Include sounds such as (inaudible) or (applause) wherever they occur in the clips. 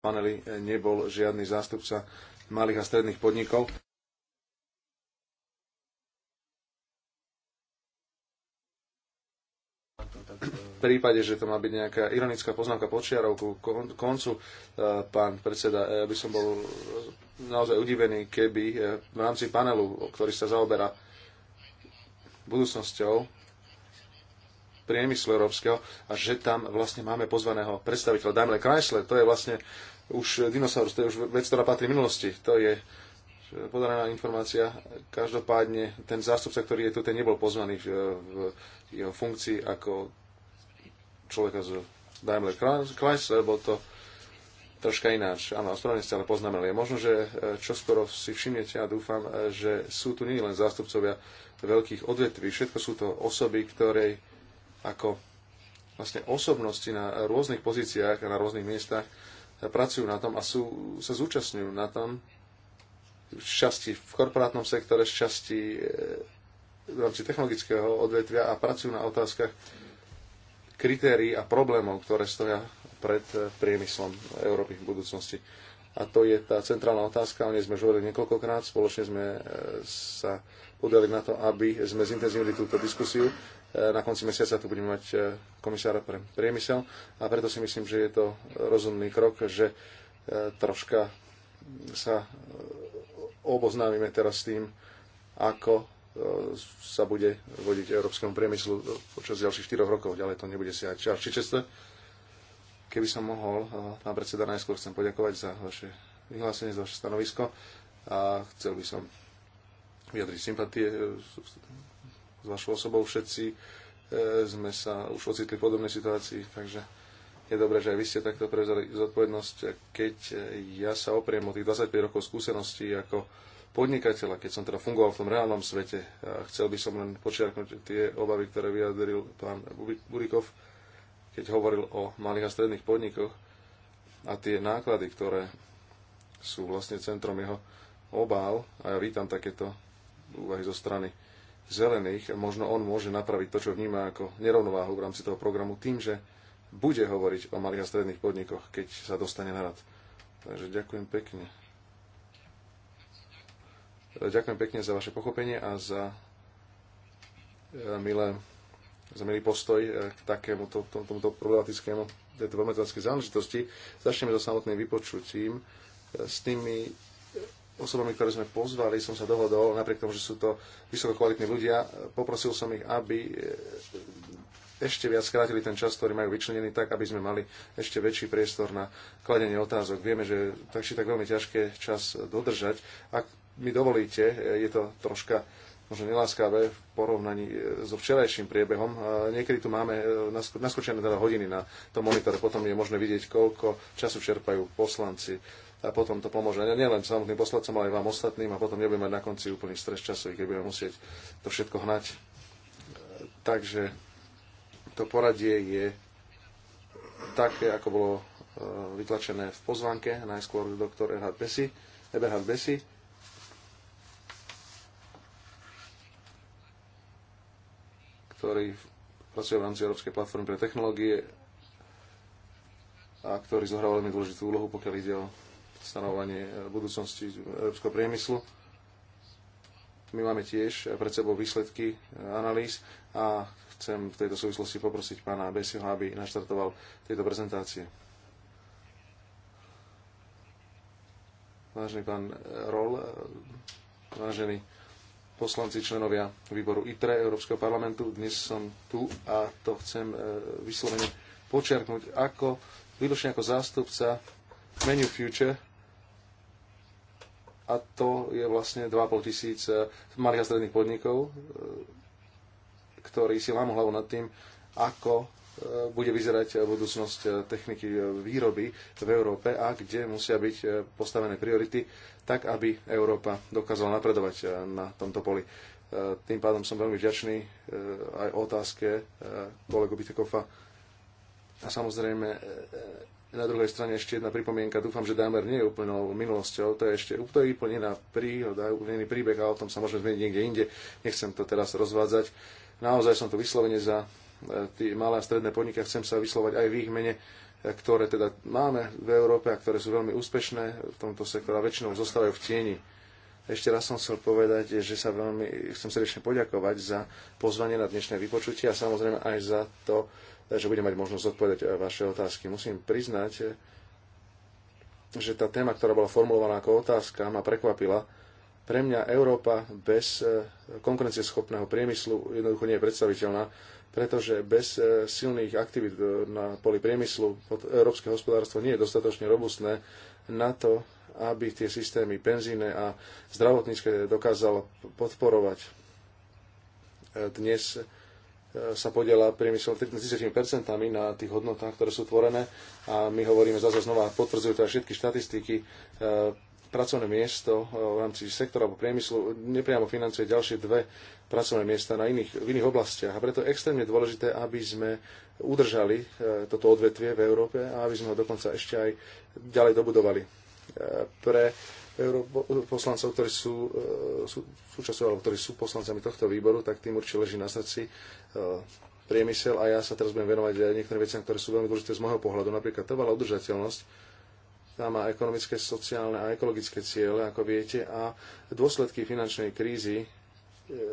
paneli e, nebol žiadny zástupca malých a stredných podnikov. V prípade, že to má byť nejaká ironická poznámka počiarov ku koncu, e, pán predseda, e, ja by som bol naozaj udivený, keby v rámci panelu, ktorý sa zaoberá budúcnosťou priemyslu európskeho a že tam vlastne máme pozvaného predstaviteľa Daimler Chrysler. To je vlastne už dinosaurus, to je už vec, ktorá patrí minulosti. To je podaná informácia. Každopádne ten zástupca, ktorý je tu, ten nebol pozvaný v, jeho funkcii ako človeka z Daimler Chrysler, lebo to troška ináč. Áno, správne ste ale poznamenali. Možno, že e, čo skoro si všimnete a ja dúfam, e, že sú tu nie len zástupcovia veľkých odvetví. Všetko sú to osoby, ktorej ako vlastne osobnosti na rôznych pozíciách a na rôznych miestach pracujú na tom a sú, sa zúčastňujú na tom, v časti v korporátnom sektore, v časti e, v rámci technologického odvetvia a pracujú na otázkach kritérií a problémov, ktoré stoja pred e, priemyslom Európy v budúcnosti. A to je tá centrálna otázka, o nej sme už hovorili niekoľkokrát, spoločne sme e, sa podali na to, aby sme zintenzívili túto diskusiu. E, na konci mesiaca tu budeme mať e, komisára pre priemysel a preto si myslím, že je to rozumný krok, že e, troška sa oboznámime teraz s tým, ako sa bude vodiť európskemu priemyslu počas ďalších 4 rokov. Ďalej to nebude si aj čičeste. Keby som mohol, pán predseda, najskôr chcem poďakovať za vaše vyhlásenie, za vaše stanovisko a chcel by som vyjadriť sympatie našou osobou všetci e, sme sa už ocitli v podobnej situácii, takže je dobré, že aj vy ste takto prevzali zodpovednosť. Keď ja sa opriem o tých 25 rokov skúseností ako podnikateľa, keď som teda fungoval v tom reálnom svete, a chcel by som len počiarknúť tie obavy, ktoré vyjadril pán Burikov, keď hovoril o malých a stredných podnikoch a tie náklady, ktoré sú vlastne centrom jeho obáv. A ja vítam takéto úvahy zo strany zelených, možno on môže napraviť to, čo vníma ako nerovnováhu v rámci toho programu tým, že bude hovoriť o malých a stredných podnikoch, keď sa dostane na rad. Takže ďakujem pekne. Ďakujem pekne za vaše pochopenie a za e, milé, za milý postoj e, k to, to, tomuto problematickému tejto problematické záležitosti. Začneme so samotným vypočutím e, s tými osobami, ktoré sme pozvali, som sa dohodol, napriek tomu, že sú to vysoko kvalitní ľudia, poprosil som ich, aby eh, ešte viac skrátili ten čas, ktorý majú vyčlenený, tak aby sme mali ešte väčší priestor na kladenie otázok. Vieme, že tak či tak veľmi ťažké čas dodržať. Ak mi dovolíte, eh, je to troška možno neláskavé v porovnaní eh, so včerajším priebehom. Niekedy tu máme naskočené teda hodiny na tom monitore, potom je možné vidieť, koľko času čerpajú poslanci a potom to pomôže nielen samotným poslancom, ale aj vám ostatným a potom nebudeme mať na konci úplný stres časový, keď budeme musieť to všetko hnať. Takže to poradie je také, ako bolo e, vytlačené v pozvanke, najskôr doktor Erhard Besi, Eberhard Besi. ktorý pracuje v rámci Európskej platformy pre technológie a ktorý zohral veľmi dôležitú úlohu, pokiaľ ide o stanovanie eh, budúcnosti eh, európskeho priemyslu. My máme tiež eh, pred sebou výsledky analýz a chcem v tejto súvislosti poprosiť pána Besiho, aby naštartoval tieto prezentácie. Vážený pán Rol, vážení poslanci, členovia výboru ITRE Európskeho parlamentu, dnes som tu a to chcem vyslovene počiarknúť ako, výlučne ako zástupca Menu Future, a to je vlastne 2,5 tisíc malých a stredných podnikov, e, ktorí si lámu hlavu nad tým, ako e, bude vyzerať budúcnosť e, techniky výroby v Európe a kde musia byť postavené priority, tak aby Európa dokázala napredovať na tomto poli. Tým pádom som veľmi vďačný aj o otázke kolegu Bitekofa a samozrejme na druhej strane ešte jedna pripomienka. Dúfam, že Dámer nie je úplnou minulosťou. To je ešte úplne iná príhoda, úplne iný príbeh a o tom sa môžeme zmeniť niekde inde. Nechcem to teraz rozvádzať. Naozaj som to vyslovene za tie malé a stredné podniky a chcem sa vyslovať aj v ich mene, e, ktoré teda máme v Európe a ktoré sú veľmi úspešné v tomto sektore a väčšinou zostávajú v tieni. Ešte raz som chcel povedať, že sa veľmi chcem srdečne poďakovať za pozvanie na dnešné vypočutie a samozrejme aj za to, že budem mať možnosť odpovedať eh, vaše otázky. Musím priznať, eh, že tá téma, ktorá bola formulovaná ako otázka, ma prekvapila. Pre mňa Európa bez eh, konkurencieschopného priemyslu jednoducho nie je predstaviteľná, pretože bez silných aktivít na poli priemyslu európske hospodárstvo nie je dostatočne robustné na to, aby tie systémy penzíne a zdravotnícke dokázalo podporovať. Dnes sa podiela priemysel 30% na tých hodnotách, ktoré sú tvorené a my hovoríme zase znova, potvrdzujú teda všetky štatistiky, e, pracovné miesto e, v rámci sektora alebo priemyslu nepriamo financuje ďalšie dve pracovné miesta na iných, v iných oblastiach. A preto je extrémne dôležité, aby sme udržali e, toto odvetvie v Európe a aby sme ho dokonca ešte aj ďalej dobudovali. Pre poslancov, ktorí sú, e, sú súčasťou alebo ktorí sú poslancami tohto výboru, tak tým určite leží na srdci e, priemysel a ja sa teraz budem venovať aj niektorým veciam, ktoré sú veľmi dôležité z môjho pohľadu, napríklad trvalá udržateľnosť, tá má ekonomické, sociálne a ekologické ciele, ako viete, a dôsledky finančnej krízy e,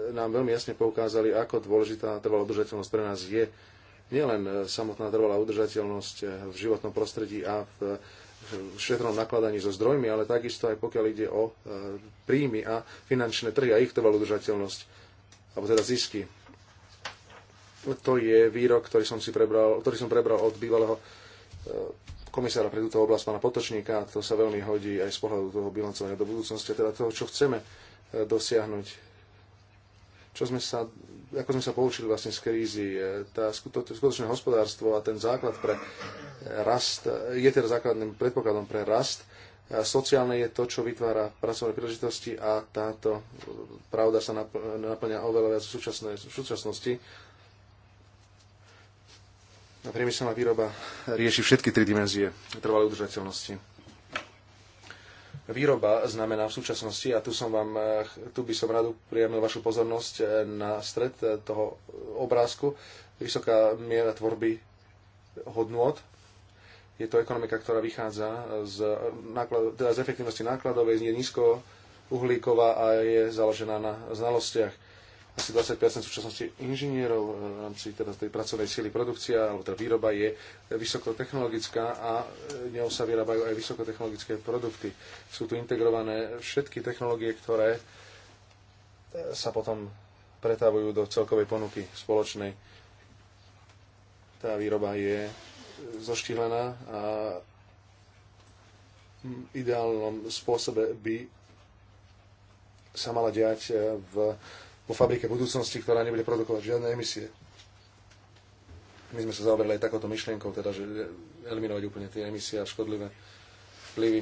nám veľmi jasne poukázali, ako dôležitá trvalá udržateľnosť pre nás je. Nielen samotná trvalá udržateľnosť v životnom prostredí a v šetrnom nakladaní so zdrojmi, ale takisto aj pokiaľ ide o e, príjmy a finančné trhy a ich trvalú udržateľnosť, alebo teda zisky. To je výrok, ktorý som, si prebral, ktorý som prebral od bývalého e, komisára pre túto oblasť, pána Potočníka, a to sa veľmi hodí aj z pohľadu toho bilancovania do budúcnosti, a teda toho, čo chceme e, dosiahnuť čo sme sa, ako sme sa poučili vlastne z krízy, tá skutočné hospodárstvo a ten základ pre rast, je teda základným predpokladom pre rast. sociálne je to, čo vytvára pracovné príležitosti a táto e, pravda sa naplňa oveľa viac v, v súčasnosti. A priemyselná výroba rieši všetky tri dimenzie trvalej udržateľnosti výroba znamená v súčasnosti a tu, som vám, e, tu by som rád upriamil vašu pozornosť e, na stred toho obrázku. Vysoká miera tvorby hodnôt je to ekonomika, ktorá vychádza z, náklad, teda z efektivnosti nákladovej, je nízko uhlíková a je založená na znalostiach. Asi 20 v súčasnosti inžinierov e, v rámci teda tej pracovnej síly produkcia alebo teda výroba je vysokotechnologická a ňou sa vyrábajú aj vysokotechnologické produkty. Sú tu integrované všetky technológie, ktoré e, sa potom pretávajú do celkovej ponuky spoločnej. Tá výroba je zoštílená a ideálnom spôsobe by sa mala diať e, v, vo fabrike budúcnosti, ktorá nebude produkovať žiadne emisie. My sme sa zaoberali aj takouto myšlienkou, teda, že eliminovať úplne tie emisie a škodlivé vplyvy.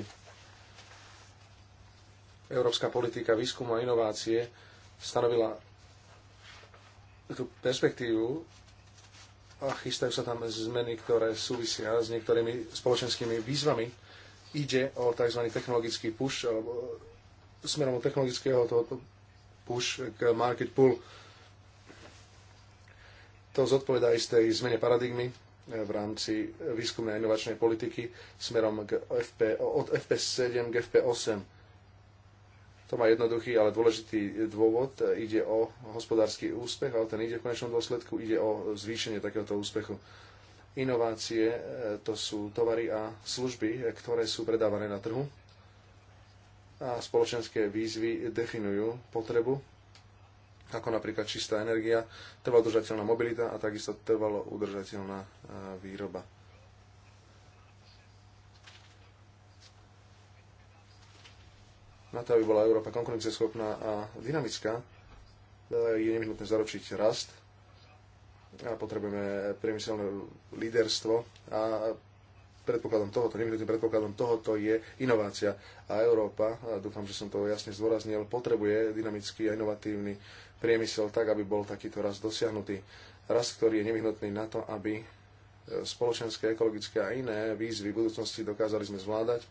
Európska politika výskumu a inovácie stanovila tú perspektívu a chystajú sa tam zmeny, ktoré súvisia s niektorými spoločenskými výzvami. Ide o tzv. technologický push, alebo smerom technologického tohoto push k market pull. To zodpovedá istej zmene paradigmy eh, v rámci výskumnej a inovačnej politiky smerom k FP, od FP7 k FP8 to má jednoduchý, ale dôležitý dôvod. Ide o hospodársky úspech, ale ten ide v konečnom dôsledku, ide o zvýšenie takéhoto úspechu. Inovácie e, to sú tovary a služby, e, ktoré sú predávané na trhu. A spoločenské výzvy definujú potrebu, ako napríklad čistá energia, trvalo udržateľná mobilita a takisto trvalo udržateľná e, výroba. na to, aby bola Európa konkurencieschopná a dynamická, eh, je nevyhnutné zaručiť rast a potrebujeme priemyselné líderstvo a predpokladom tohoto, nevyhnutným predpokladom tohoto je inovácia. A Európa, a dúfam, že som to jasne zdôraznil, potrebuje dynamický a inovatívny priemysel tak, aby bol takýto rast dosiahnutý. Rast, ktorý je nevyhnutný na to, aby eh, spoločenské, ekologické a iné výzvy v budúcnosti dokázali sme zvládať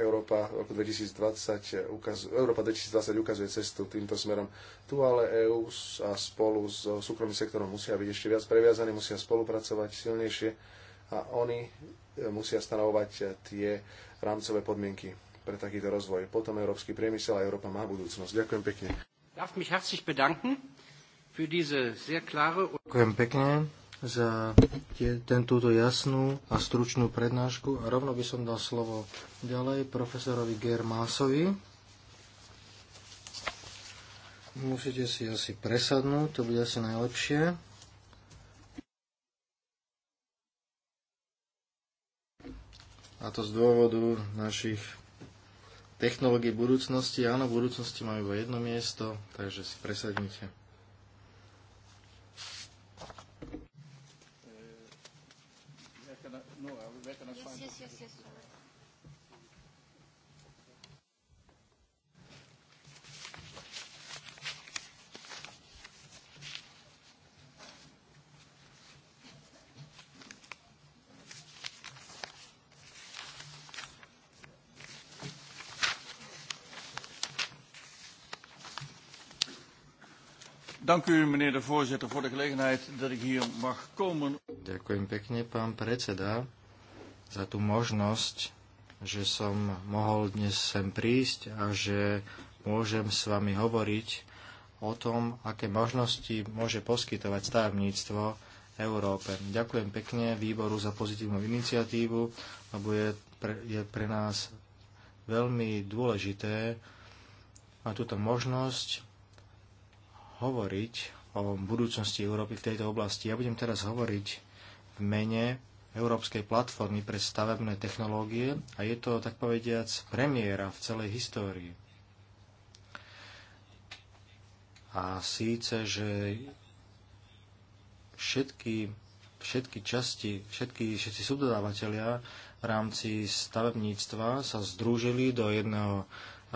Európa, roku 2020 ukazuje, Európa 2020 ukazuje cestu týmto smerom. Tu ale EÚ a spolu s so súkromným sektorom musia byť ešte viac previazaní, musia spolupracovať silnejšie a oni e, musia stanovovať e, tie rámcové podmienky pre takýto rozvoj. Potom európsky priemysel a Európa má budúcnosť. Ďakujem pekne. Ďakujem pekne za tie, ten, túto jasnú a stručnú prednášku a rovno by som dal slovo ďalej profesorovi Germásovi. Musíte si asi presadnúť, to bude asi najlepšie. A to z dôvodu našich technológií budúcnosti. Áno, v budúcnosti majú iba jedno miesto, takže si presadnite. gonna, no, yes, Yes, yes, yes. Dank u, meneer de voorzitter, voor de gelegenheid dat ik hier mag komen. Ďakujem pekne, pán predseda, za tú možnosť, že som mohol dnes sem prísť a že môžem s vami hovoriť o tom, aké možnosti môže poskytovať stavebníctvo Európe. Ďakujem pekne výboru za pozitívnu iniciatívu, lebo je pre, je pre nás veľmi dôležité a túto možnosť hovoriť o budúcnosti Európy v tejto oblasti. Ja budem teraz hovoriť v mene Európskej platformy pre stavebné technológie a je to, tak povediac, premiéra v celej histórii. A síce, že všetky, všetky časti, všetky, všetci subdodávateľia v rámci stavebníctva sa združili do, jedného,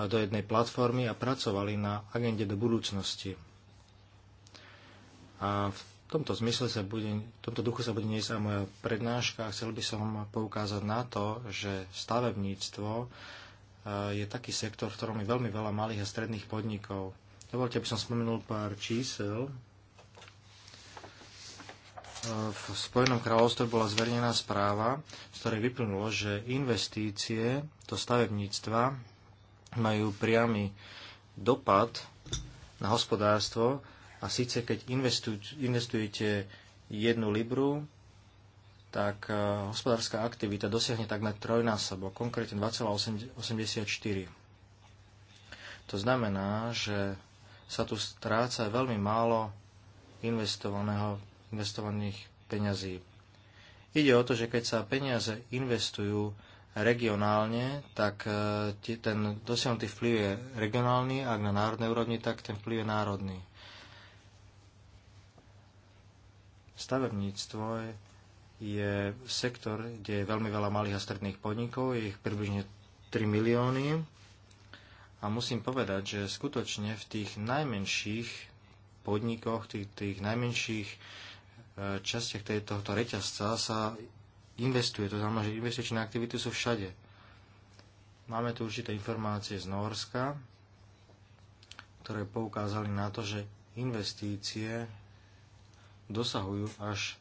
do jednej platformy a pracovali na agende do budúcnosti. A v v tomto zmysle sa bude, v tomto duchu sa bude niesť aj moja prednáška a chcel by som poukázať na to, že stavebníctvo e, je taký sektor, v ktorom je veľmi veľa malých a stredných podnikov. Dovolte, aby som spomenul pár čísel. E, v Spojenom kráľovstve bola zverejnená správa, z ktorej vyplnulo, že investície do stavebníctva majú priamy dopad na hospodárstvo a síce, keď investujete jednu libru, tak e, hospodárska aktivita dosiahne takmer trojnásobok, konkrétne 2,84. To znamená, že sa tu stráca veľmi málo investovaného, investovaných peňazí. Ide o to, že keď sa peniaze investujú regionálne, tak e, ten dosiahnutý vplyv je regionálny, ak na národnej úrovni, tak ten vplyv je národný. Stavebníctvo je sektor, kde je veľmi veľa malých a stredných podnikov, je ich približne 3 milióny. A musím povedať, že skutočne v tých najmenších podnikoch, tých, tých najmenších e, častiach tohto reťazca sa investuje. To znamená, že investičné aktivity sú všade. Máme tu určité informácie z Norska, ktoré poukázali na to, že investície dosahujú až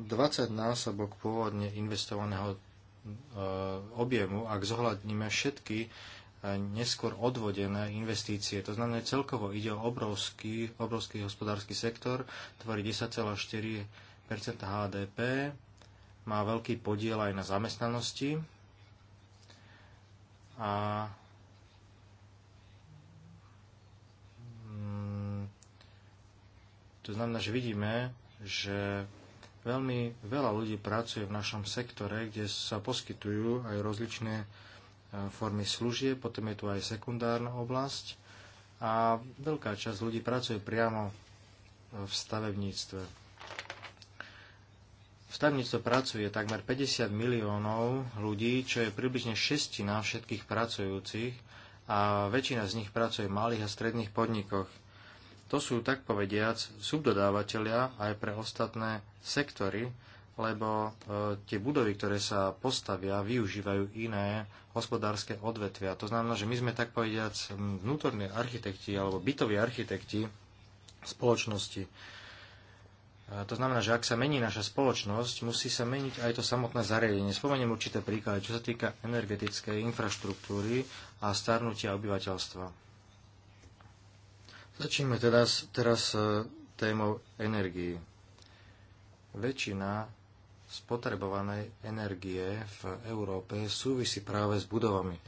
20 násobok pôvodne investovaného e, objemu, ak zohľadníme všetky e, neskôr odvodené investície. To znamená, celkovo ide o obrovský, obrovský hospodársky sektor, tvorí 10,4 HDP, má veľký podiel aj na zamestnanosti a To znamená, že vidíme, že veľmi veľa ľudí pracuje v našom sektore, kde sa poskytujú aj rozličné e, formy služie, potom je tu aj sekundárna oblasť a veľká časť ľudí pracuje priamo e, v stavebníctve. V stavebníctve pracuje takmer 50 miliónov ľudí, čo je približne šestina všetkých pracujúcich a väčšina z nich pracuje v malých a stredných podnikoch. To sú tak povediac subdodávateľia aj pre ostatné sektory, lebo e, tie budovy, ktoré sa postavia, využívajú iné hospodárske odvetvia. To znamená, že my sme tak povediac vnútorní architekti alebo bytoví architekti spoločnosti. E, to znamená, že ak sa mení naša spoločnosť, musí sa meniť aj to samotné zariadenie. Spomeniem určité príklady, čo sa týka energetickej infraštruktúry a starnutia obyvateľstva. Začneme teraz, teraz e, témou energii. Väčšina spotrebovanej energie v Európe súvisí práve s budovami.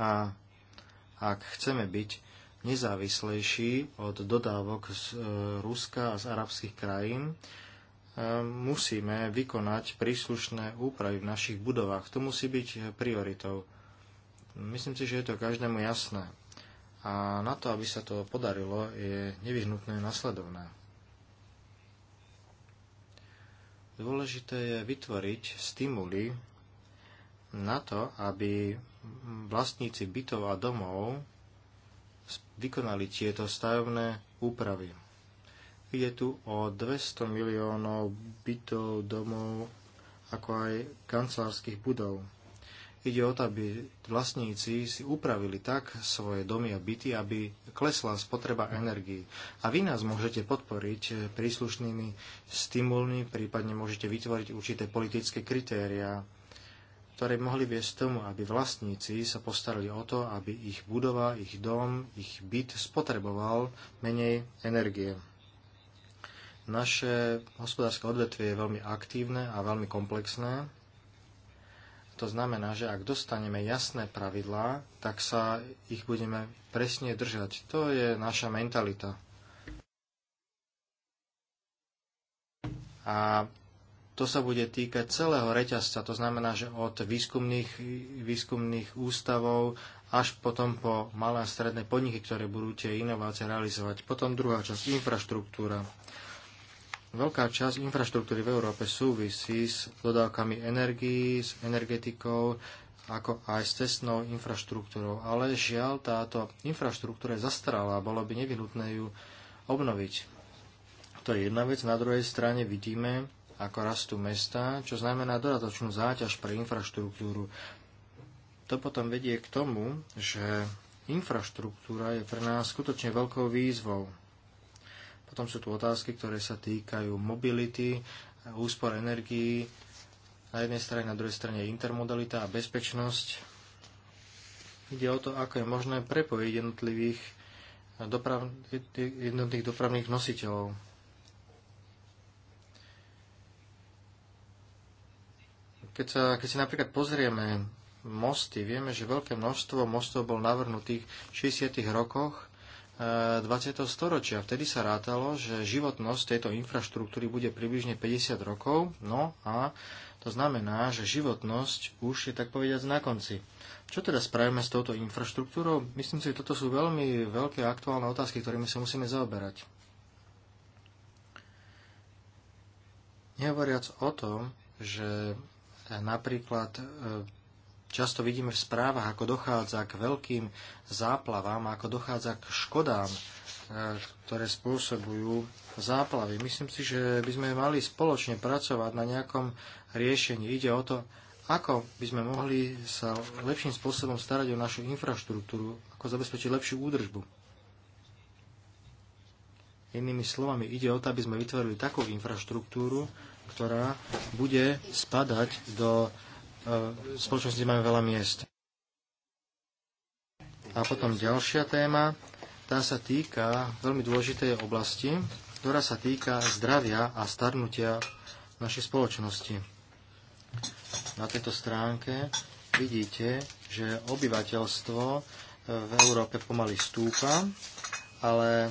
A ak chceme byť nezávislejší od dodávok z e, Ruska a z arabských krajín, e, musíme vykonať príslušné úpravy v našich budovách. To musí byť prioritou. Myslím si, že je to každému jasné a na to, aby sa to podarilo, je nevyhnutné nasledovné. Dôležité je vytvoriť stimuly na to, aby vlastníci bytov a domov vykonali tieto stavebné úpravy. Ide tu o 200 miliónov bytov, domov, ako aj kancelárskych budov. Ide o to, aby vlastníci si upravili tak svoje domy a byty, aby klesla spotreba energii. A vy nás môžete podporiť príslušnými stimulmi, prípadne môžete vytvoriť určité politické kritériá, ktoré mohli viesť tomu, aby vlastníci sa postarali o to, aby ich budova, ich dom, ich byt spotreboval menej energie. Naše hospodárske odvetvie je veľmi aktívne a veľmi komplexné to znamená, že ak dostaneme jasné pravidlá, tak sa ich budeme presne držať. To je naša mentalita. A to sa bude týkať celého reťazca, to znamená, že od výskumných, výskumných ústavov až potom po malé a stredné podniky, ktoré budú tie inovácie realizovať. Potom druhá časť, infraštruktúra. Veľká časť infraštruktúry v Európe súvisí s dodávkami energií, s energetikou, ako aj s cestnou infraštruktúrou. Ale žiaľ, táto infraštruktúra je zastarala a bolo by nevyhnutné ju obnoviť. To je jedna vec. Na druhej strane vidíme, ako rastú mesta, čo znamená dodatočnú záťaž pre infraštruktúru. To potom vedie k tomu, že infraštruktúra je pre nás skutočne veľkou výzvou. Potom sú tu otázky, ktoré sa týkajú mobility, úspor energií, na jednej strane, na druhej strane intermodalita a bezpečnosť. Ide o to, ako je možné prepojiť jednotlivých eh, doprav, jednotných dopravných nositeľov. Keď, sa, keď si napríklad pozrieme mosty, vieme, že veľké množstvo mostov bol navrhnutých v 60. rokoch 20. Eh, storočia. Vtedy sa rátalo, že životnosť tejto infraštruktúry bude približne 50 rokov, no a to znamená, že životnosť už je tak povediať na konci. Čo teda spravíme s touto infraštruktúrou? Myslím si, že toto sú veľmi veľké aktuálne otázky, ktorými sa musíme zaoberať. Nehovoriac o tom, že napríklad eh, Často vidíme v správach, ako dochádza k veľkým záplavám, ako dochádza k škodám, e, ktoré spôsobujú záplavy. Myslím si, že by sme mali spoločne pracovať na nejakom riešení. Ide o to, ako by sme mohli sa lepším spôsobom starať o našu infraštruktúru, ako zabezpečiť lepšiu údržbu. Inými slovami, ide o to, aby sme vytvorili takú infraštruktúru, ktorá bude spadať do E, spoločnosti majú veľa miest. A potom ďalšia téma, tá sa týka veľmi dôležitej oblasti, ktorá sa týka zdravia a starnutia našej spoločnosti. Na tejto stránke vidíte, že obyvateľstvo e, v Európe pomaly stúpa, ale e,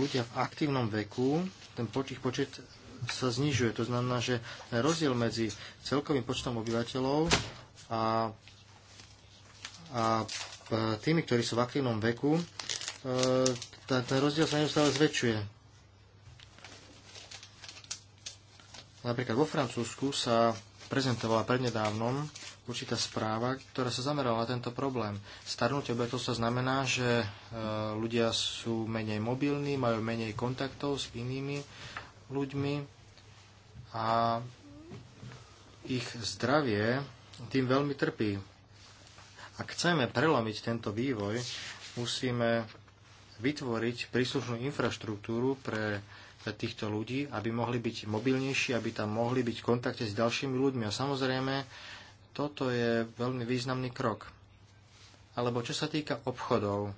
ľudia v aktívnom veku, ten počet, počet sa znižuje. To znamená, že rozdiel medzi celkovým počtom obyvateľov a, a e, tými, ktorí sú v aktívnom veku, e, ten rozdiel sa neustále zväčšuje. Napríklad vo Francúzsku sa prezentovala prednedávnom určitá správa, ktorá sa zamerala na tento problém. Starnutie sa znamená, že e, ľudia sú menej mobilní, majú menej kontaktov s inými ľuďmi a ich zdravie tým veľmi trpí. Ak chceme prelomiť tento vývoj, musíme vytvoriť príslušnú infraštruktúru pre, týchto ľudí, aby mohli byť mobilnejší, aby tam mohli byť v kontakte s ďalšími ľuďmi. A samozrejme, toto je veľmi významný krok. Alebo čo sa týka obchodov,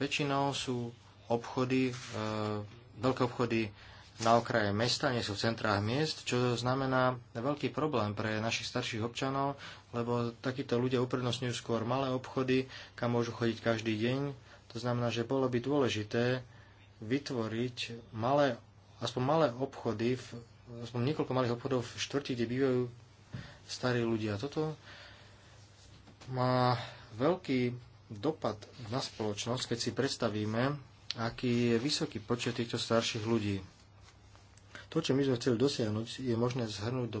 väčšinou sú obchody, e, veľké obchody na okraje mesta, nie sú v centrách miest, čo znamená veľký problém pre našich starších občanov, lebo takíto ľudia uprednostňujú skôr malé obchody, kam môžu chodiť každý deň. To znamená, že bolo by dôležité vytvoriť malé, aspoň malé obchody, v, aspoň niekoľko malých obchodov v štvrti, kde bývajú starí ľudia. Toto má veľký dopad na spoločnosť, keď si predstavíme, aký je vysoký počet týchto starších ľudí. To, čo my sme chceli dosiahnuť, je možné zhrnúť do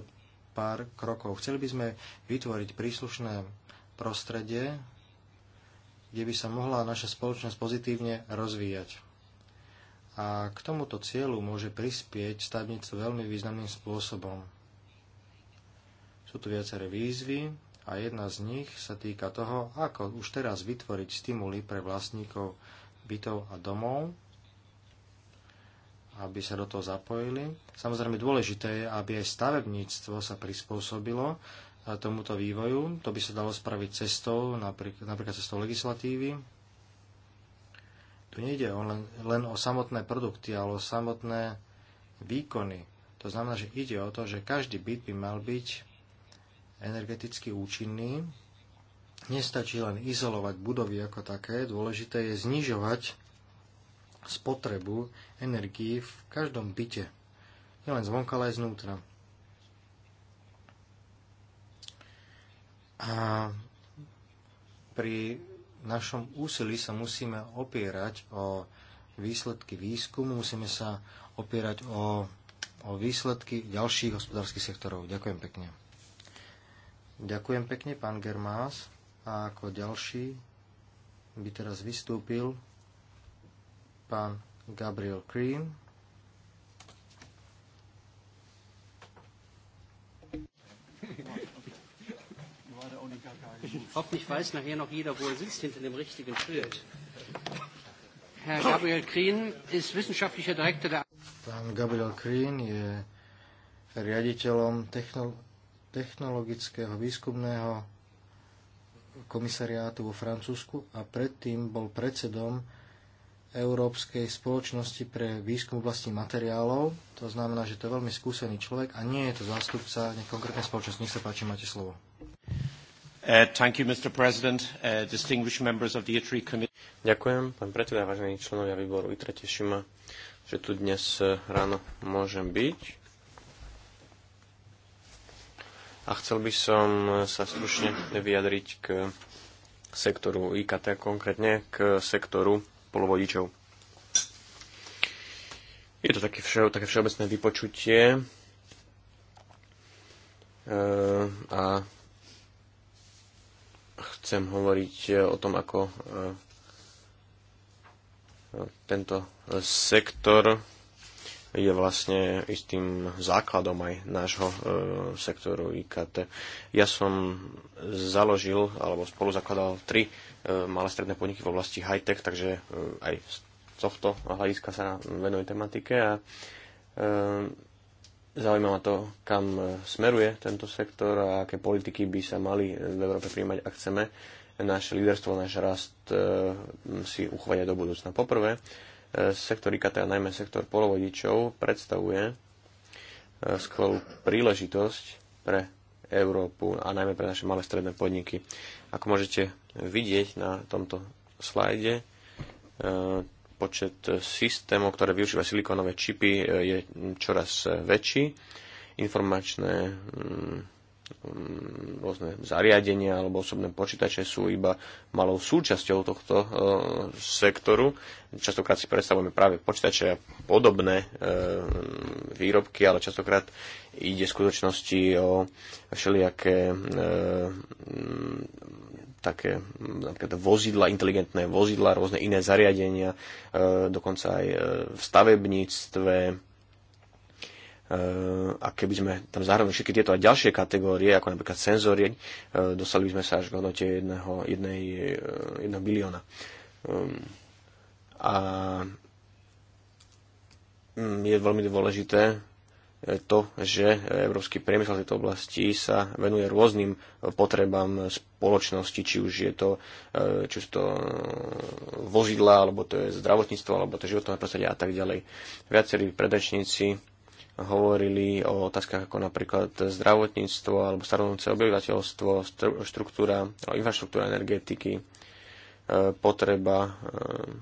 pár krokov. Chceli by sme vytvoriť príslušné prostredie, kde by sa mohla naša spoločnosť pozitívne rozvíjať. A k tomuto cieľu môže prispieť stavníctvo veľmi významným spôsobom. Sú tu viaceré výzvy a jedna z nich sa týka toho, ako už teraz vytvoriť stimuly pre vlastníkov bytov a domov, aby sa do toho zapojili. Samozrejme dôležité je, aby aj stavebníctvo sa prispôsobilo eh, tomuto vývoju. To by sa dalo spraviť cestou, napríklad cestou legislatívy. Tu nejde o len, len o samotné produkty, ale o samotné výkony. To znamená, že ide o to, že každý byt by mal byť energeticky účinný. Nestačí len izolovať budovy ako také, dôležité je znižovať spotrebu energii v každom byte. Nielen zvonka, ale aj znútra. A pri našom úsilí sa musíme opierať o výsledky výskumu, musíme sa opierať o, o výsledky ďalších hospodárskych sektorov. Ďakujem pekne. Ďakujem pekne, pán Germás. A ako ďalší by teraz vystúpil pán Gabriel Cream. Hoffentlich weiß nachher noch jeder, wo er sitzt hinter dem richtigen Schild. Herr Gabriel Krien ist wissenschaftlicher Direktor der... Pán Gabriel Krien je riaditeľom technol- technologického výskumného komisariátu vo Francúzsku a predtým bol predsedom Európskej spoločnosti pre výskum oblasti materiálov. To znamená, že to je veľmi skúsený človek a nie je to zástupca konkrétnej spoločnosti. Nech sa páči, máte slovo. Uh, uh, Ďakujem, pán predseda, vážení členovia výboru ITRE. Teším ma, že tu dnes uh, ráno môžem byť. A chcel by som sa stručne vyjadriť k sektoru IKT, konkrétne k sektoru polovodičov. Je to také, všeo, také všeobecné vypočutie e, a chcem hovoriť eh, o tom, ako e, tento sektor je vlastne istým základom aj nášho e, sektoru IKT. Ja som založil alebo spolu zakladal tri E, malé stredné podniky v oblasti high-tech, takže e, aj z tohto hľadiska sa venuje tematike a e, zaujíma ma to, kam smeruje tento sektor a aké politiky by sa mali v Európe príjmať, ak chceme naše líderstvo, náš rast si uchovať aj do budúcna. Poprvé, sektor IKT a najmä sektor polovodičov predstavuje skvelú príležitosť pre Európu a najmä pre naše malé stredné podniky. Ako môžete vidieť na tomto slajde, e, počet systémov, ktoré využíva silikónové čipy, e, je čoraz väčší. Informačné mm, Mm, rôzne zariadenia alebo osobné počítače sú iba malou súčasťou tohto e, sektoru. Častokrát si predstavujeme práve počítače a podobné e, výrobky, ale častokrát ide v skutočnosti o všelijaké e, mm, také napríklad vozidla, inteligentné vozidla, rôzne iné zariadenia, e, dokonca aj e, v stavebníctve, Eh, a keby sme tam zahrnuli všetky tieto aj ďalšie kategórie, ako napríklad senzory, eh, dostali by sme sa až k hodnote jedného, jednej, eh, jedného bilióna. Ehm, a mm, je veľmi dôležité to, že európsky priemysel v tejto oblasti sa venuje rôznym potrebám spoločnosti, či už je to, či už to vozidla, alebo to je zdravotníctvo, alebo to je životné prostredie a tak ďalej. Viacerí predačníci hovorili o otázkach ako napríklad zdravotníctvo alebo starnúce obyvateľstvo, štruktúra, no, infraštruktúra energetiky, e, potreba e,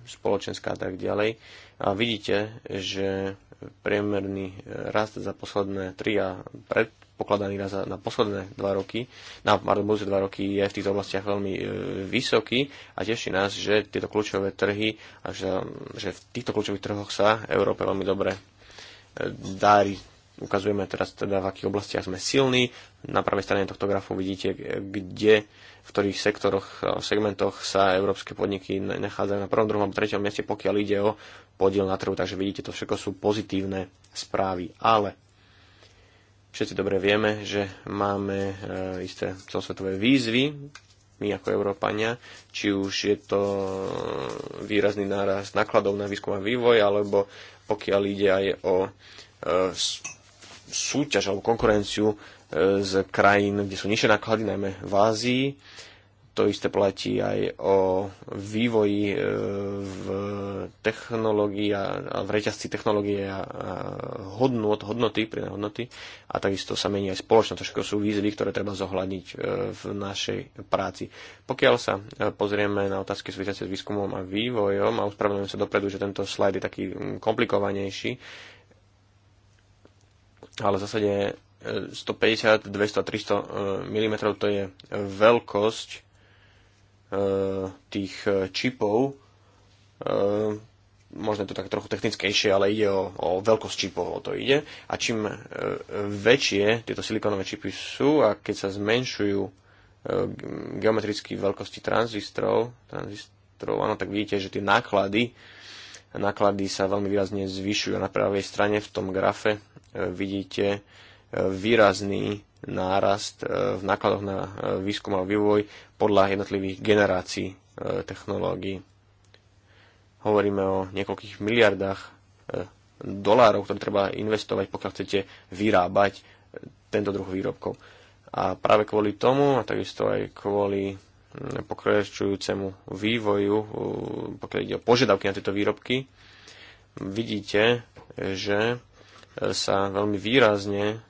spoločenská a tak ďalej. A vidíte, že priemerný e, rast za posledné tri a predpokladaný rast na posledné dva roky, na pardon, budúce dva roky je v týchto oblastiach veľmi vysoký a teší nás, že tieto kľúčové trhy a že, že v týchto kľúčových trhoch sa Európe veľmi dobre dary Ukazujeme teraz teda, v akých oblastiach sme silní. Na pravej strane tohto grafu vidíte, kde, v ktorých sektoroch, segmentoch sa európske podniky nachádzajú na prvom, druhom alebo treťom mieste, pokiaľ ide o podiel na trhu. Takže vidíte, to všetko sú pozitívne správy. Ale všetci dobre vieme, že máme e, isté celosvetové výzvy, my ako Európania, či už je to výrazný náraz nákladov na výskum a vývoj, alebo pokiaľ ide aj o e, súťaž alebo konkurenciu e, z krajín, kde sú nižšie náklady, najmä v Ázii to isté platí aj o vývoji e, v technológii a v reťazci technológie a hodnot, hodnoty, pridané hodnoty a takisto sa mení aj spoločnosť. To všetko sú výzvy, ktoré treba zohľadniť e, v našej práci. Pokiaľ sa e, pozrieme na otázky súvisiace s výskumom a vývojom a uspravedlňujem sa dopredu, že tento slajd je taký komplikovanejší, ale v zásade 150, 200, 300 mm to je veľkosť E, tých e, čipov, e, možno je to tak trochu technickejšie, ale ide o, o veľkosť čipov, o to ide. A čím väčšie tieto silikónové čipy sú a keď sa zmenšujú geometrické veľkosti tranzistorov, tranzistorov, áno, tak vidíte, že tie náklady, náklady sa veľmi výrazne zvyšujú. na pravej strane v tom grafe vidíte výrazný nárast e, v nákladoch na e, výskum a vývoj podľa jednotlivých generácií e, technológií. Hovoríme o niekoľkých miliardách dolárov, ktoré treba investovať, pokiaľ chcete vyrábať tento druh výrobkov. A práve kvôli tomu, a takisto aj kvôli mm, pokračujúcemu vývoju, pokiaľ ide o požiadavky na tieto výrobky, vidíte, že sa veľmi výrazne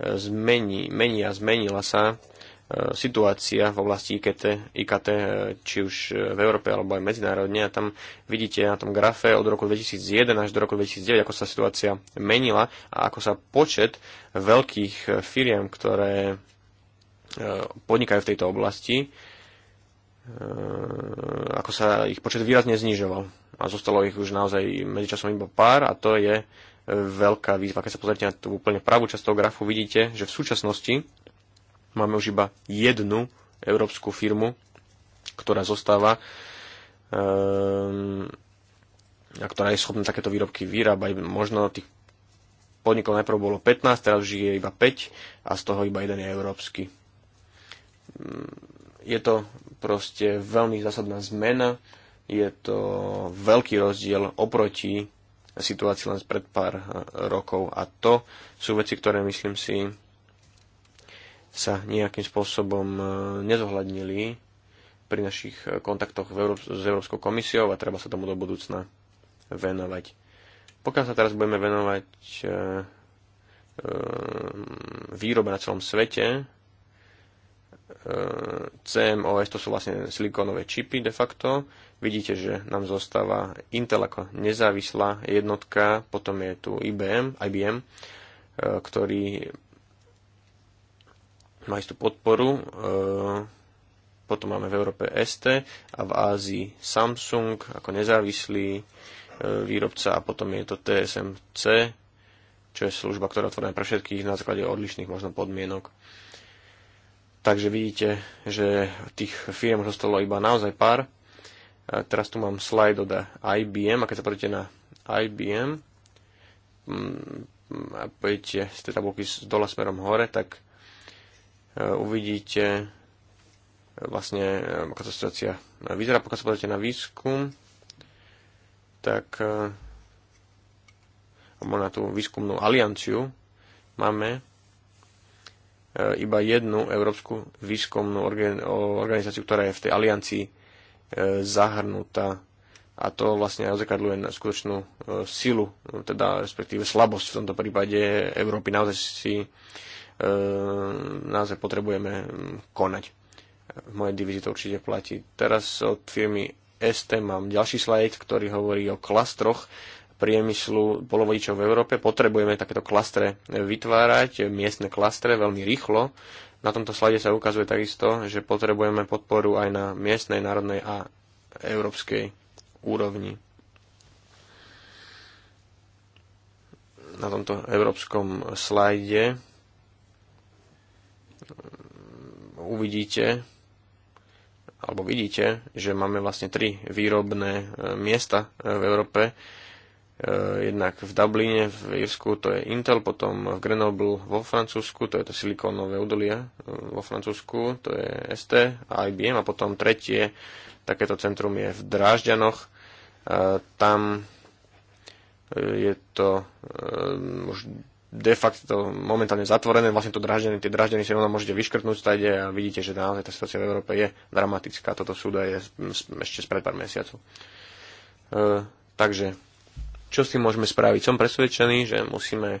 zmení, mení a zmenila sa e, situácia v oblasti IKT, IKT, e, či už v Európe alebo aj medzinárodne. A tam vidíte na tom grafe od roku 2001 až do roku 2009, ako sa situácia menila a ako sa počet veľkých firiem, ktoré e, podnikajú v tejto oblasti, ako sa ich počet výrazne znižoval. A zostalo ich už naozaj medzičasom iba pár a to je veľká výzva. Keď sa pozrite na tú úplne pravú časť toho grafu, vidíte, že v súčasnosti máme už iba jednu európsku firmu, ktorá zostáva ehm, a ktorá je schopná takéto výrobky vyrábať. Možno tých podnikov najprv bolo 15, teraz už je iba 5 a z toho iba jeden je európsky. Ehm, je to proste veľmi zásadná zmena, je to veľký rozdiel oproti situácii len pred pár eh, rokov. A to sú veci, ktoré myslím si sa nejakým spôsobom eh, nezohľadnili pri našich eh, kontaktoch s Európskou komisiou a treba sa tomu do budúcna venovať. Pokiaľ sa teraz budeme venovať výrobe na celom svete, CMOS, to sú vlastne silikónové čipy de facto. Vidíte, že nám zostáva Intel ako nezávislá jednotka, potom je tu IBM, IBM e, ktorý má istú podporu, e, potom máme v Európe ST a v Ázii Samsung ako nezávislý e, výrobca a potom je to TSMC, čo je služba, ktorá je otvorená pre všetkých na základe odlišných možno podmienok. Takže vidíte, že tých firm zostalo iba naozaj pár. Teraz tu mám slide od IBM a keď sa pôjdete na IBM mm, a pôjdete z tej tabulky z dola smerom hore, tak e, uvidíte e, vlastne, e, aká tá situácia vyzerá. Pokiaľ sa pozrite na výskum, tak alebo na tú výskumnú alianciu máme E, iba jednu európsku výskumnú organizáciu, ktorá je v tej aliancii e, zahrnutá a to vlastne ozakadľuje skutočnú e, silu, teda respektíve slabosť v tomto prípade Európy. Naozaj si naozaj potrebujeme mm, konať. V mojej divizii to určite platí. Teraz od firmy ST mám ďalší slajd, ktorý hovorí o klastroch priemyslu polovodičov v Európe. Potrebujeme takéto klastre vytvárať, miestne klastre veľmi rýchlo. Na tomto slade sa ukazuje takisto, že potrebujeme podporu aj na miestnej, národnej a európskej úrovni. Na tomto európskom slajde uvidíte, alebo vidíte, že máme vlastne tri výrobné miesta v Európe, Eh, jednak v Dubline, v Irsku, to je Intel, potom v Grenoble vo Francúzsku, to je to silikónové údolie eh, vo Francúzsku, to je ST a IBM a potom tretie takéto centrum je v Drážďanoch. Eh, tam je to už de facto momentálne zatvorené, vlastne to draždenie, tie draždeny si rovno môžete vyškrtnúť stade a vidíte, že naozaj tá situácia v Európe je dramatická. Toto súda je ešte spred pár mesiacov. E, takže čo s tým môžeme spraviť? Som presvedčený, že musíme e,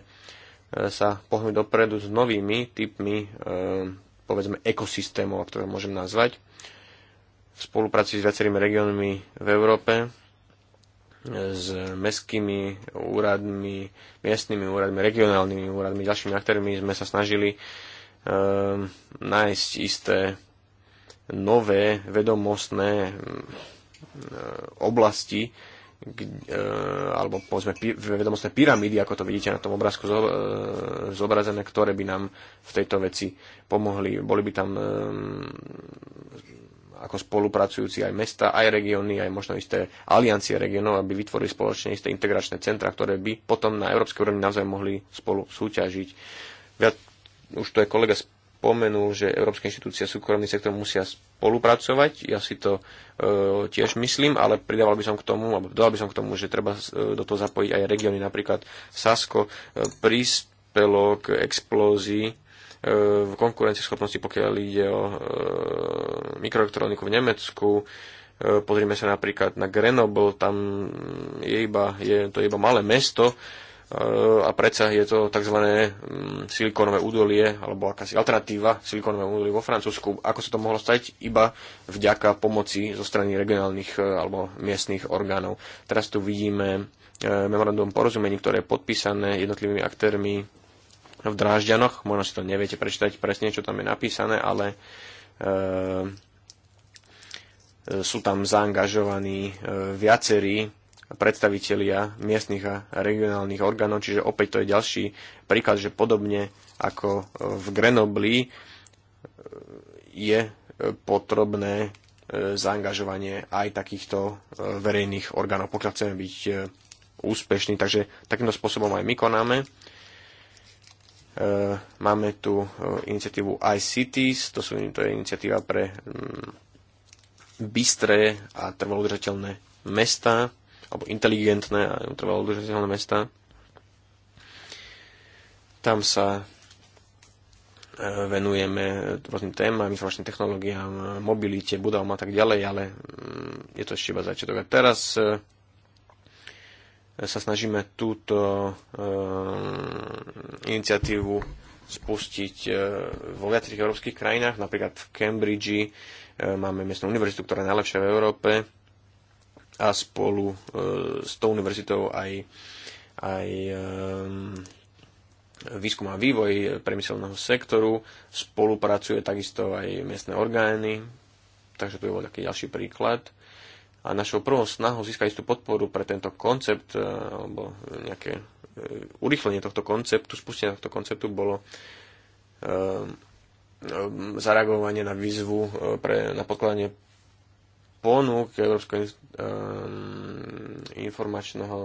sa pohnúť dopredu s novými typmi, e, povedzme, ekosystémov, to môžem nazvať, v spolupráci s viacerými regiónmi v Európe, e, s mestskými úradmi, miestnymi úradmi, regionálnymi úradmi, ďalšími aktérmi sme sa snažili um, nájsť isté nové vedomostné um, oblasti, E, alebo povedzme vedomostné pyramídy, ako to vidíte na tom obrázku e, zobrazené, ktoré by nám v tejto veci pomohli. Boli by tam e, ako spolupracujúci aj mesta, aj regióny, aj možno isté aliancie regiónov, aby vytvorili spoločne isté integračné centra, ktoré by potom na európskej úrovni naozaj mohli spolu súťažiť. Viac, už to je kolega spomenul, že európske inštitúcie a súkromný sektor musia spolupracovať. Ja si to e, tiež myslím, ale pridával by som k tomu, alebo dodal by som k tomu, že treba e, do toho zapojiť aj regióny, napríklad Sasko e, prispelo k explózii e, v konkurencieschopnosti, pokiaľ ide o e, mikroelektroniku v Nemecku. E, pozrime sa napríklad na Grenoble, tam je iba, je, to je iba malé mesto, e, a predsa je to tzv. Mm, silikónové údolie alebo akási alternatíva silikónové údolie vo Francúzsku. Ako sa to mohlo stať? Iba vďaka pomoci zo strany regionálnych e, alebo miestnych orgánov. Teraz tu vidíme e, memorandum porozumení, ktoré je podpísané jednotlivými aktérmi v Drážďanoch. Možno si to neviete prečítať presne, čo tam je napísané, ale e, e sú tam zaangažovaní e, viacerí predstavitelia miestnych a regionálnych orgánov, čiže opäť to je ďalší príklad, že podobne ako v Grenobli e, je potrebné e, zaangažovanie aj takýchto e, verejných orgánov, pokiaľ chceme byť úspešní. Takže takýmto spôsobom aj my konáme. Máme tu iniciatívu iCities, to, sú, to je iniciatíva pre mm, bystré a trvalodržateľné mesta alebo inteligentné a trvalo udržateľné mesta. Tam sa e, venujeme rôznym témam, informačným technológiám, mobilite, budovám a tak ďalej, ale mm, je to ešte iba začiatok. A teraz e, sa snažíme túto e, iniciatívu spustiť vo viacerých európskych krajinách, napríklad v Cambridge máme miestnu univerzitu, ktorá je najlepšia v Európe, a spolu e, s tou univerzitou aj, aj výskum a vývoj priemyselného sektoru, spolupracuje takisto aj miestne orgány, takže to je bol taký ďalší príklad. A našou prvou snahou získať istú podporu pre tento koncept, e, alebo nejaké e, urýchlenie tohto konceptu, spustenie tohto konceptu bolo zareagovanie na výzvu pre, na podkladanie ponúk Európskeho informačného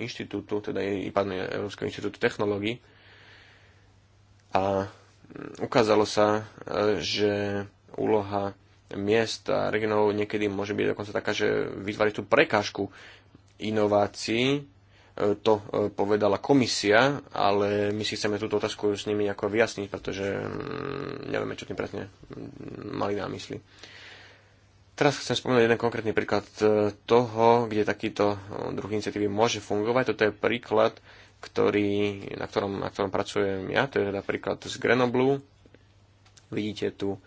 inštitútu, teda pánu Európskeho inštitútu technológií. A mm, ukázalo sa, e, že úloha miest a regionov niekedy môže byť dokonca taká, že vytvári tú prekážku inovácií. E, to e, povedala komisia, ale my si chceme túto otázku s nimi ako vyjasniť, pretože mm, nevieme, čo tým presne mm, mali na mysli. Teraz chcem spomenúť jeden konkrétny príklad e, toho, kde takýto e, druh iniciatívy môže fungovať. Toto je príklad, ktorý, na, ktorom, na ktorom pracujem ja. To je teda príklad z Grenoblu. Vidíte tu e,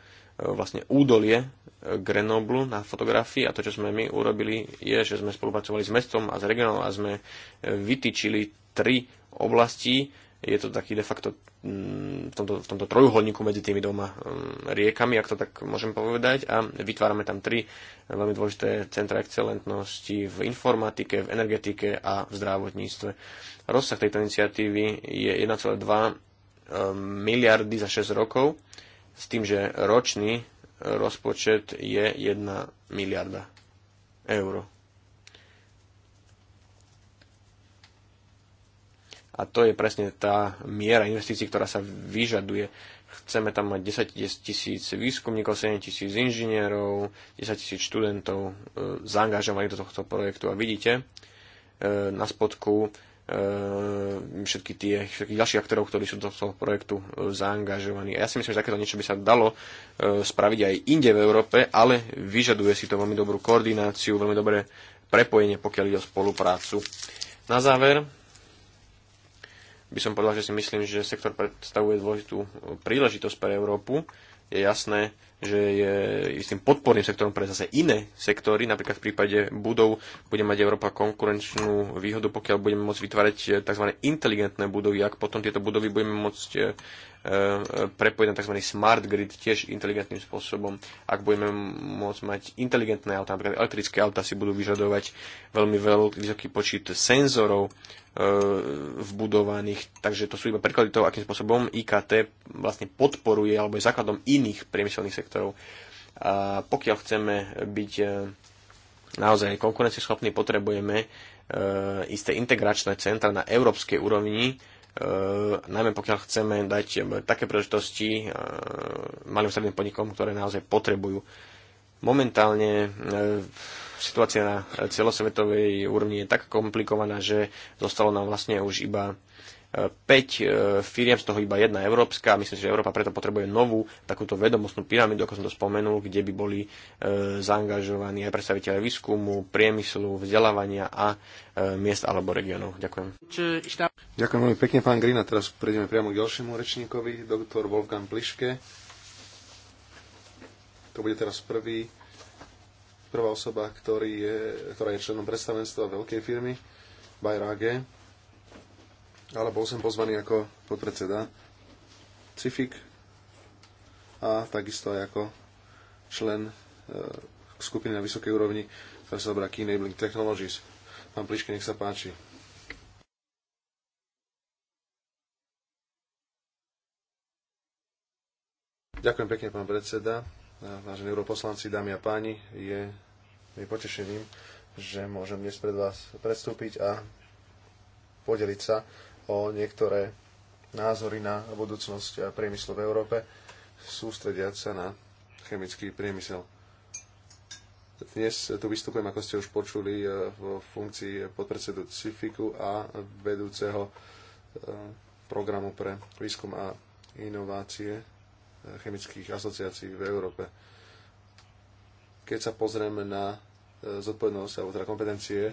vlastne údolie Grenoblu na fotografii a to, čo sme my urobili, je, že sme spolupracovali s mestom a s regionom a sme vytýčili tri oblasti, je to taký de facto mm, v tomto, v tomto trojuholníku medzi tými dvoma mm, riekami, ak to tak môžem povedať, a vytvárame tam tri veľmi dôležité centra excelentnosti v informatike, v energetike a v zdravotníctve. Rozsah tejto iniciatívy je 1,2 e, miliardy za 6 rokov, s tým, že ročný rozpočet je 1 miliarda eur. a to je presne tá miera investícií, ktorá sa vyžaduje. Chceme tam mať 10 tisíc výskumníkov, 7 tisíc inžinierov, 10 tisíc študentov e, zaangažovaných do tohto projektu a vidíte e, na spodku e, všetky tie všetky ďalších aktorov, ktorí sú do tohto projektu e, zaangažovaní. A ja si myslím, že takéto niečo by sa dalo e, spraviť aj inde v Európe, ale vyžaduje si to veľmi dobrú koordináciu, veľmi dobré prepojenie, pokiaľ ide o spoluprácu. Na záver, by som povedal, že si myslím, že sektor predstavuje dôležitú e, príležitosť pre Európu. Je jasné, že je istým podporným sektorom pre zase iné sektory. Napríklad v prípade budov bude mať Európa konkurenčnú výhodu, pokiaľ budeme môcť vytvárať e, tzv. inteligentné budovy. Ak potom tieto budovy budeme môcť e, E, prepojiť na tzv. smart grid tiež inteligentným spôsobom. Ak budeme môcť mať inteligentné auta, napríklad elektrické auta si budú vyžadovať veľmi veľký vysoký počet senzorov e, vbudovaných, takže to sú iba preklady toho, akým spôsobom IKT vlastne podporuje alebo je základom iných priemyselných sektorov. A pokiaľ chceme byť e, naozaj konkurencieschopní, potrebujeme isté integračné centra na európskej úrovni, E, najmä pokiaľ chceme dať také príležitosti e, malým stredným podnikom, ktoré naozaj potrebujú. Momentálne e, situácia na celosvetovej úrovni je tak komplikovaná, že zostalo nám vlastne už iba 5 e, firiem, z toho iba jedna európska. Myslím si, že Európa preto potrebuje novú takúto vedomostnú pyramídu, ako som to spomenul, kde by boli e, zaangažovaní aj predstaviteľe výskumu, priemyslu, vzdelávania a e, miest alebo regionov. Ďakujem. Ďakujem veľmi pekne, pán Grina. Teraz prejdeme priamo k ďalšiemu rečníkovi, doktor Wolfgang Pliške. To bude teraz prvý, prvá osoba, ktorý je, ktorá je členom predstavenstva veľkej firmy Bayer AG ale bol som pozvaný ako podpredseda CIFIC a takisto aj ako člen eh, skupiny na vysokej úrovni, ktorá sa obrá Key Enabling Technologies. Pán Pliške, nech sa páči. Ďakujem pekne, pán predseda. Vážení europoslanci, dámy a páni, je mi potešením, že môžem dnes pred vás predstúpiť a podeliť sa o niektoré názory na budúcnosť a priemyslu v Európe, sústrediať sa na chemický priemysel. Dnes tu vystupujem, ako ste už počuli, eh, v funkcii podpredsedu CIFIKu a vedúceho eh, programu pre výskum a inovácie eh, chemických asociácií v Európe. Keď sa pozrieme na zodpovednosť alebo teda kompetencie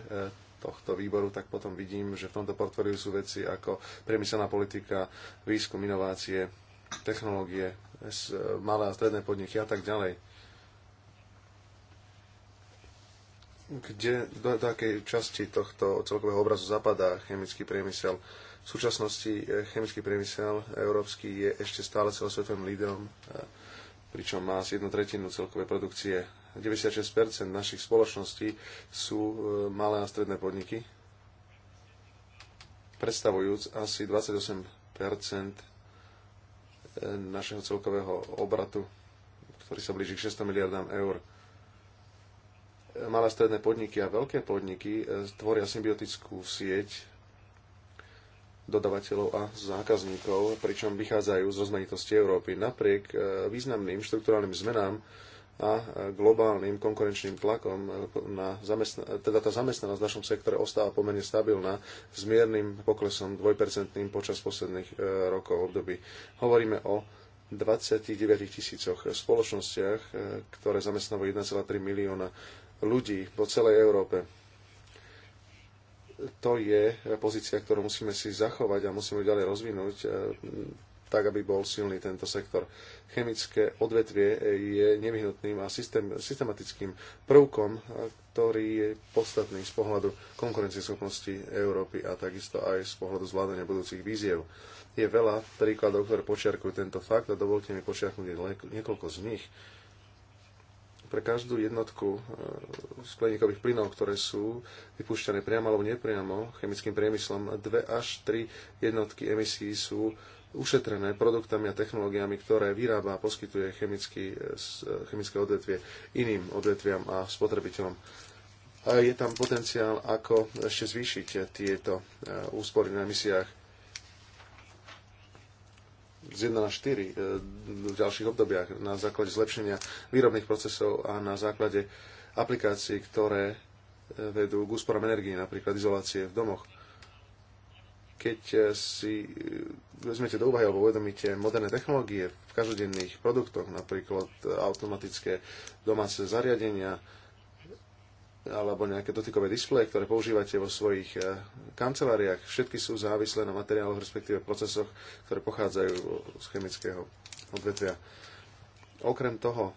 tohto výboru, tak potom vidím, že v tomto portfóliu sú veci ako priemyselná politika, výskum, inovácie, technológie, e, malé a stredné podniky a tak ďalej. Kde, do, do akej časti tohto celkového obrazu zapadá chemický priemysel? V súčasnosti e, chemický priemysel európsky je ešte stále celosvetovým lídrom, e, pričom má asi jednu tretinu celkovej produkcie 96% našich spoločností sú e, malé a stredné podniky, predstavujúc asi 28% e, našeho celkového obratu, ktorý sa blíži k 600 miliardám eur. E, malé a stredné podniky a veľké podniky tvoria symbiotickú sieť dodavateľov a zákazníkov, pričom vychádzajú z rozmanitosti Európy. Napriek významným štruktúrálnym zmenám a globálnym konkurenčným tlakom na teda tá zamestnanosť v našom sektore ostáva pomerne stabilná s miernym poklesom dvojpercentným počas posledných e, rokov období. Hovoríme o 29 tisícoch spoločnostiach, e, ktoré zamestnávajú 1,3 milióna ľudí po celej Európe to je pozícia, ktorú musíme si zachovať a musíme ju ďalej rozvinúť. E, tak, aby bol silný tento sektor. Chemické odvetvie je nevyhnutným a systém, systematickým prvkom, ktorý je podstatný z pohľadu konkurencieschopnosti Európy a takisto aj z pohľadu zvládania budúcich víziev. Je veľa príkladov, ktoré počiarkujú tento fakt a dovolte mi počiarknúť niekoľko z nich pre každú jednotku e, skleníkových plynov, ktoré sú vypúšťané priamo alebo nepriamo chemickým priemyslom, dve až tri jednotky emisí sú ušetrené produktami a technológiami, ktoré vyrába a poskytuje chemický, eh, eh, chemické odvetvie iným odvetviam a spotrebiteľom. A je tam potenciál, ako ešte zvýšiť tieto eh, úspory na emisiách z 1 na 4 v ďalších obdobiach na základe zlepšenia výrobných procesov a na základe aplikácií, ktoré vedú k úsporám energii, napríklad izolácie v domoch. Keď eh, si eh, vezmete do úvahy alebo uvedomíte moderné technológie v každodenných produktoch, napríklad eh, automatické domáce zariadenia alebo nejaké dotykové displeje, ktoré používate vo svojich kanceláriách, všetky sú závislé na materiáloch, respektíve procesoch, ktoré pochádzajú z chemického odvetvia. Okrem toho,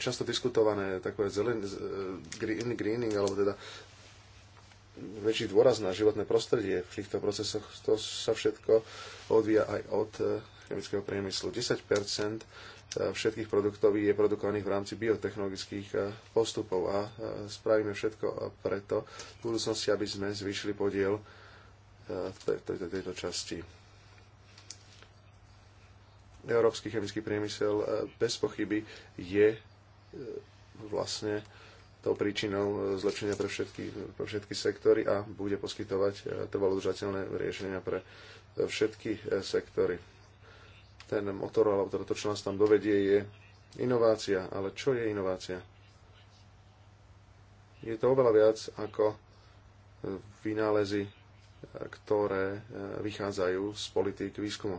často diskutované takové zelen, green, greening, alebo teda väčší dôraz na životné prostredie v týchto procesoch. To sa všetko odvíja aj od eh, chemického priemyslu. 10 eh, všetkých produktov je produkovaných v rámci biotechnologických eh, postupov a spravíme všetko preto v budúcnosti, aby sme zvýšili podiel tejto, tejto časti. Európsky chemický priemysel bez pochyby je vlastne tou príčinou e, zlepšenia pre všetky, pre všetky sektory a bude poskytovať e, trvalo udržateľné riešenia pre e, všetky sektory. Ten motor, alebo toto, teda čo nás tam dovedie, je inovácia. Ale čo je inovácia? Je to oveľa viac ako vynálezy, ktoré vychádzajú z politik výskumu.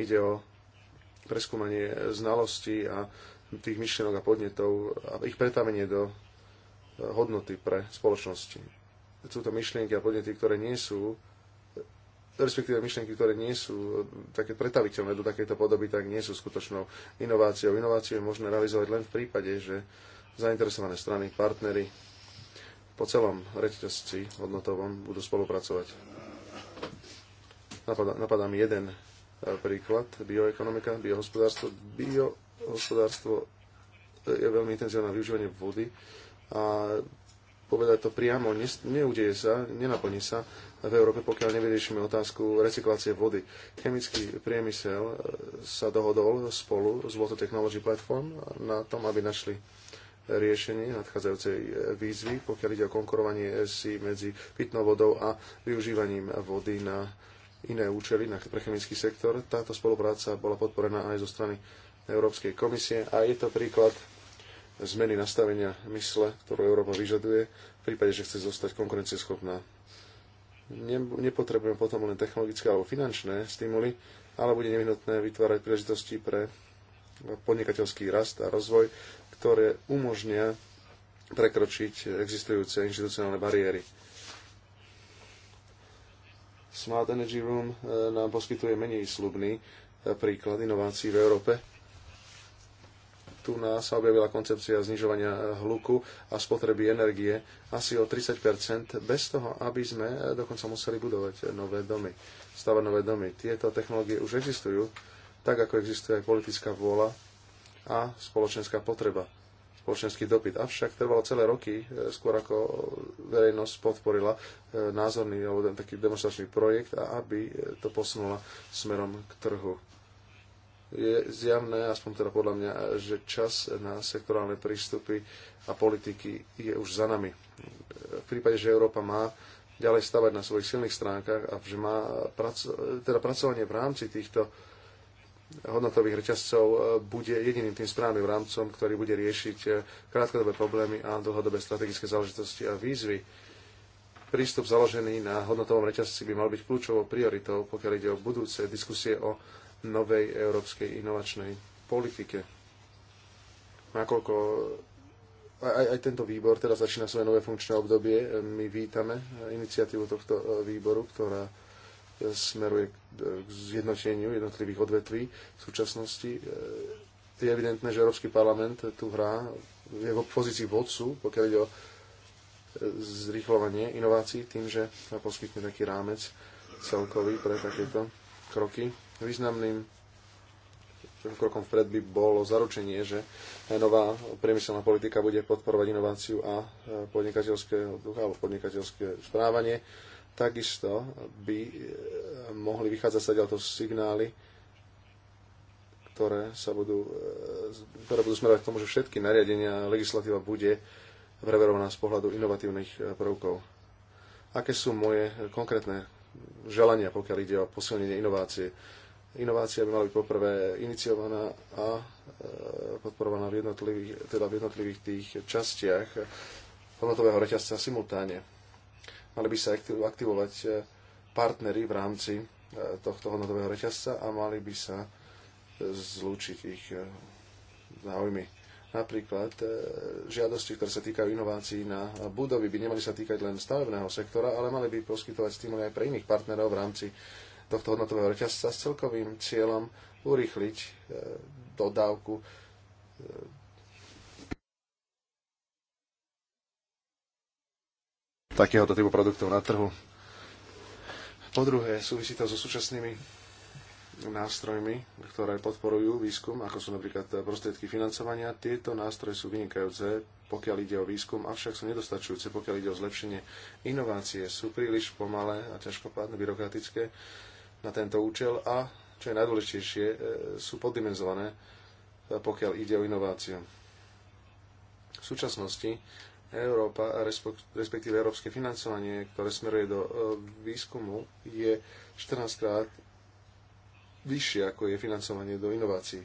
Ide o preskúmanie znalostí a tých myšlienok a podnetov a ich pretavenie do hodnoty pre spoločnosti. Sú to myšlienky a podnety, ktoré nie sú respektíve myšlienky, ktoré nie sú eh, také pretaviteľné do takejto podoby, tak nie sú skutočnou inováciou. Inováciu je možné realizovať len v prípade, že zainteresované strany, partnery po celom reťazci hodnotovom budú spolupracovať. Napadá, napadá mi jeden eh, príklad. Bioekonomika, biohospodárstvo. Biohospodárstvo eh, je veľmi intenzívne využívanie vody a povedať to priamo, neudeje sa, nenaplní sa v Európe, pokiaľ nevyriešime otázku recyklácie vody. Chemický priemysel e, sa dohodol spolu s Water Technology Platform na tom, aby našli riešenie nadchádzajúcej e, výzvy, pokiaľ ide o konkurovanie si medzi pitnou vodou a využívaním vody na iné účely, na pre chemický sektor. Táto spolupráca bola podporená aj zo strany Európskej komisie a je to príklad zmeny nastavenia mysle, ktorú Európa vyžaduje, v prípade, že chce zostať konkurencieschopná. Nepotrebujeme potom len technologické alebo finančné stimuly, ale bude nevyhnutné vytvárať príležitosti pre podnikateľský rast a rozvoj, ktoré umožnia prekročiť existujúce inštitucionálne bariéry. Smart Energy Room eh, nám poskytuje menej slubný eh, príklad inovácií v Európe, tu nás sa objavila koncepcia znižovania hluku a spotreby energie asi o 30 bez toho, aby sme dokonca museli budovať nové domy, stavať nové domy. Tieto technológie už existujú, tak ako existuje aj politická vôľa a spoločenská potreba, spoločenský dopyt. Avšak trvalo celé roky, e, skôr ako verejnosť podporila e, názorný alebo taký demonstračný projekt aby e, to posunula smerom k trhu je zjavné, aspoň teda podľa mňa, že čas na sektorálne prístupy a politiky je už za nami. V prípade, že Európa má ďalej stavať na svojich silných stránkach a že má praco- teda pracovanie v rámci týchto hodnotových reťazcov e, bude jediným tým správnym rámcom, ktorý bude riešiť e, krátkodobé problémy a dlhodobé strategické záležitosti a výzvy. Prístup založený na hodnotovom reťazci by mal byť kľúčovou prioritou, pokiaľ ide o budúce diskusie o novej európskej inovačnej politike. Nakoľko aj, aj tento výbor teda začína svoje nové funkčné obdobie, e, my vítame iniciatívu tohto e, výboru, ktorá e, smeruje k zjednoteniu jednotlivých odvetví v súčasnosti. Je evidentné, že Európsky parlament tu hrá je v pozícii vodcu, pokiaľ ide o zrýchľovanie inovácií tým, že poskytne taký rámec celkový pre takéto kroky Významným krokom vpred by bolo zaručenie, že nová priemyselná politika bude podporovať inováciu a e, podnikateľské ducha alebo podnikateľské správanie. Takisto by e, mohli vychádzať sa ďalto signály, ktoré, sa budú, e, ktoré budú smerovať k tomu, že všetky nariadenia a legislatíva bude preverovaná z pohľadu inovatívnych prvkov. Aké sú moje konkrétne želania, pokiaľ ide o posilnenie inovácie? Inovácia by mala byť poprvé iniciovaná a e, podporovaná v jednotlivých, teda v jednotlivých tých častiach hodnotového reťazca simultáne. Mali by sa aktivovať e, partnery v rámci e, tohto hodnotového reťazca a mali by sa zlúčiť ich záujmy. Napríklad žiadosti, ktoré sa týkajú inovácií na budovy, by nemali sa týkať len stavebného sektora, ale mali by poskytovať stimuly aj pre iných partnerov v rámci tohto hodnotového reťazca s celkovým cieľom urýchliť e, dodávku e, takéhoto typu produktov na trhu. Po druhé, súvisí to so súčasnými nástrojmi, ktoré podporujú výskum, ako sú napríklad prostriedky financovania. Tieto nástroje sú vynikajúce, pokiaľ ide o výskum, avšak sú nedostačujúce, pokiaľ ide o zlepšenie. Inovácie sú príliš pomalé a ťažkopádne byrokratické na tento účel a, čo je najdôležitejšie, e, sú poddimenzované, e, pokiaľ ide o inováciu. V súčasnosti Európa, respektíve európske financovanie, ktoré smeruje do e, výskumu, je 14 krát vyššie, ako je financovanie do inovácií.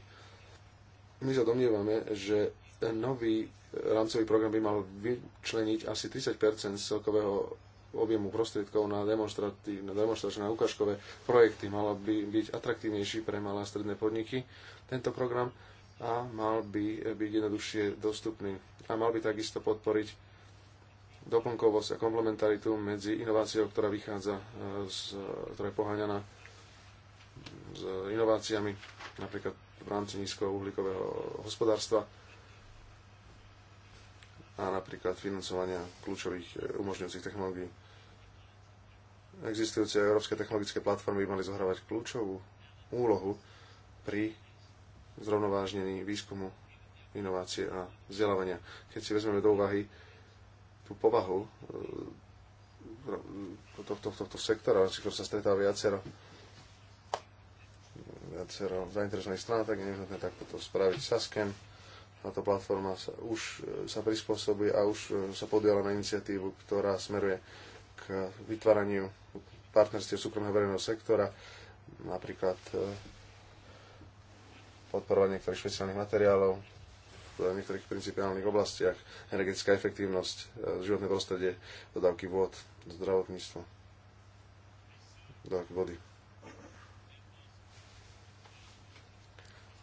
My sa domnievame, že nový rámcový program by mal vyčleniť asi 30 z celkového objemu prostriedkov na, na demonstračné a ukážkové projekty. malo by byť atraktívnejší pre malé a stredné podniky tento program a mal by byť jednoduchšie dostupný. A mal by takisto podporiť doplnkovosť a komplementaritu medzi inováciou, ktorá vychádza, e, z, ktorá je poháňaná s inováciami, napríklad v rámci nízkouhlíkového hospodárstva a napríklad financovania kľúčových e, umožňujúcich technológií existujúce európske technologické platformy by mali zohrávať kľúčovú úlohu pri zrovnovážnení výskumu, inovácie a vzdelávania. Keď si vezmeme do úvahy tú povahu tohto, e, tohto sektora, či sa stretá viacero, viacero zainteresovaných strán, tak je nevyhnutné takto to spraviť Saskem. Táto platforma sa, už e, sa prispôsobuje a už e, sa podiela na iniciatívu, ktorá smeruje k vytváraniu partnerstiev súkromného verejného sektora, napríklad podporovať niektorých špeciálnych materiálov v niektorých principiálnych oblastiach, energetická efektívnosť, životné prostredie, dodávky vôd, zdravotníctvo, dodávky vody.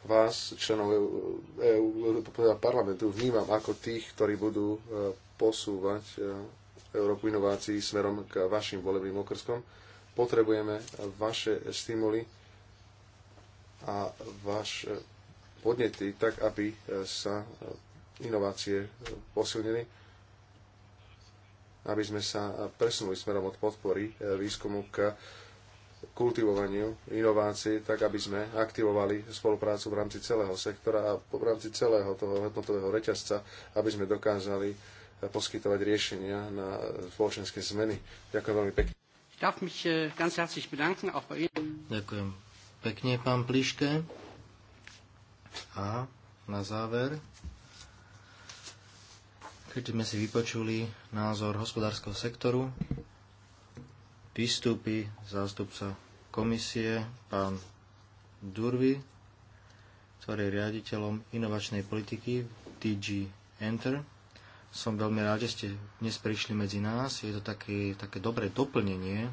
Vás, členov EU, EU, parlamentu, vnímam ako tých, ktorí budú posúvať Európu inovácií smerom k vašim volebným okrskom. Potrebujeme vaše stimuly a vaše podnety tak, aby sa inovácie posilnili, aby sme sa presunuli smerom od podpory výskumu k kultivovaniu inovácií, tak aby sme aktivovali spoluprácu v rámci celého sektora a v rámci celého toho hodnotového reťazca, aby sme dokázali poskytovať riešenia na spoločenské zmeny. Ďakujem veľmi pekne. Äh, Ďakujem pekne, pán Pliške. A na záver, keď sme si vypočuli názor hospodárskeho sektoru, vystúpi zástupca komisie, pán Durvi, ktorý je riaditeľom inovačnej politiky DG Enter. Som veľmi rád, že ste dnes prišli medzi nás. Je to také, také dobré doplnenie,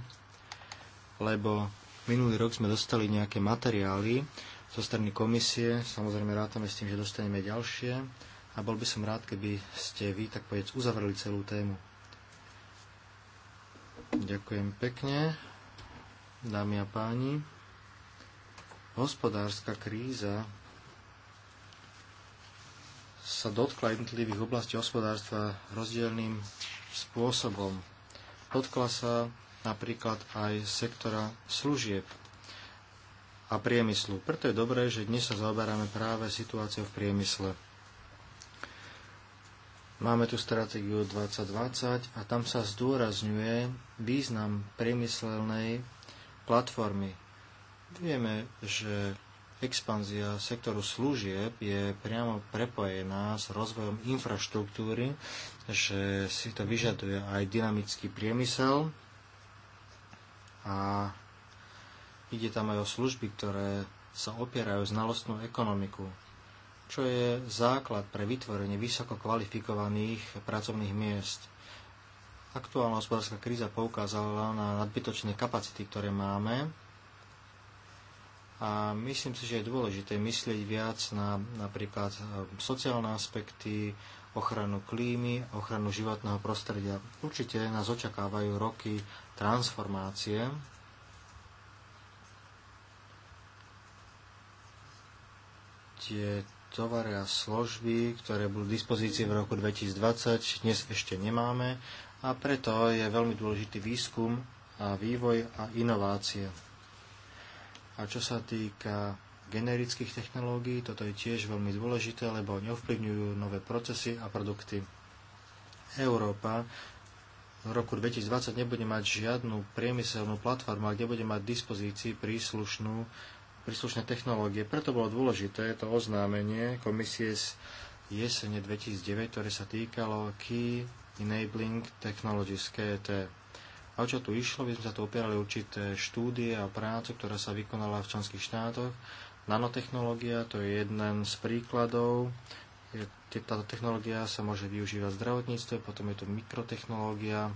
lebo minulý rok sme dostali nejaké materiály zo strany komisie. Samozrejme rátame s tým, že dostaneme ďalšie. A bol by som rád, keby ste vy, tak povedz, uzavreli celú tému. Ďakujem pekne, dámy a páni. Hospodárska kríza, sa dotkla jednotlivých oblastí hospodárstva rozdielným spôsobom. Dotkla sa napríklad aj sektora služieb a priemyslu. Preto je dobré, že dnes sa zaoberáme práve situáciou v priemysle. Máme tu stratégiu 2020 a tam sa zdôrazňuje význam priemyselnej platformy. Vieme, že Expanzia sektoru služieb je priamo prepojená s rozvojom infraštruktúry, že si to vyžaduje aj dynamický priemysel a ide tam aj o služby, ktoré sa opierajú znalostnú ekonomiku, čo je základ pre vytvorenie vysoko kvalifikovaných pracovných miest. Aktuálna hospodárska kríza poukázala na nadbytočné kapacity, ktoré máme a myslím si, že je dôležité myslieť viac na napríklad e, sociálne aspekty, ochranu klímy, ochranu životného prostredia. Určite nás očakávajú roky transformácie. Tie tovary a služby, ktoré budú v dispozícii v roku 2020, dnes ešte nemáme a preto je veľmi dôležitý výskum a vývoj a inovácie. A čo sa týka generických technológií, toto je tiež veľmi dôležité, lebo neovplyvňujú nové procesy a produkty. Európa v roku 2020 nebude mať žiadnu priemyselnú platformu, ak nebude mať dispozícii príslušnú, príslušné technológie. Preto bolo dôležité to oznámenie komisie z jesene 2009, ktoré sa týkalo Key Enabling Technologies, KET. A o čo tu išlo? My sme sa tu opierali určité štúdie a prácu, ktorá sa vykonala v členských štátoch. Nanotechnológia to je jeden z príkladov. Je, táto technológia sa môže využívať v zdravotníctve, potom je tu mikrotechnológia.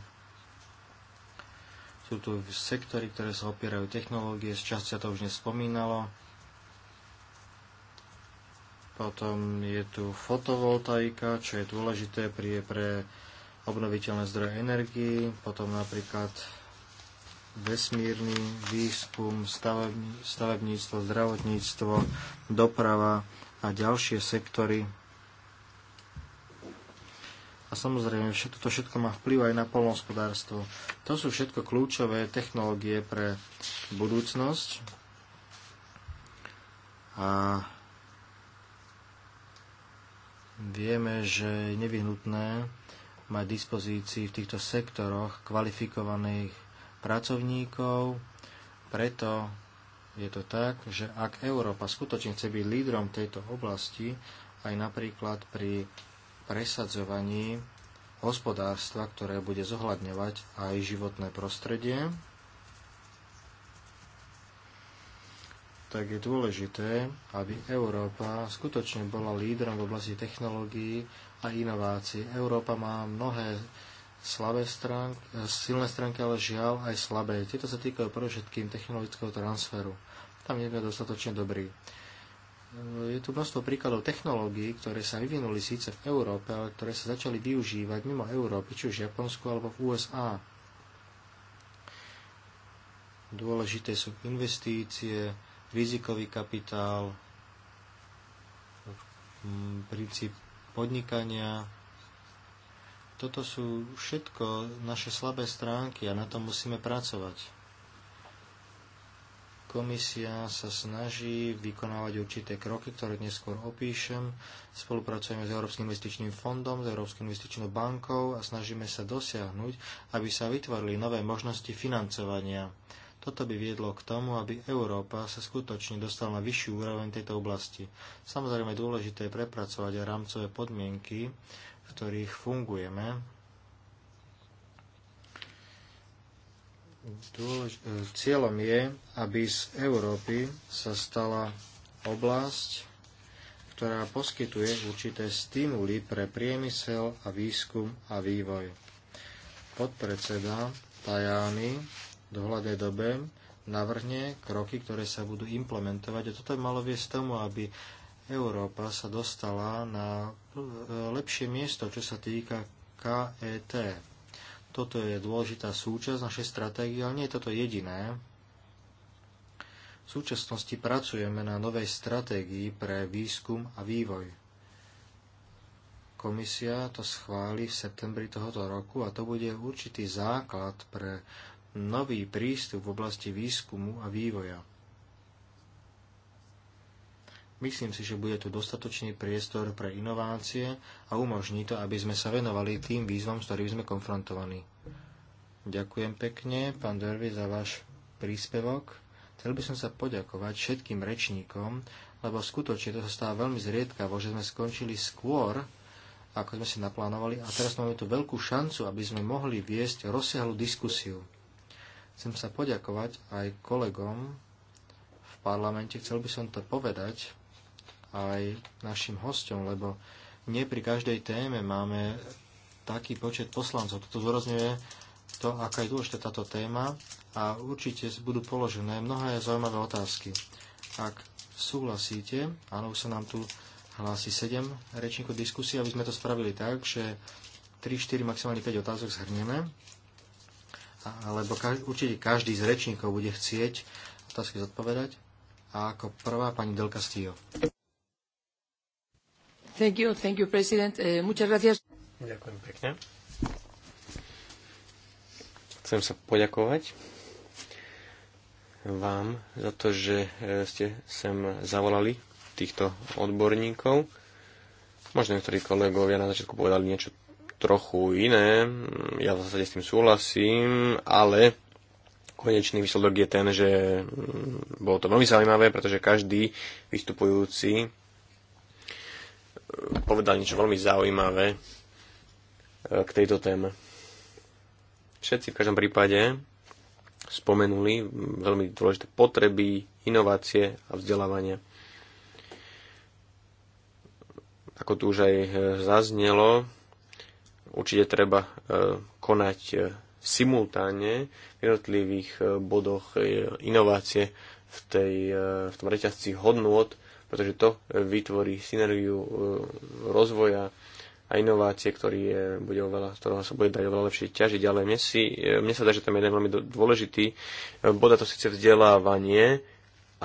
Sú tu sektory, ktoré sa opierajú technológie, z časti sa to už nespomínalo. Potom je tu fotovoltaika, čo je dôležité pri, pre obnoviteľné zdroje energii, potom napríklad vesmírny výskum, stavebníctvo, zdravotníctvo, doprava a ďalšie sektory. A samozrejme, všetko to všetko má vplyv aj na polnohospodárstvo. To sú všetko kľúčové technológie pre budúcnosť. A vieme, že je nevyhnutné mať dispozícii v týchto sektoroch kvalifikovaných pracovníkov. Preto je to tak, že ak Európa skutočne chce byť lídrom tejto oblasti, aj napríklad pri presadzovaní hospodárstva, ktoré bude zohľadňovať aj životné prostredie, tak je dôležité, aby Európa skutočne bola lídrom v oblasti technológií a inovácií. Európa má mnohé slabé stránky, silné stránky, ale žiaľ aj slabé. Tieto sa týkajú predovšetkým technologického transferu. Tam nie je dostatočne dobrý. Je tu množstvo príkladov technológií, ktoré sa vyvinuli síce v Európe, ale ktoré sa začali využívať mimo Európy, či už v Japonsku alebo v USA. Dôležité sú investície, rizikový kapitál, mm, princíp podnikania. Toto sú všetko naše slabé stránky a na tom musíme pracovať. Komisia sa snaží vykonávať určité kroky, ktoré neskôr opíšem. Spolupracujeme s Európskym investičným fondom, s Európskym investičnou bankou a snažíme sa dosiahnuť, aby sa vytvorili nové možnosti financovania. Toto by viedlo k tomu, aby Európa sa skutočne dostala na vyššiu úroveň tejto oblasti. Samozrejme dôležité je prepracovať aj rámcové podmienky, v ktorých fungujeme. Dôlež... E, cieľom je, aby z Európy sa stala oblasť, ktorá poskytuje určité stimuly pre priemysel a výskum a vývoj. Podpredseda Tajány dohľadnej dobe navrhne kroky, ktoré sa budú implementovať. A toto by malo viesť tomu, aby Európa sa dostala na e, lepšie miesto, čo sa týka KET. Toto je dôležitá súčasť našej stratégie, ale nie je toto jediné. V súčasnosti pracujeme na novej stratégii pre výskum a vývoj. Komisia to schváli v septembri tohoto roku a to bude určitý základ pre nový prístup v oblasti výskumu a vývoja. Myslím si, že bude tu dostatočný priestor pre inovácie a umožní to, aby sme sa venovali tým výzvam, s ktorými sme konfrontovaní. Ďakujem pekne, pán Dervy, za váš príspevok. Chcel by som sa poďakovať všetkým rečníkom, lebo skutočne to sa stáva veľmi zriedkavo, že sme skončili skôr, ako sme si naplánovali a teraz máme tu veľkú šancu, aby sme mohli viesť rozsiahlu diskusiu. Chcem sa poďakovať aj kolegom v parlamente. Chcel by som to povedať aj našim hostom, lebo nie pri každej téme máme taký počet poslancov. Toto zúrazňuje to, aká je dôležitá táto téma a určite budú položené mnohé zaujímavé otázky. Ak súhlasíte, áno, už sa nám tu hlási 7 rečníkov diskusie, aby sme to spravili tak, že 3, 4, maximálne 5 otázok zhrnieme lebo kaž, určite každý z rečníkov bude chcieť otázky zodpovedať. A ako prvá pani Del Castillo. Thank you, thank you, president. Uh, muchas gracias. Ďakujem pekne. Chcem sa poďakovať vám za to, že eh, ste sem zavolali týchto odborníkov. Možno niektorí kolegovia na začiatku povedali niečo trochu iné, ja v zásade s tým súhlasím, ale konečný výsledok je ten, že mm, bolo to veľmi zaujímavé, pretože každý vystupujúci e, povedal niečo veľmi zaujímavé e, k tejto téme. Všetci v každom prípade spomenuli veľmi dôležité potreby, inovácie a vzdelávania. Ako tu už aj e, zaznelo, určite treba e, konať e, simultáne v jednotlivých e, bodoch inovácie v, tej, v tom reťazci hodnôt, pretože to vytvorí synergiu rozvoja a inovácie, ktorý je, bude oveľa, z ktorého sa bude dať oveľa lepšie ťažiť. Ale mne, si, mne sa dá, že tam je jeden veľmi dôležitý bod, a to síce vzdelávanie.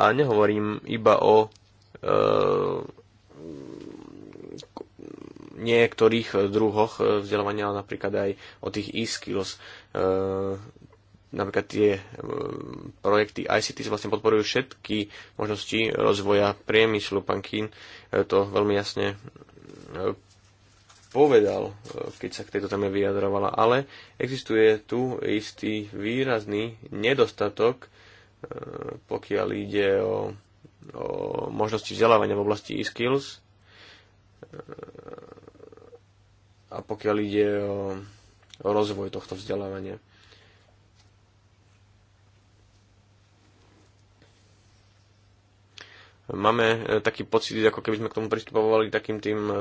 A nehovorím iba o niektorých eh, druhoch eh, vzdelávania, ale napríklad aj o tých e-skills. Eh, napríklad tie projekty ICT sa vlastne podporujú všetky možnosti rozvoja priemyslu. Pán Kín to veľmi jasne povedal, keď sa k tejto téme vyjadrovala, ale existuje tu istý výrazný nedostatok, pokiaľ ide o, o možnosti vzdelávania v oblasti e-skills a pokiaľ ide o, o rozvoj tohto vzdelávania. Máme e, taký pocit, ako keby sme k tomu pristupovali takým tým e,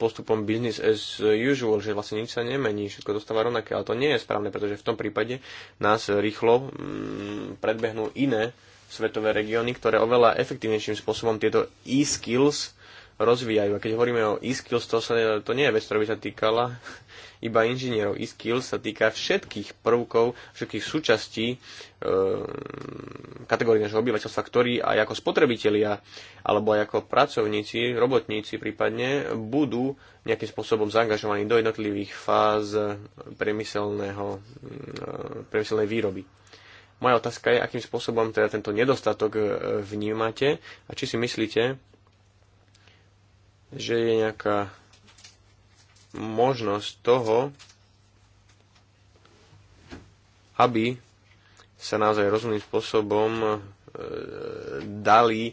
postupom business as usual, že vlastne nič sa nemení, všetko dostáva rovnaké, ale to nie je správne, pretože v tom prípade nás rýchlo mm, predbehnú iné svetové regióny, ktoré oveľa efektívnejším spôsobom tieto e-skills rozvíjajú. A keď hovoríme o e-skills, to, sa, to nie je vec, ktorá by sa týkala (laughs) iba inžinierov. E-skills sa týka všetkých prvkov, všetkých súčastí e, kategórie našho obyvateľstva, ktorí aj ako spotrebitelia alebo aj ako pracovníci, robotníci prípadne, budú nejakým spôsobom zaangažovaní do jednotlivých fáz priemyselného, mm, e, priemyselnej výroby. Moja otázka je, akým spôsobom teda tento nedostatok e, vnímate a či si myslíte, že je nejaká možnosť toho, aby sa naozaj rozumným spôsobom e, dali e,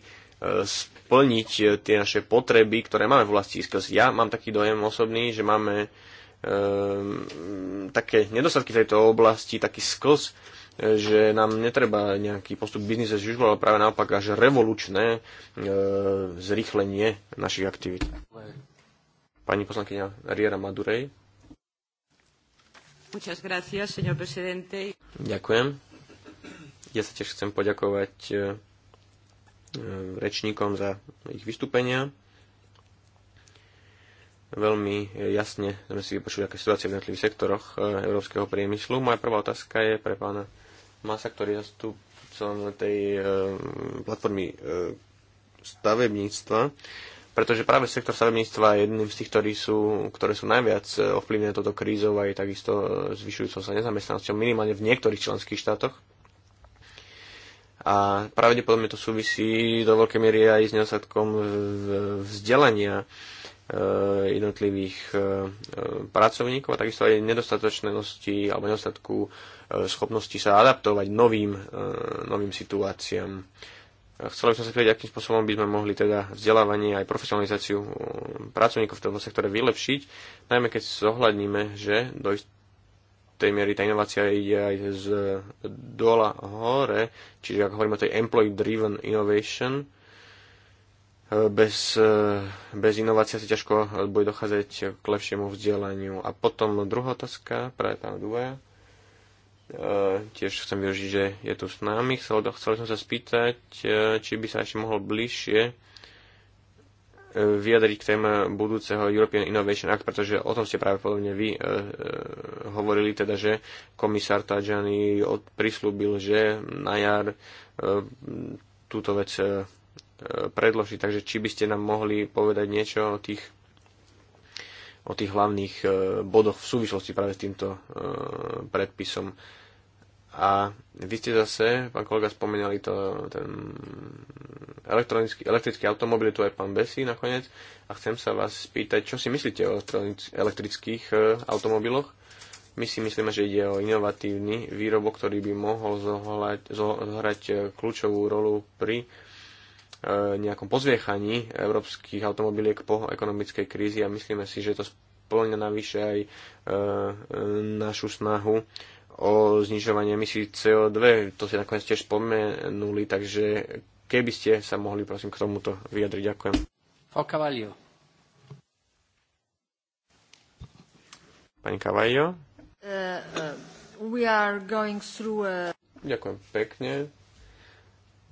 splniť e, tie naše potreby, ktoré máme v oblasti skills. Ja mám taký dojem osobný, že máme e, také nedostatky v tejto oblasti, taký skills že nám netreba nejaký postup business as usual, ale práve naopak až revolučné e, zrýchlenie našich aktivít. Pani poslankyňa Riera Madurej. Gracias, Ďakujem. Ja sa tiež chcem poďakovať e, e, rečníkom za ich vystúpenia. Veľmi jasne sme si vypočuli, aké situácie v jednotlivých sektoroch e, európskeho priemyslu. Moja prvá otázka je pre pána Masa, ktorý je zastupcom tej e, platformy e, stavebníctva, pretože práve sektor stavebníctva je jedným z tých, ktorí sú, ktoré sú najviac eh, ovplyvnené toto krízou a aj takisto zvyšujúcou sa nezamestnanosťou minimálne v niektorých členských štátoch. A pravdepodobne to súvisí do veľkej miery aj s nedostatkom vzdelania Eh, jednotlivých eh, pracovníkov a takisto aj nedostatočnosti alebo nedostatku eh, schopnosti sa adaptovať novým, novým situáciám. Chcel by som sa spýtať, akým spôsobom by sme mohli teda vzdelávanie aj profesionalizáciu pracovníkov v tomto sektore vylepšiť, najmä keď zohľadníme, že do tej miery tá inovácia ide aj z dola hore, čiže ak hovoríme o tej employee-driven innovation, bez, e, bez inovácia si ťažko bude dochádzať k lepšiemu vzdelaniu. A potom druhá otázka, práve tá. dvoja. E, tiež chcem využiť, že je tu s nami. Chcel, chcel som sa spýtať, e, či by sa ešte mohol bližšie e, vyjadriť k téme budúceho European Innovation Act, pretože o tom ste práve podobne vy e, e, hovorili, teda, že komisár Tajani prislúbil, že na jar e, túto vec e, E, predložiť. Takže či by ste nám mohli povedať niečo o tých, o tých hlavných e, bodoch v súvislosti práve s týmto e, predpisom. A vy ste zase, pán kolega, spomenali to, ten elektronický, elektrický automobil, tu aj pán Besi nakoniec. A chcem sa vás spýtať, čo si myslíte o elektrických automobiloch? My si myslíme, že ide o inovatívny výrobok, ktorý by mohol zohľať, zohrať kľúčovú rolu pri E, nejakom pozviechaní európskych automobiliek po ekonomickej krízi a myslíme si, že to splňa navyše aj e, našu snahu o znižovanie emisí CO2. To si nakoniec tiež spomenuli, takže keby ste sa mohli prosím k tomuto vyjadriť. Ďakujem. Falcavalio. Pani Cavallio. Uh, uh, we are going through a... Ďakujem pekne.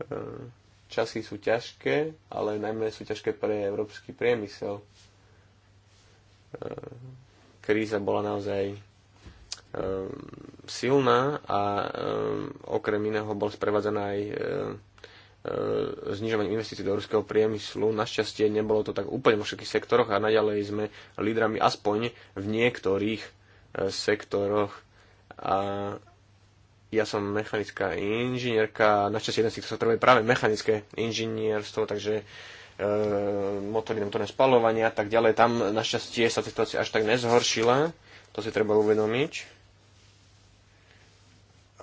Uh, Časy sú ťažké, ale najmä sú ťažké pre európsky priemysel. E, kríza bola naozaj e, silná a e, okrem iného bol sprevádzaná aj znižovaním investícií do ruského priemyslu. Našťastie nebolo to tak úplne vo všetkých sektoroch a naďalej sme lídrami aspoň v niektorých sektoroch a ja som mechanická inžinierka, našťastie jeden z týchto sa trvuje práve mechanické inžinierstvo, takže e, motory, motorné spalovanie a tak ďalej. Tam našťastie sa situácia až tak nezhoršila, to si treba uvedomiť.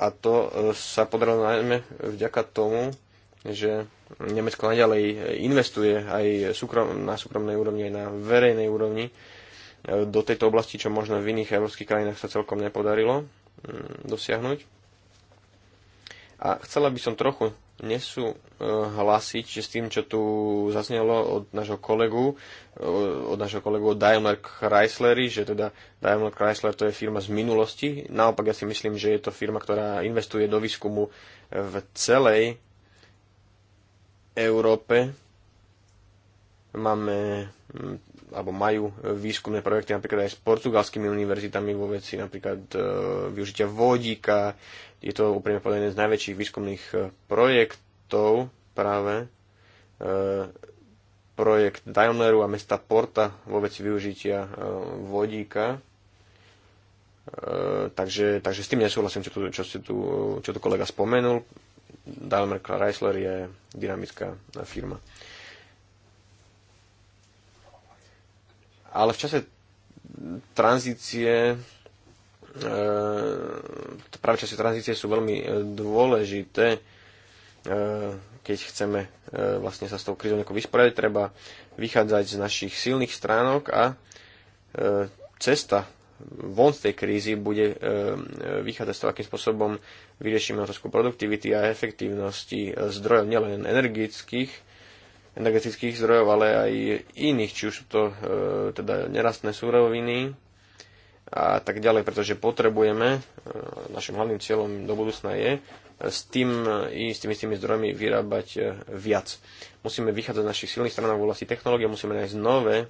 A to e, sa podarilo najmä vďaka tomu, že Nemecko naďalej investuje aj súkrom, na súkromnej úrovni, aj na verejnej úrovni e, do tejto oblasti, čo možno v iných európskych krajinách sa celkom nepodarilo mm, dosiahnuť. A chcela by som trochu že s tým, čo tu zaznelo od nášho kolegu, eh, od nášho kolegu od Daimler Chryslery, že teda Daimler Chrysler to je firma z minulosti. Naopak ja si myslím, že je to firma, ktorá investuje do výskumu eh, v celej Európe. Máme hm, alebo majú výskumné projekty napríklad aj s portugalskými univerzitami vo veci napríklad e, využitia vodíka, je to úprimne povedané jeden z najväčších výskumných e, projektov práve e, projekt Daimleru a mesta Porta vo veci využitia e, vodíka. Takže, takže s tým nesúhlasím, čo tu, čo, si tu, čo tu kolega spomenul. Daimler Chrysler je dynamická firma. Ale v čase tranzície E, práve časy tranzície sú veľmi e, dôležité, e, keď chceme vlastne sa s tou krizou vysporiadať, treba vychádzať z našich silných stránok a cesta von z tej krízy bude vychádzať z toho, akým spôsobom vyriešime otázku produktivity a efektívnosti zdrojov, nielen energetických, energetických zdrojov, ale aj iných, či už sú to teda nerastné súroviny, a tak ďalej, pretože potrebujeme, e, našim hlavným cieľom do budúcna je e, s tým i s tými, s tými zdrojmi vyrábať e, viac. Musíme vychádzať z našich silných stranách v oblasti technológie, musíme nájsť nové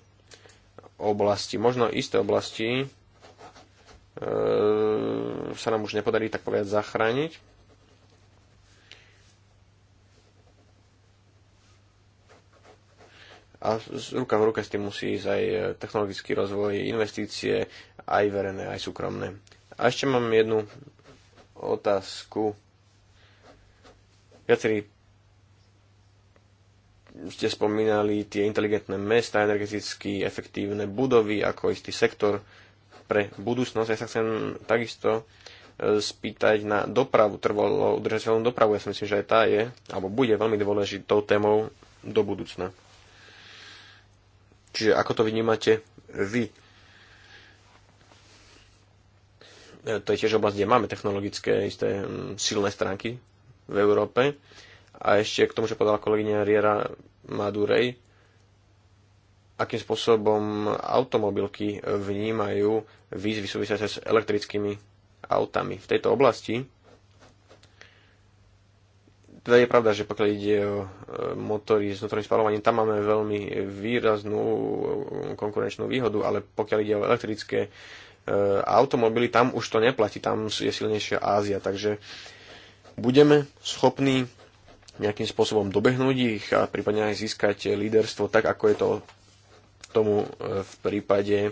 oblasti, možno isté oblasti sa nám už nepodarí tak povedať zachrániť, a ruka v ruke s tým musí ísť aj e, technologický rozvoj, investície, aj verejné, aj súkromné. A ešte mám jednu otázku. Viacerí ste spomínali tie inteligentné mesta, energeticky efektívne budovy ako istý sektor pre budúcnosť. Ja sa chcem takisto e, spýtať na dopravu, trvalo udržateľnú dopravu. Ja si myslím, že aj tá je, alebo bude veľmi dôležitou témou do budúcna. Čiže ako to vnímate vy? E, to je tiež oblasť, kde máme technologické isté mm, silné stránky v Európe. A ešte k tomu, čo povedala kolegyňa Riera Madurej, akým spôsobom automobilky vnímajú výzvy súvisiace s elektrickými autami. V tejto oblasti teda je pravda, že pokiaľ ide o e, motory s vnútorným spalovaním, tam máme veľmi výraznú e, konkurenčnú výhodu, ale pokiaľ ide o elektrické e, automobily, tam už to neplatí, tam je silnejšia Ázia, takže budeme schopní nejakým spôsobom dobehnúť ich a prípadne aj získať líderstvo tak, ako je to tomu v prípade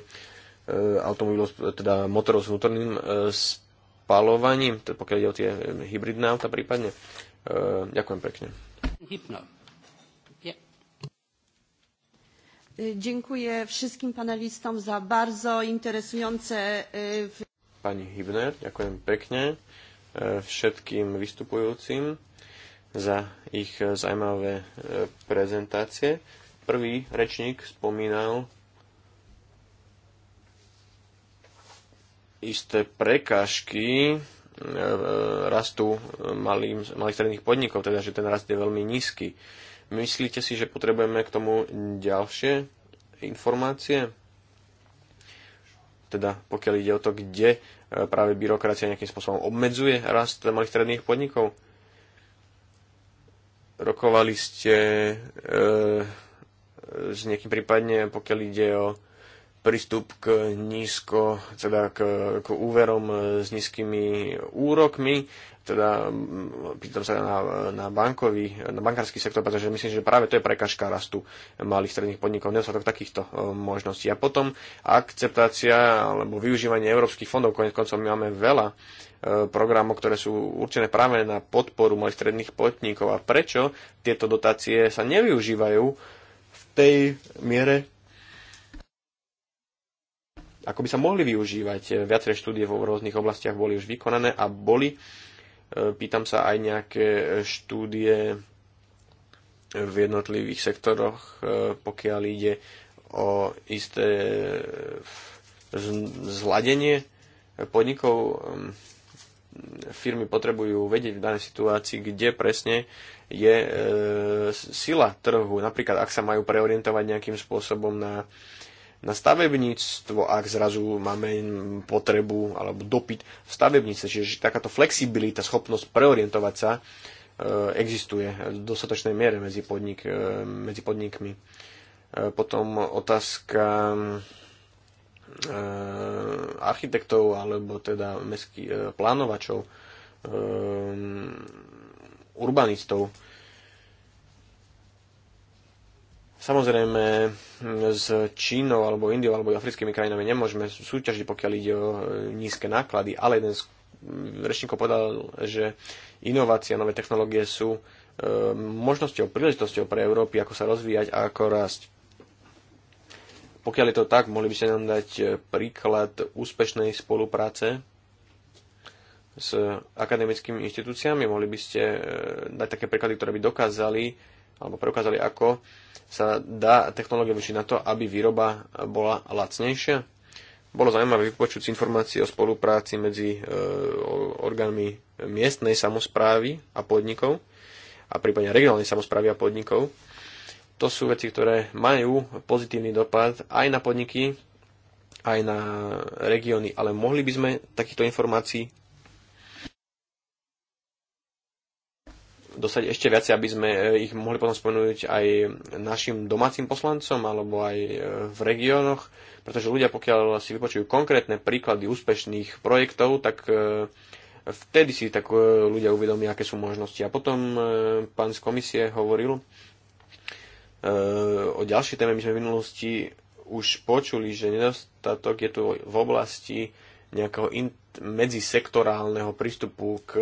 automobilov, teda motorov s vnútorným spalovaním, pokiaľ ide o tie hybridné auta prípadne. Eh, ďakujem pekne. Ďakujem e, Dziękuję wszystkim panelistom za bardzo interesujące... E, Pani Hibner, ďakujem pekne e, všetkým vystupujúcim za ich zaujímavé prezentácie. Prvý rečník spomínal isté prekážky E, rastu malých, malých stredných podnikov, teda že ten rast je veľmi nízky. Myslíte si, že potrebujeme k tomu ďalšie informácie? Teda pokiaľ ide o to, kde e, práve byrokracia nejakým spôsobom obmedzuje rast teda malých stredných podnikov? Rokovali ste e, s niekým prípadne, pokiaľ ide o prístup k nízko, teda k, k úverom e, s nízkymi úrokmi, teda pýtam sa na, na bankový, na bankársky sektor, pretože myslím, že práve to je prekažka rastu malých stredných podnikov, nedostatok takýchto e, možností. A potom akceptácia alebo využívanie európskych fondov, konec koncov my máme veľa e, programov, ktoré sú určené práve na podporu malých stredných podnikov a prečo tieto dotácie sa nevyužívajú v tej miere, ako by sa mohli využívať. E, viaceré štúdie vo rôznych oblastiach boli už vykonané a boli, e, pýtam sa, aj nejaké štúdie v jednotlivých sektoroch, e, pokiaľ ide o isté zladenie podnikov. Firmy potrebujú vedieť v danej situácii, kde presne je sila trhu. Napríklad, ak sa majú preorientovať nejakým spôsobom na na stavebníctvo, ak zrazu máme potrebu alebo dopyt v stavebnice. Čiže takáto flexibilita, schopnosť preorientovať sa e, existuje v dostatočnej miere medzi, podnik, e, medzi podnikmi. E, potom otázka architektov alebo teda mestských plánovačov, urbanistov Samozrejme, s Čínou alebo Indiou alebo africkými krajinami nemôžeme súťažiť, pokiaľ ide o e, nízke náklady, ale jeden z rečníkov povedal, že inovácia, nové technológie sú e, možnosťou, príležitosťou pre Európy, ako sa rozvíjať a ako rásť. Pokiaľ je to tak, mohli by ste nám dať e, príklad úspešnej spolupráce s akademickými inštitúciami, mohli by ste dať také príklady, ktoré by dokázali alebo preukázali, ako sa dá technológia využiť na to, aby výroba bola lacnejšia. Bolo zaujímavé vypočuť informácie o spolupráci medzi e, orgánmi miestnej samozprávy a podnikov a prípadne regionálnej samozprávy a podnikov. To sú veci, ktoré majú pozitívny dopad aj na podniky, aj na regióny, ale mohli by sme takýchto informácií dostať ešte viac, aby sme e, ich mohli potom spomenúť aj našim domácim poslancom alebo aj e, v regiónoch, pretože ľudia, pokiaľ si vypočujú konkrétne príklady úspešných projektov, tak e, vtedy si tak ľudia uvedomia, aké sú možnosti. A potom pán z komisie hovoril o ďalšej téme. My sme v minulosti už počuli, že nedostatok je tu v oblasti nejakého medzisektorálneho prístupu k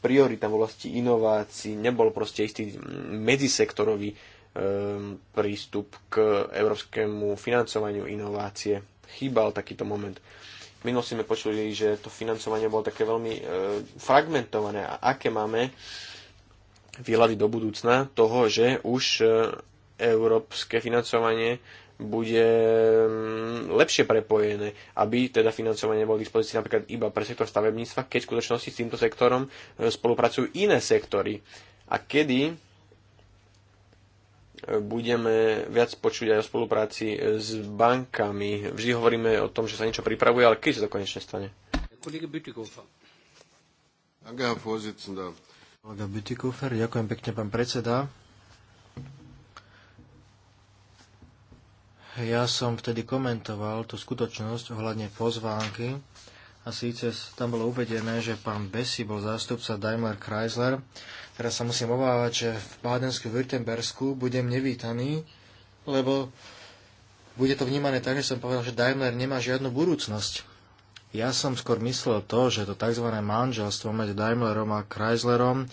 priorita v oblasti inovácií, nebol proste istý medzisektorový ehm, prístup k európskemu financovaniu inovácie. Chýbal takýto moment. Minul sme počuli, že to financovanie bolo také veľmi ehm, fragmentované a aké máme výhľady do budúcna toho, že už ehm, európske financovanie bude mm, lepšie prepojené, aby teda financovanie bolo k dispozícii napríklad iba pre sektor stavebníctva, keď v skutočnosti s týmto sektorom e, spolupracujú iné sektory. A kedy e, budeme viac počuť aj o spolupráci e, s bankami. Vždy hovoríme o tom, že sa niečo pripravuje, ale kedy sa to konečne stane? Kolega Kolega Bütikofer, ďakujem pekne, pán predseda. Ja som vtedy komentoval tú skutočnosť ohľadne pozvánky a síce tam bolo uvedené, že pán Bessy bol zástupca Daimler Chrysler. Teraz sa musím obávať, že v Bádensku, Württembersku budem nevítaný, lebo bude to vnímané tak, že som povedal, že Daimler nemá žiadnu budúcnosť. Ja som skôr myslel to, že to tzv. manželstvo medzi Daimlerom a Chryslerom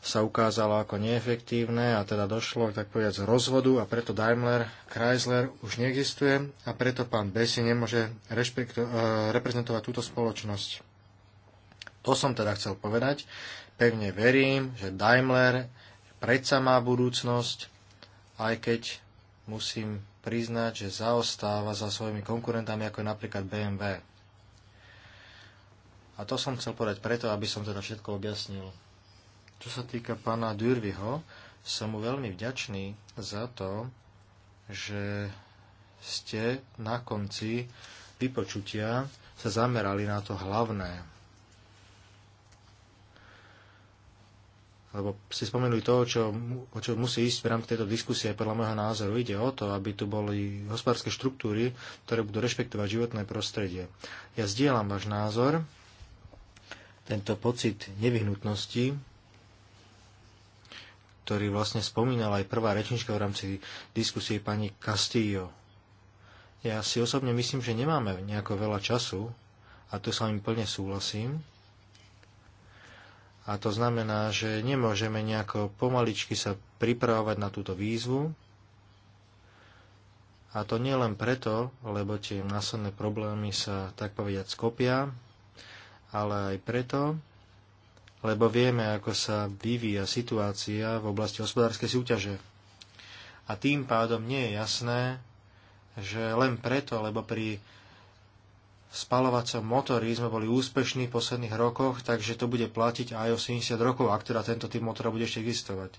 sa ukázalo ako neefektívne a teda došlo, tak povedať, z rozvodu a preto Daimler Chrysler už neexistuje a preto pán Bessy nemôže e, reprezentovať túto spoločnosť. To som teda chcel povedať. Pevne verím, že Daimler predsa má budúcnosť, aj keď musím priznať, že zaostáva za svojimi konkurentami, ako je napríklad BMW. A to som chcel povedať preto, aby som teda všetko objasnil. Čo sa týka pána Dürviho, som mu veľmi vďačný za to, že ste na konci vypočutia sa zamerali na to hlavné. Lebo si spomenuli to, čo, o čo musí ísť v rámci tejto diskusie, podľa môjho názoru. Ide o to, aby tu boli hospodárske štruktúry, ktoré budú rešpektovať životné prostredie. Ja zdieľam váš názor, tento pocit nevyhnutnosti ktorý vlastne spomínala aj prvá rečnička v rámci diskusie pani Castillo. Ja si osobne myslím, že nemáme nejako veľa času a tu sa im plne súhlasím. A to znamená, že nemôžeme nejako pomaličky sa pripravovať na túto výzvu. A to nie len preto, lebo tie následné problémy sa tak povediať skopia, ale aj preto, lebo vieme, ako sa vyvíja situácia v oblasti hospodárskej súťaže. A tým pádom nie je jasné, že len preto, lebo pri spalovacom motori sme boli úspešní v posledných rokoch, takže to bude platiť aj o 70 rokov, ak teda tento typ motora bude ešte existovať.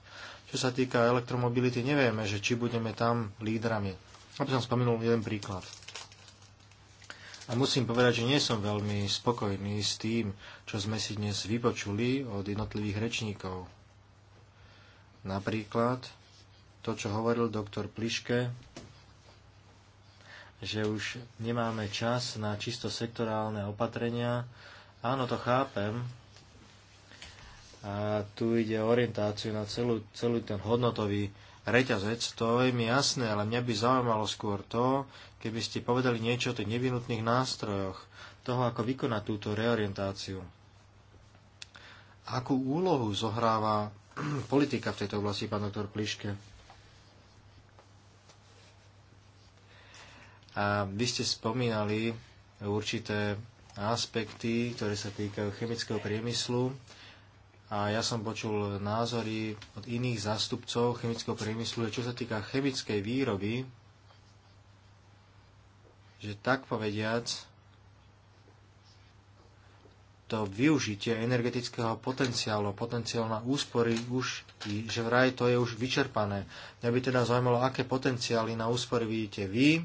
Čo sa týka elektromobility, nevieme, že či budeme tam lídrami. Aby som spomenul jeden príklad. A musím povedať, že nie som veľmi spokojný s tým, čo sme si dnes vypočuli od jednotlivých rečníkov. Napríklad to, čo hovoril doktor Pliške, že už nemáme čas na čisto sektorálne opatrenia. Áno, to chápem. A tu ide o orientáciu na celú, celý ten hodnotový reťazec, to je mi jasné, ale mňa by zaujímalo skôr to, keby ste povedali niečo o tých nevinutných nástrojoch, toho, ako vykonať túto reorientáciu. Akú úlohu zohráva (clears throat) politika v tejto oblasti, pán doktor Pliške? A vy ste spomínali určité aspekty, ktoré sa týkajú chemického priemyslu. A ja som počul názory od iných zástupcov chemického priemyslu, čo sa týka chemickej výroby, že tak povediac, to využitie energetického potenciálu, potenciál na úspory už, že vraj to je už vyčerpané. Mňa by teda zaujímalo, aké potenciály na úspory vidíte vy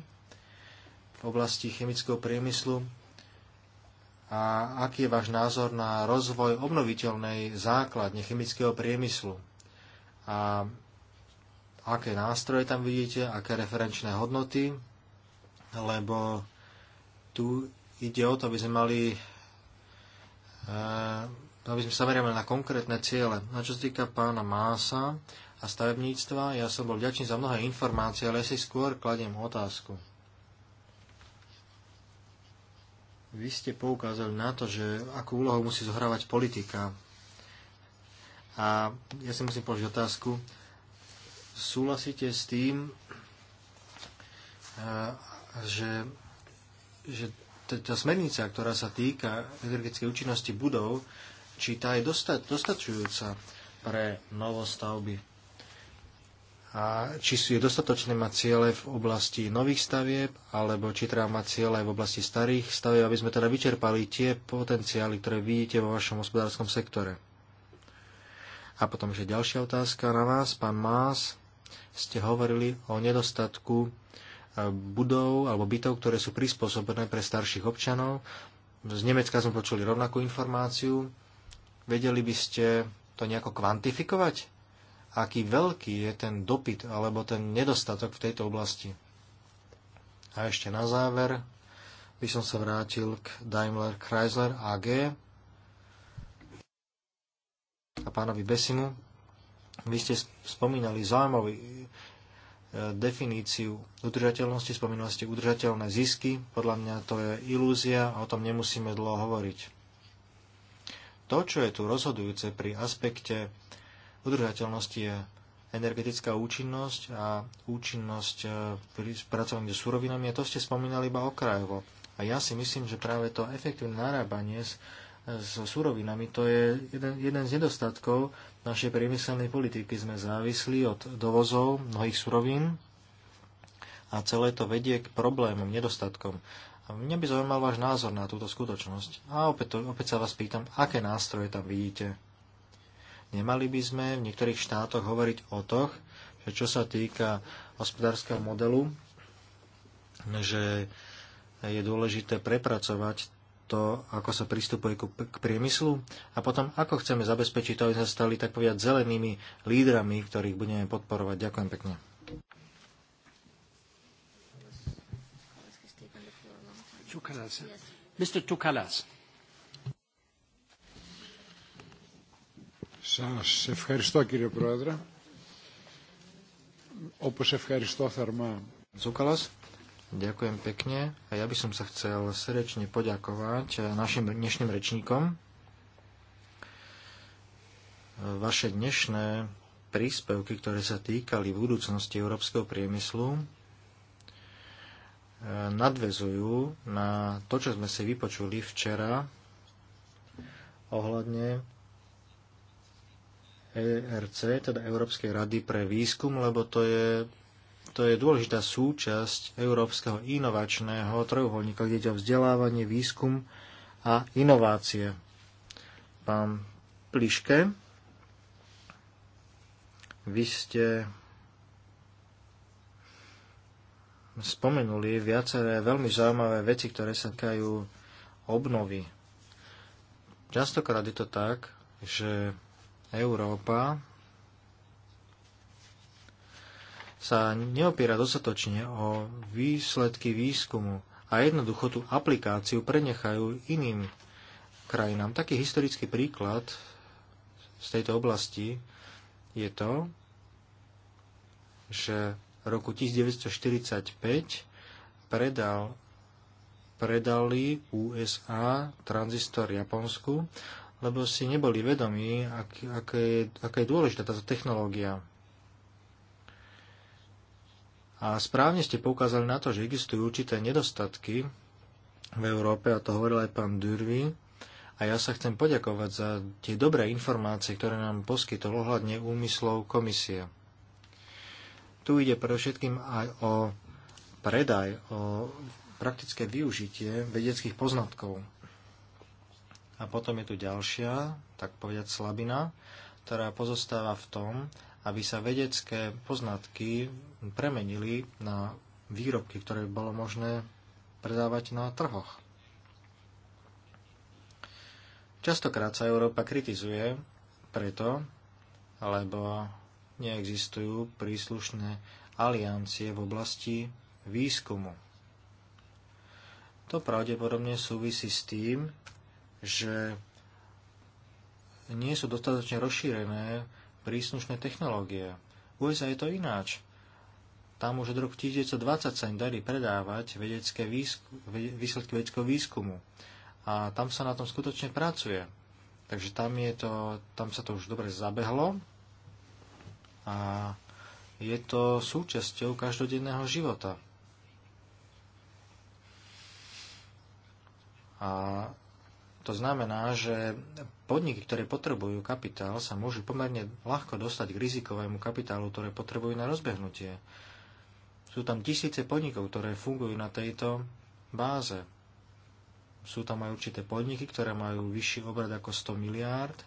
v oblasti chemického priemyslu a aký je váš názor na rozvoj obnoviteľnej základne chemického priemyslu a aké nástroje tam vidíte, aké referenčné hodnoty, lebo tu ide o to, aby sme mali Eh, aby sme sa merali na konkrétne ciele. A čo sa týka pána Mása a stavebníctva, ja som bol vďačný za mnohé informácie, ale ja si skôr kladiem otázku. Vy ste poukázali na to, že akú úlohu musí zohrávať politika. A ja si musím položiť otázku, súhlasíte s tým, eh, že, že tá smernica, ktorá sa týka energetickej účinnosti budov, či tá je dosta, dostačujúca pre novostavby. A či sú je dostatočné mať ciele v oblasti nových stavieb, alebo či treba mať ciele aj v oblasti starých stavieb, aby sme teda vyčerpali tie potenciály, ktoré vidíte vo vašom hospodárskom sektore. A potom ešte ďalšia otázka na vás, pán Más. Ste hovorili o nedostatku budov alebo bytov, ktoré sú prispôsobené pre starších občanov. Z Nemecka sme počuli rovnakú informáciu. Vedeli by ste to nejako kvantifikovať? Aký veľký je ten dopyt alebo ten nedostatok v tejto oblasti? A ešte na záver by som sa vrátil k Daimler Chrysler AG a pánovi Besimu. Vy ste spomínali zaujímavý definíciu udržateľnosti, spomínali ste udržateľné zisky, podľa mňa to je ilúzia a o tom nemusíme dlho hovoriť. To, čo je tu rozhodujúce pri aspekte udržateľnosti je energetická účinnosť a účinnosť e, pri spracovaní s surovinami a to ste spomínali iba okrajovo. A ja si myslím, že práve to efektívne narábanie s so surovinami, to je jeden, jeden z nedostatkov našej priemyselnej politiky. Sme závislí od dovozov mnohých surovín a celé to vedie k problémom, nedostatkom. A mňa by zaujímal váš názor na túto skutočnosť. A opäť, to, opäť sa vás pýtam, aké nástroje tam vidíte? Nemali by sme v niektorých štátoch hovoriť o toch, že čo sa týka hospodárskeho modelu, že je dôležité prepracovať to, ako sa pristupuje k priemyslu a potom, ako chceme zabezpečiť to, aby sme stali tak povedať zelenými lídrami, ktorých budeme podporovať. Ďakujem pekne. Mr. Tukalas. Σας ευχαριστώ κύριε Πρόεδρε. Όπως ευχαριστώ θερμά. Ďakujem pekne a ja by som sa chcel srdečne poďakovať eh, našim dnešným rečníkom. Eh, vaše dnešné príspevky, ktoré sa týkali budúcnosti európskeho priemyslu, eh, nadvezujú na to, čo sme si vypočuli včera ohľadne ERC, teda Európskej rady pre výskum, lebo to je to je dôležitá súčasť európskeho inovačného trojuholníka, kde ide o vzdelávanie, výskum a inovácie. Pán Pliške, vy ste spomenuli viaceré veľmi zaujímavé veci, ktoré sa týkajú obnovy. Častokrát je to tak, že Európa sa neopiera dostatočne o výsledky výskumu a jednoducho tú aplikáciu prenechajú iným krajinám. Taký historický príklad z tejto oblasti je to, že v roku 1945 predal, predali USA tranzistor Japonsku, lebo si neboli vedomí, ak, aké, je dôležitá táto technológia. A správne ste poukázali na to, že existujú určité nedostatky v Európe, a to hovoril aj pán Durvi. A ja sa chcem poďakovať za tie dobré informácie, ktoré nám poskytol ohľadne úmyslov komisie. Tu ide predovšetkým aj o predaj, o praktické využitie vedeckých poznatkov. A potom je tu ďalšia, tak povedať slabina, ktorá pozostáva v tom, aby sa vedecké poznatky premenili na výrobky, ktoré bolo možné predávať na trhoch. Častokrát sa Európa kritizuje preto, lebo neexistujú príslušné aliancie v oblasti výskumu. To pravdepodobne súvisí s tým, že nie sú dostatočne rozšírené príslušné technológie. V USA je to ináč. Tam už od roku 1920 sa im darí predávať vedecké výsku, výsledky vedeckého výskumu. A tam sa na tom skutočne pracuje. Takže tam, je to, tam sa to už dobre zabehlo a je to súčasťou každodenného života. A to znamená, že podniky, ktoré potrebujú kapitál, sa môžu pomerne ľahko dostať k rizikovému kapitálu, ktoré potrebujú na rozbehnutie. Sú tam tisíce podnikov, ktoré fungujú na tejto báze. Sú tam aj určité podniky, ktoré majú vyšší obrad ako 100 miliárd.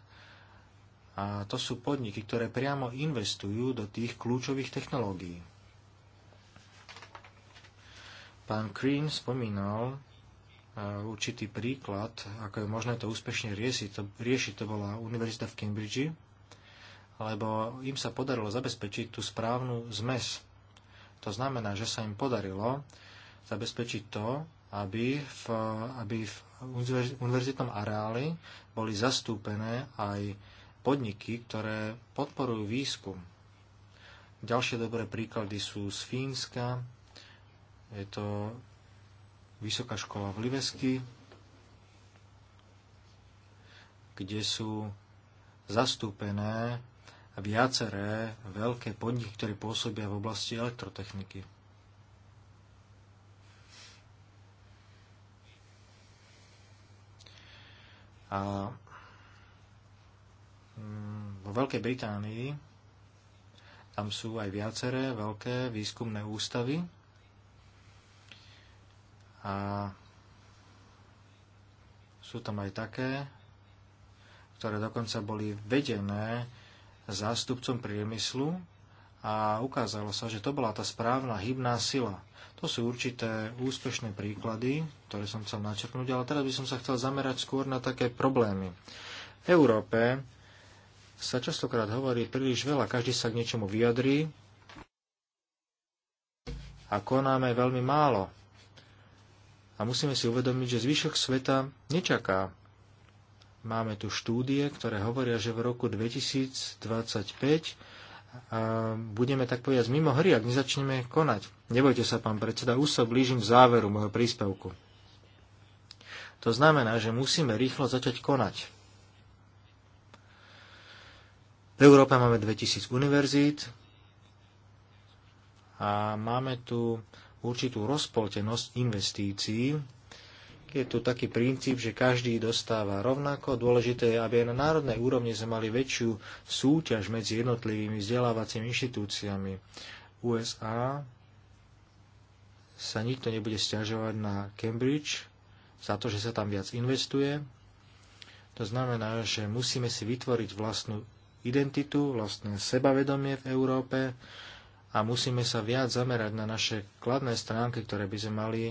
A to sú podniky, ktoré priamo investujú do tých kľúčových technológií. Pán Green spomínal určitý príklad, ako je možné to úspešne riešiť. To, riešiť to bola univerzita v Cambridge, lebo im sa podarilo zabezpečiť tú správnu zmes. To znamená, že sa im podarilo zabezpečiť to, aby v, aby v univerzitnom areáli boli zastúpené aj podniky, ktoré podporujú výskum. Ďalšie dobré príklady sú z Fínska. Je to Vysoká škola v Livesky, kde sú zastúpené viaceré veľké podniky, ktoré pôsobia v oblasti elektrotechniky. A mm, vo Veľkej Británii tam sú aj viaceré veľké výskumné ústavy, a sú tam aj také, ktoré dokonca boli vedené zástupcom priemyslu a ukázalo sa, že to bola tá správna hybná sila. To sú určité úspešné príklady, ktoré som chcel načrtnúť, ale teraz by som sa chcel zamerať skôr na také problémy. V Európe sa častokrát hovorí príliš veľa, každý sa k niečomu vyjadrí a konáme veľmi málo. A musíme si uvedomiť, že zvyšok sveta nečaká. Máme tu štúdie, ktoré hovoria, že v roku 2025 a budeme tak povedať mimo hry, ak nezačneme konať. Nebojte sa, pán predseda, už sa blížim k záveru môjho príspevku. To znamená, že musíme rýchlo začať konať. V Európe máme 2000 univerzít a máme tu určitú rozpoltenosť investícií. Je tu taký princíp, že každý dostáva rovnako. Dôležité je, aby aj na národnej úrovni sme mali väčšiu súťaž medzi jednotlivými vzdelávacími inštitúciami. USA sa nikto nebude stiažovať na Cambridge za to, že sa tam viac investuje. To znamená, že musíme si vytvoriť vlastnú identitu, vlastné sebavedomie v Európe, a musíme sa viac zamerať na naše kladné stránky, ktoré by sme mali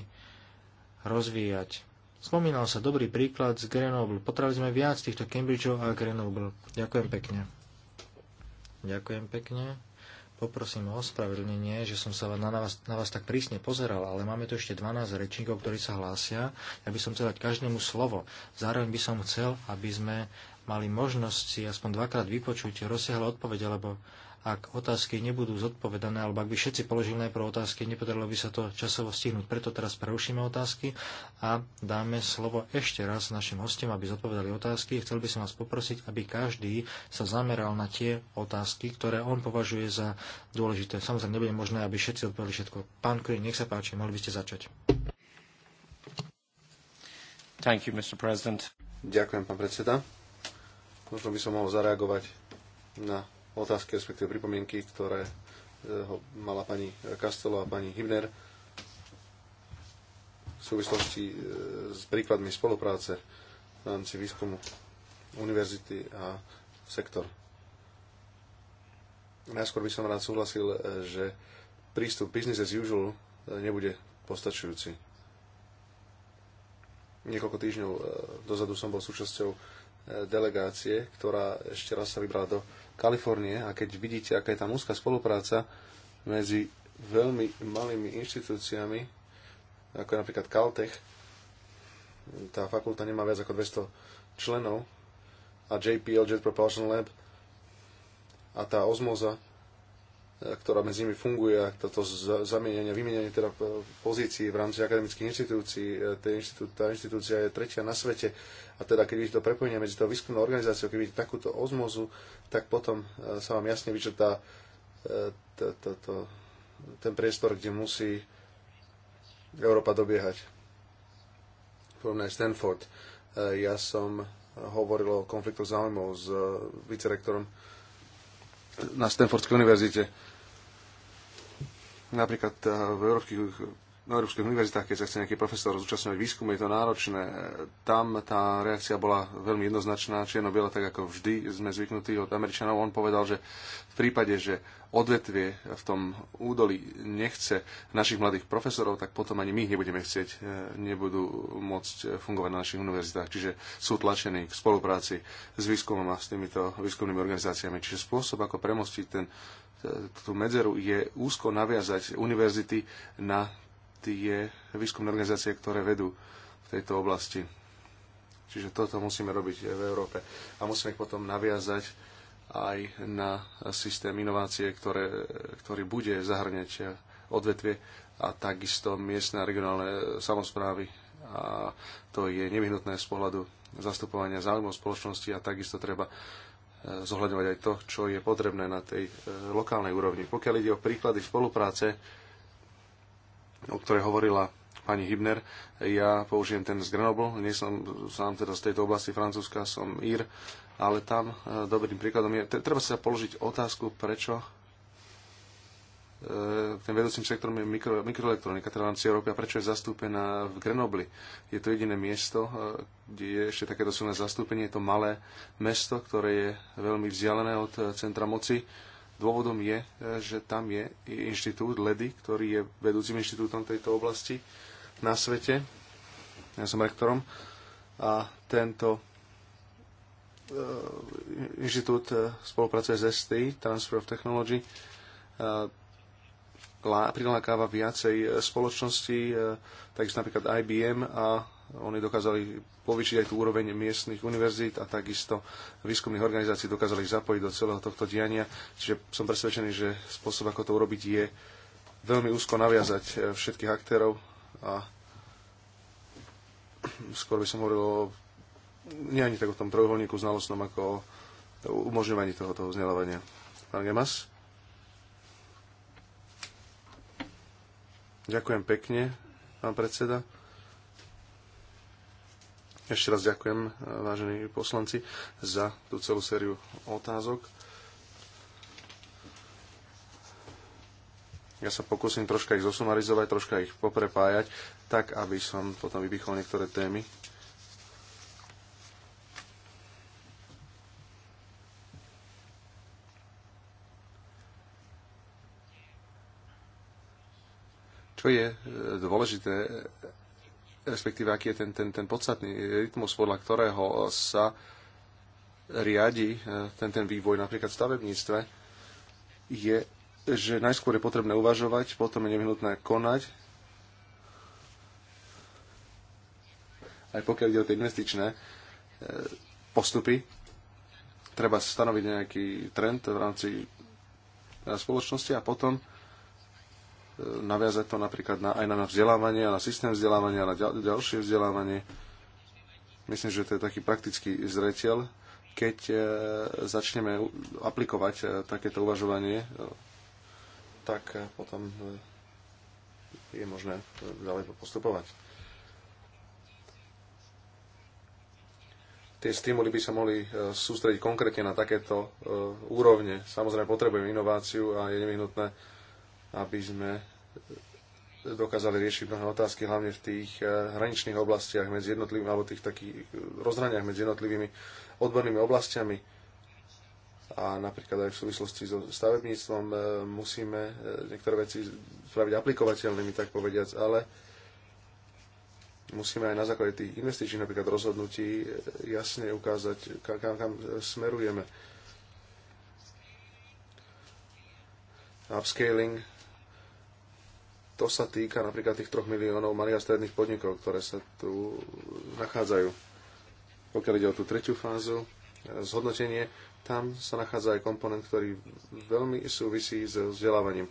rozvíjať. Spomínal sa dobrý príklad z Grenoble. Potrebovali sme viac týchto Cambridgeov a Grenoble. Ďakujem pekne. Ďakujem pekne. Poprosím o ospravedlnenie, že som sa na vás, na vás tak prísne pozeral, ale máme tu ešte 12 rečníkov, ktorí sa hlásia. Ja by som chcel dať každému slovo. Zároveň by som chcel, aby sme mali možnosť si aspoň dvakrát vypočuť rozsiahle odpovede, lebo ak otázky nebudú zodpovedané, alebo ak by všetci položili najprv otázky, nepodarilo by sa to časovo stihnúť. Preto teraz prerušíme otázky a dáme slovo ešte raz našim hostom, aby zodpovedali otázky. Chcel by som vás poprosiť, aby každý sa zameral na tie otázky, ktoré on považuje za dôležité. Samozrejme, nebude možné, aby všetci odpovedali všetko. Pán Kurin, nech sa páči, mohli by ste začať. Thank you, Mr. President. Ďakujem, pán predseda. Možno by som mohol zareagovať na otázky, respektíve pripomienky, ktoré e, ho mala pani Kastelo a pani Hibner v súvislosti e, s príkladmi spolupráce v rámci výskumu univerzity a sektor. Najskôr by som rád súhlasil, e, že prístup business as usual nebude postačujúci. Niekoľko týždňov dozadu som bol súčasťou delegácie, ktorá ešte raz sa vybrala do Kalifornie a keď vidíte, aká je tam úzka spolupráca medzi veľmi malými inštitúciami, ako je napríklad Caltech, tá fakulta nemá viac ako 200 členov a JPL, Jet Propulsion Lab a tá ozmoza E, ktorá medzi nimi funguje, toto zamienenie, vymienenie teda e, pozícií v rámci akademických inštitúcií, e, inštitú, tá inštitúcia je tretia na svete a teda keď vidíte to prepojenie medzi tou výskumnou organizáciou, keď vidíte takúto ozmozu, tak potom sa vám jasne vyčetá ten priestor, kde musí Európa dobiehať. Podobne aj Stanford. Ja som hovoril o konfliktoch záujmov s vicerektorom na Stanfordskej univerzite Napríklad eh, v európskych na európskych univerzitách, keď sa chce nejaký profesor zúčastňovať výskumu, je to náročné. Tam tá reakcia bola veľmi jednoznačná, čierno-biela, tak ako vždy sme zvyknutí od Američanov. On povedal, že v prípade, že odvetvie v tom údolí nechce našich mladých profesorov, tak potom ani my ich nebudeme chcieť, eh, nebudú môcť fungovať na našich univerzitách. Čiže sú tlačení k spolupráci s výskumom a s týmito výskumnými organizáciami. Čiže spôsob, ako premostiť ten tú medzeru je úzko naviazať univerzity na tie výskumné organizácie, ktoré vedú v tejto oblasti. Čiže toto musíme robiť v Európe. A musíme ich potom naviazať aj na systém inovácie, ktoré, ktorý bude zahrňať odvetvie a takisto miestne a regionálne samozprávy. A to je nevyhnutné z pohľadu zastupovania záujmov spoločnosti a takisto treba zohľadňovať aj to, čo je potrebné na tej e, lokálnej úrovni. Pokiaľ ide o príklady spolupráce, o ktorej hovorila pani Hibner, ja použijem ten z Grenoble, nie som sám teda z tejto oblasti Francúzska, som Ír, ale tam e, dobrým príkladom je, treba sa položiť otázku, prečo E, tým vedúcim sektorom je mikro, mikroelektronika, teda v rámci Európy a prečo je zastúpená v Grenobli. Je to jediné miesto, e, kde je ešte takéto silné zastúpenie. Je to malé mesto, ktoré je veľmi vzdialené od e, centra moci. Dôvodom je, že tam je inštitút LEDY, ktorý je vedúcim inštitútom tejto oblasti na svete. Ja som rektorom. A tento inštitút spolupracuje s STI, Transfer of Technology, prilákáva viacej e, spoločnosti, e, takisto napríklad IBM a oni dokázali povýšiť aj tú úroveň miestnych univerzít a takisto výskumných organizácií dokázali ich zapojiť do celého tohto diania. Čiže som presvedčený, že spôsob, ako to urobiť, je veľmi úzko naviazať e, všetkých aktérov a skôr by som hovoril o nie ani tak o tom trojuholníku znalostnom, ako o umožňovaní tohoto vzdelávania. Pán Gemas? Ďakujem pekne, pán predseda. Ešte raz ďakujem, eh, vážení poslanci, za tú celú sériu otázok. Ja sa pokúsim troška ich zosumarizovať, troška ich poprepájať, tak aby som potom vybichol niektoré témy, Čo je e, dôležité, respektíve aký je ten, ten, ten podstatný rytmus, podľa ktorého sa riadi e, ten, ten vývoj napríklad v stavebníctve, je, že najskôr je potrebné uvažovať, potom je nevyhnutné konať, aj pokiaľ ide o tie investičné e, postupy, treba stanoviť nejaký trend v rámci spoločnosti a potom naviazať to napríklad na, aj na vzdelávanie, na systém vzdelávania, na ďal, ďalšie vzdelávanie. Myslím, že to je taký praktický zretiel. keď e, začneme aplikovať e, takéto uvažovanie, e, tak potom je možné ďalej postupovať. Tie stimuly by sa mohli sústrediť konkrétne na takéto úrovne. Samozrejme potrebujeme inováciu a je nevyhnutné aby sme dokázali riešiť mnohé otázky, hlavne v tých eh, hraničných oblastiach medzi jednotlivými, alebo tých takých eh, rozhraniach medzi jednotlivými odbornými oblastiami. A napríklad aj v súvislosti so stavebníctvom eh, musíme niektoré veci spraviť aplikovateľnými, tak povediac, ale musíme aj na základe tých investičných napríklad rozhodnutí jasne ukázať, kam, kam smerujeme. Upscaling to sa týka napríklad tých troch miliónov malých a stredných podnikov, ktoré sa tu nachádzajú. Pokiaľ ide o tú tretiu fázu, e, zhodnotenie, tam sa nachádza aj komponent, ktorý veľmi súvisí s vzdelávaním.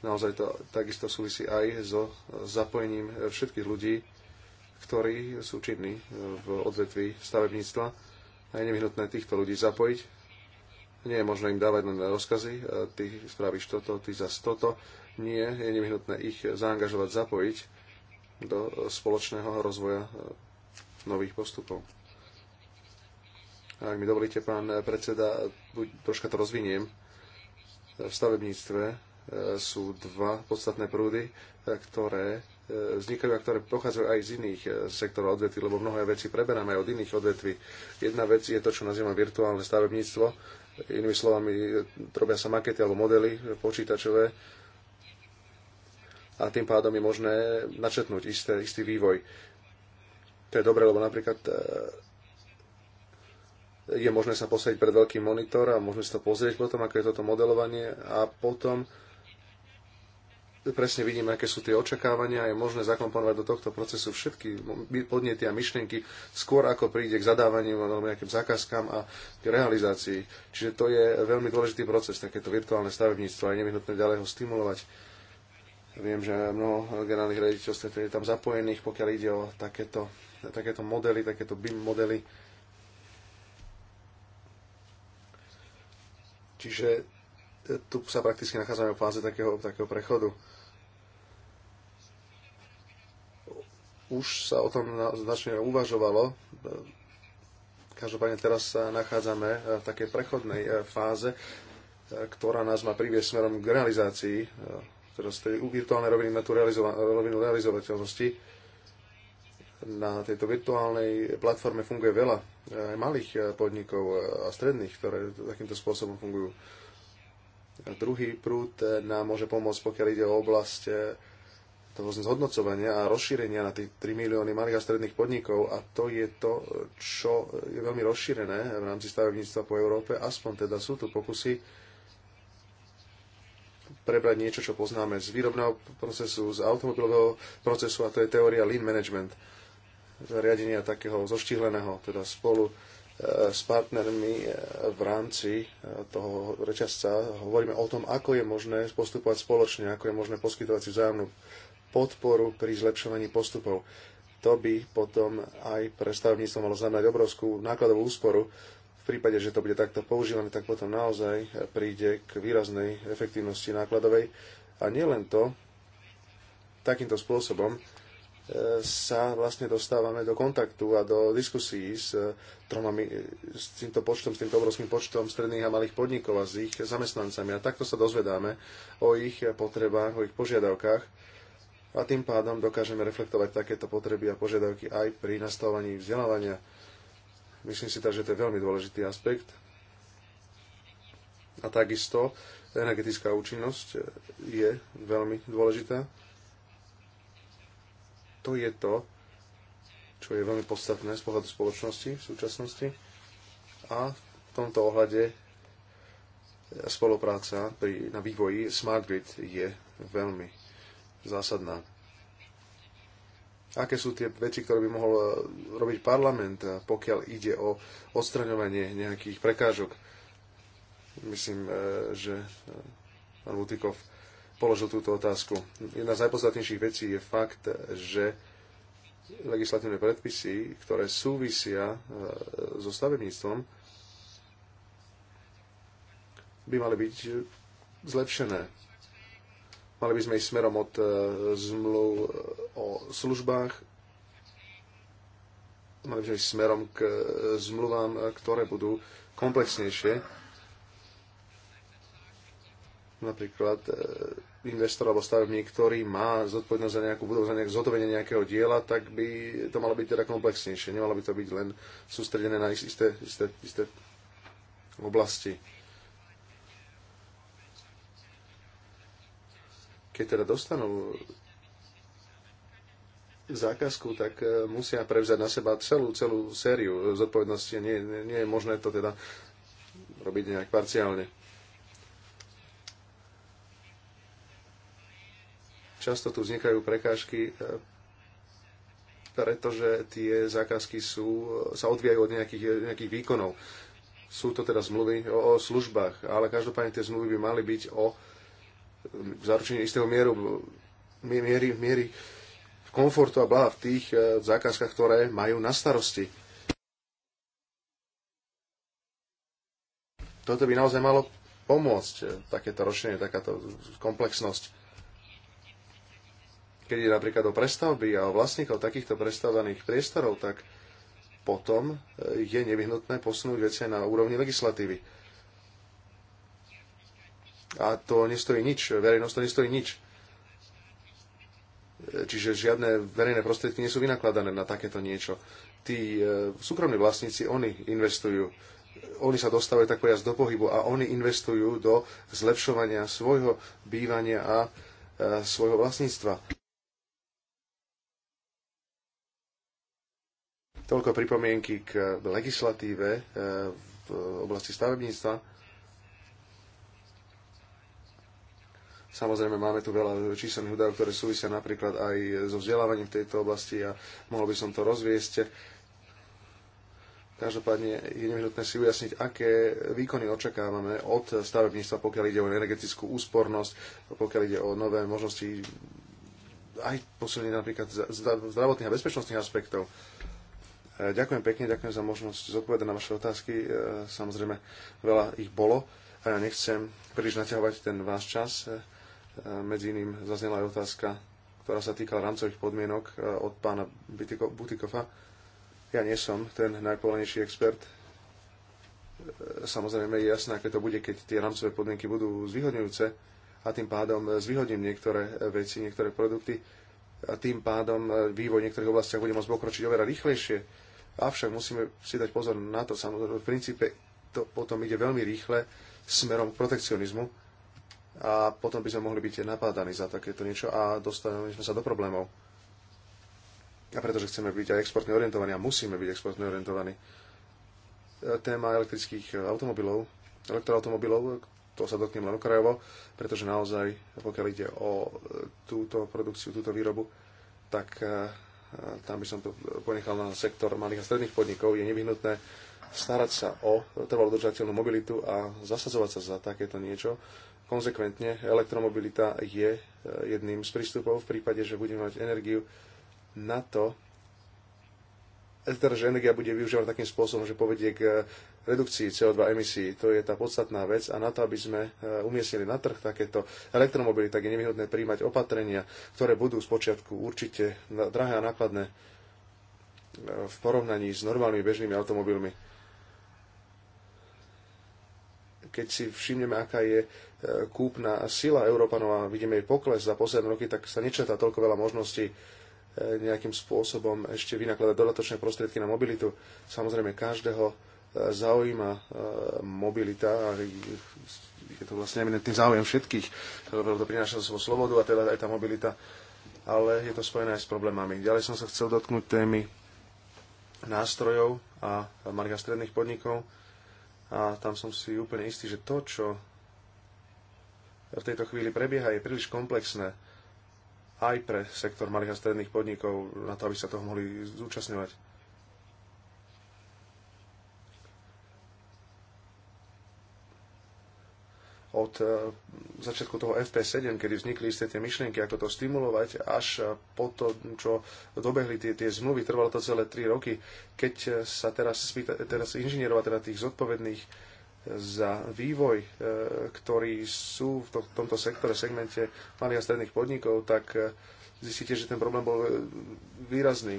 Naozaj to takisto súvisí aj so zapojením všetkých ľudí, ktorí sú činní e, v odvetví stavebníctva. A je nevyhnutné týchto ľudí zapojiť. Nie je možné im dávať len rozkazy, e, ty spravíš toto, ty zas toto nie, je nevyhnutné ich zaangažovať, zapojiť do spoločného rozvoja e, nových postupov. Ak mi dovolíte, pán predseda, troška to rozviniem. V stavebníctve e, sú dva podstatné prúdy, e, ktoré vznikajú a ktoré pochádzajú aj z iných sektorov odvetví, lebo mnohé veci preberáme aj od iných odvetví. Jedna vec je to, čo nazývam virtuálne stavebníctvo. Inými slovami, robia sa makety alebo modely počítačové, a tým pádom je možné načetnúť isté, istý vývoj. To je dobré, lebo napríklad e, je možné sa posadiť pred veľký monitor a môžeme si to pozrieť potom, ako je toto modelovanie a potom presne vidíme, aké sú tie očakávania a je možné zakomponovať do tohto procesu všetky podnety a myšlienky skôr ako príde k zadávaniu alebo nejakým zákazkám a k realizácii. Čiže to je veľmi dôležitý proces, takéto virtuálne stavebníctvo a je nevyhnutné ďalej ho stimulovať Viem, že mnoho generálnych rediteľstv je tam zapojených, pokiaľ ide o takéto, takéto modely, takéto BIM modely. Čiže e, tu sa prakticky nachádzame v fáze takého, takého prechodu. Už sa o tom značne uvažovalo. E, každopádne teraz sa nachádzame e, v takej prechodnej fáze, ktorá nás má priviesť smerom k realizácii teda z tej virtuálnej roviny na tú realizova- rovinu realizovateľnosti. Na tejto virtuálnej platforme funguje veľa eh, aj malých eh, podnikov eh, a stredných, ktoré takýmto spôsobom fungujú. Druhý prúd nám môže pomôcť, pokiaľ ide o oblasť toho zhodnocovania a rozšírenia na tých 3 milióny malých a stredných podnikov a to je to, čo je veľmi rozšírené v rámci stavebníctva po Európe. Aspoň teda sú tu pokusy prebrať niečo, čo poznáme z výrobného procesu, z automobilového procesu a to je teória lean management. Riadenia takého zoštihleného, teda spolu e, s partnermi e, v rámci e, toho reťazca. Hovoríme o tom, ako je možné postupovať spoločne, ako je možné poskytovať si vzájomnú podporu pri zlepšovaní postupov. To by potom aj pre stavebníctvo malo znamenať obrovskú nákladovú úsporu prípade, že to bude takto používané, tak potom naozaj príde k výraznej efektívnosti nákladovej. A nielen to, takýmto spôsobom e, sa vlastne dostávame do kontaktu a do diskusí s, e, tromami, e, s týmto počtom, s týmto obrovským počtom stredných a malých podnikov a s ich zamestnancami. A takto sa dozvedáme o ich potrebách, o ich požiadavkách a tým pádom dokážeme reflektovať takéto potreby a požiadavky aj pri nastavovaní vzdelávania Myslím si tak, že to je veľmi dôležitý aspekt. A takisto energetická účinnosť e, je veľmi dôležitá. To je to, čo je veľmi podstatné z pohľadu spoločnosti v súčasnosti. A v tomto ohľade e, spolupráca pri, na vývoji Smart Grid je veľmi zásadná aké sú tie veci, ktoré by mohol eh, robiť parlament, eh, pokiaľ ide o odstraňovanie nejakých prekážok. Myslím, eh, že pán Lutikov položil túto otázku. Jedna z najpodstatnejších vecí je fakt, že legislatívne predpisy, ktoré súvisia so stavebníctvom, by mali byť zlepšené Mali by sme ísť smerom od e, zmluv e, o službách, mali by sme ísť smerom k e, zmluvám, ktoré budú komplexnejšie. Napríklad investor alebo stavebník, ktorý má zodpovednosť za nejakú budovu, za nejaké zhotovenie nejakého diela, tak by to malo byť teda komplexnejšie. Nemalo by to byť len sústredené na isté, isté, isté oblasti. keď teda dostanú zákazku, tak e, musia prevziať na seba celú, celú sériu zodpovednosti. Nie, nie, nie je možné to teda robiť nejak parciálne. Často tu vznikajú prekážky, e, pretože tie zákazky sú, sa odvíjajú od nejakých, nejakých výkonov. Sú to teda zmluvy o, o službách, ale každopádne tie zmluvy by mali byť o zaručenie istého mieru, miery, miery komfortu a blaha v tých e, zákazkách, ktoré majú na starosti. Toto by naozaj malo pomôcť, e, takéto rošenie, takáto komplexnosť. Keď je napríklad o prestavby a o vlastníkov takýchto prestavaných priestorov, tak potom e, je nevyhnutné posunúť veci na úrovni legislatívy a to nestojí nič, verejnosť to nestojí nič. Čiže žiadne verejné prostriedky nie sú vynakladané na takéto niečo. Tí e, súkromní vlastníci, oni investujú. Oni sa dostávajú tak povedať do pohybu a oni investujú do zlepšovania svojho bývania a e, svojho vlastníctva. Toľko pripomienky k legislatíve e, v oblasti stavebníctva Samozrejme, máme tu veľa číselných údajov, ktoré súvisia napríklad aj so vzdelávaním v tejto oblasti a mohol by som to rozviesť. Každopádne je nevyhnutné si ujasniť, aké výkony očakávame od stavebníctva, pokiaľ ide o energetickú úspornosť, pokiaľ ide o nové možnosti aj posilnenie napríklad zdravotných a bezpečnostných aspektov. E, ďakujem pekne, ďakujem za možnosť zodpovedať na vaše otázky. E, samozrejme, veľa ich bolo a ja nechcem príliš naťahovať ten váš čas. E, medzi iným zaznela aj otázka, ktorá sa týkala rámcových podmienok e, od pána Butikofa. Ja nie som ten najpovolenejší expert. E, samozrejme je jasné, aké to bude, keď tie rámcové podmienky budú zvýhodňujúce a tým pádom e, zvýhodním niektoré veci, niektoré produkty a tým pádom vývoj v niektorých oblastiach bude môcť pokročiť oveľa rýchlejšie. Avšak musíme si dať pozor na to, samozrejme v princípe to potom ide veľmi rýchle smerom k protekcionizmu a potom by sme mohli byť napádaní za takéto niečo a dostaneme sme sa do problémov. A pretože chceme byť aj exportne orientovaní a musíme byť exportne orientovaní. E, téma elektrických automobilov, elektroautomobilov, to sa dotknem len okrajovo, pretože naozaj, pokiaľ ide o e, túto produkciu, túto výrobu, tak e, tam by som to ponechal na sektor malých a stredných podnikov, je nevyhnutné starať sa o trvalodržateľnú mobilitu a zasadzovať sa za takéto niečo, konzekventne elektromobilita je e, jedným z prístupov v prípade, že budeme mať energiu na to, teda, že energia bude využívať takým spôsobom, že povedie k e, redukcii CO2 emisí. To je tá podstatná vec a na to, aby sme e, umiestnili na trh takéto elektromobily, tak je nevyhodné príjmať opatrenia, ktoré budú spočiatku určite drahé a nákladné v porovnaní s normálnymi bežnými automobilmi keď si všimneme, aká je e, kúpna sila Európanov a vidíme jej pokles za posledné roky, tak sa nečetá toľko veľa možností e, nejakým spôsobom ešte vynakladať dodatočné prostriedky na mobilitu. Samozrejme, každého e, zaujíma mobilita a je to vlastne eminentný záujem všetkých, lebo to prináša svoju slobodu a teda aj tá mobilita, ale je to spojené aj s problémami. Ďalej som sa chcel dotknúť témy nástrojov a malých a stredných podnikov a tam som si úplne istý, že to, čo v tejto chvíli prebieha, je príliš komplexné aj pre sektor malých a stredných podnikov na to, aby sa toho mohli zúčastňovať. od e, začiatku toho FP7, kedy vznikli isté tie myšlienky, ako to stimulovať, až e, po to, čo dobehli tie, tie zmluvy, trvalo to celé 3 roky. Keď e, sa teraz spýta, teraz inžinierova, teda tých zodpovedných za vývoj, ktorí sú v tomto sektore, segmente malých a stredných podnikov, tak zistíte, že ten problém bol výrazný.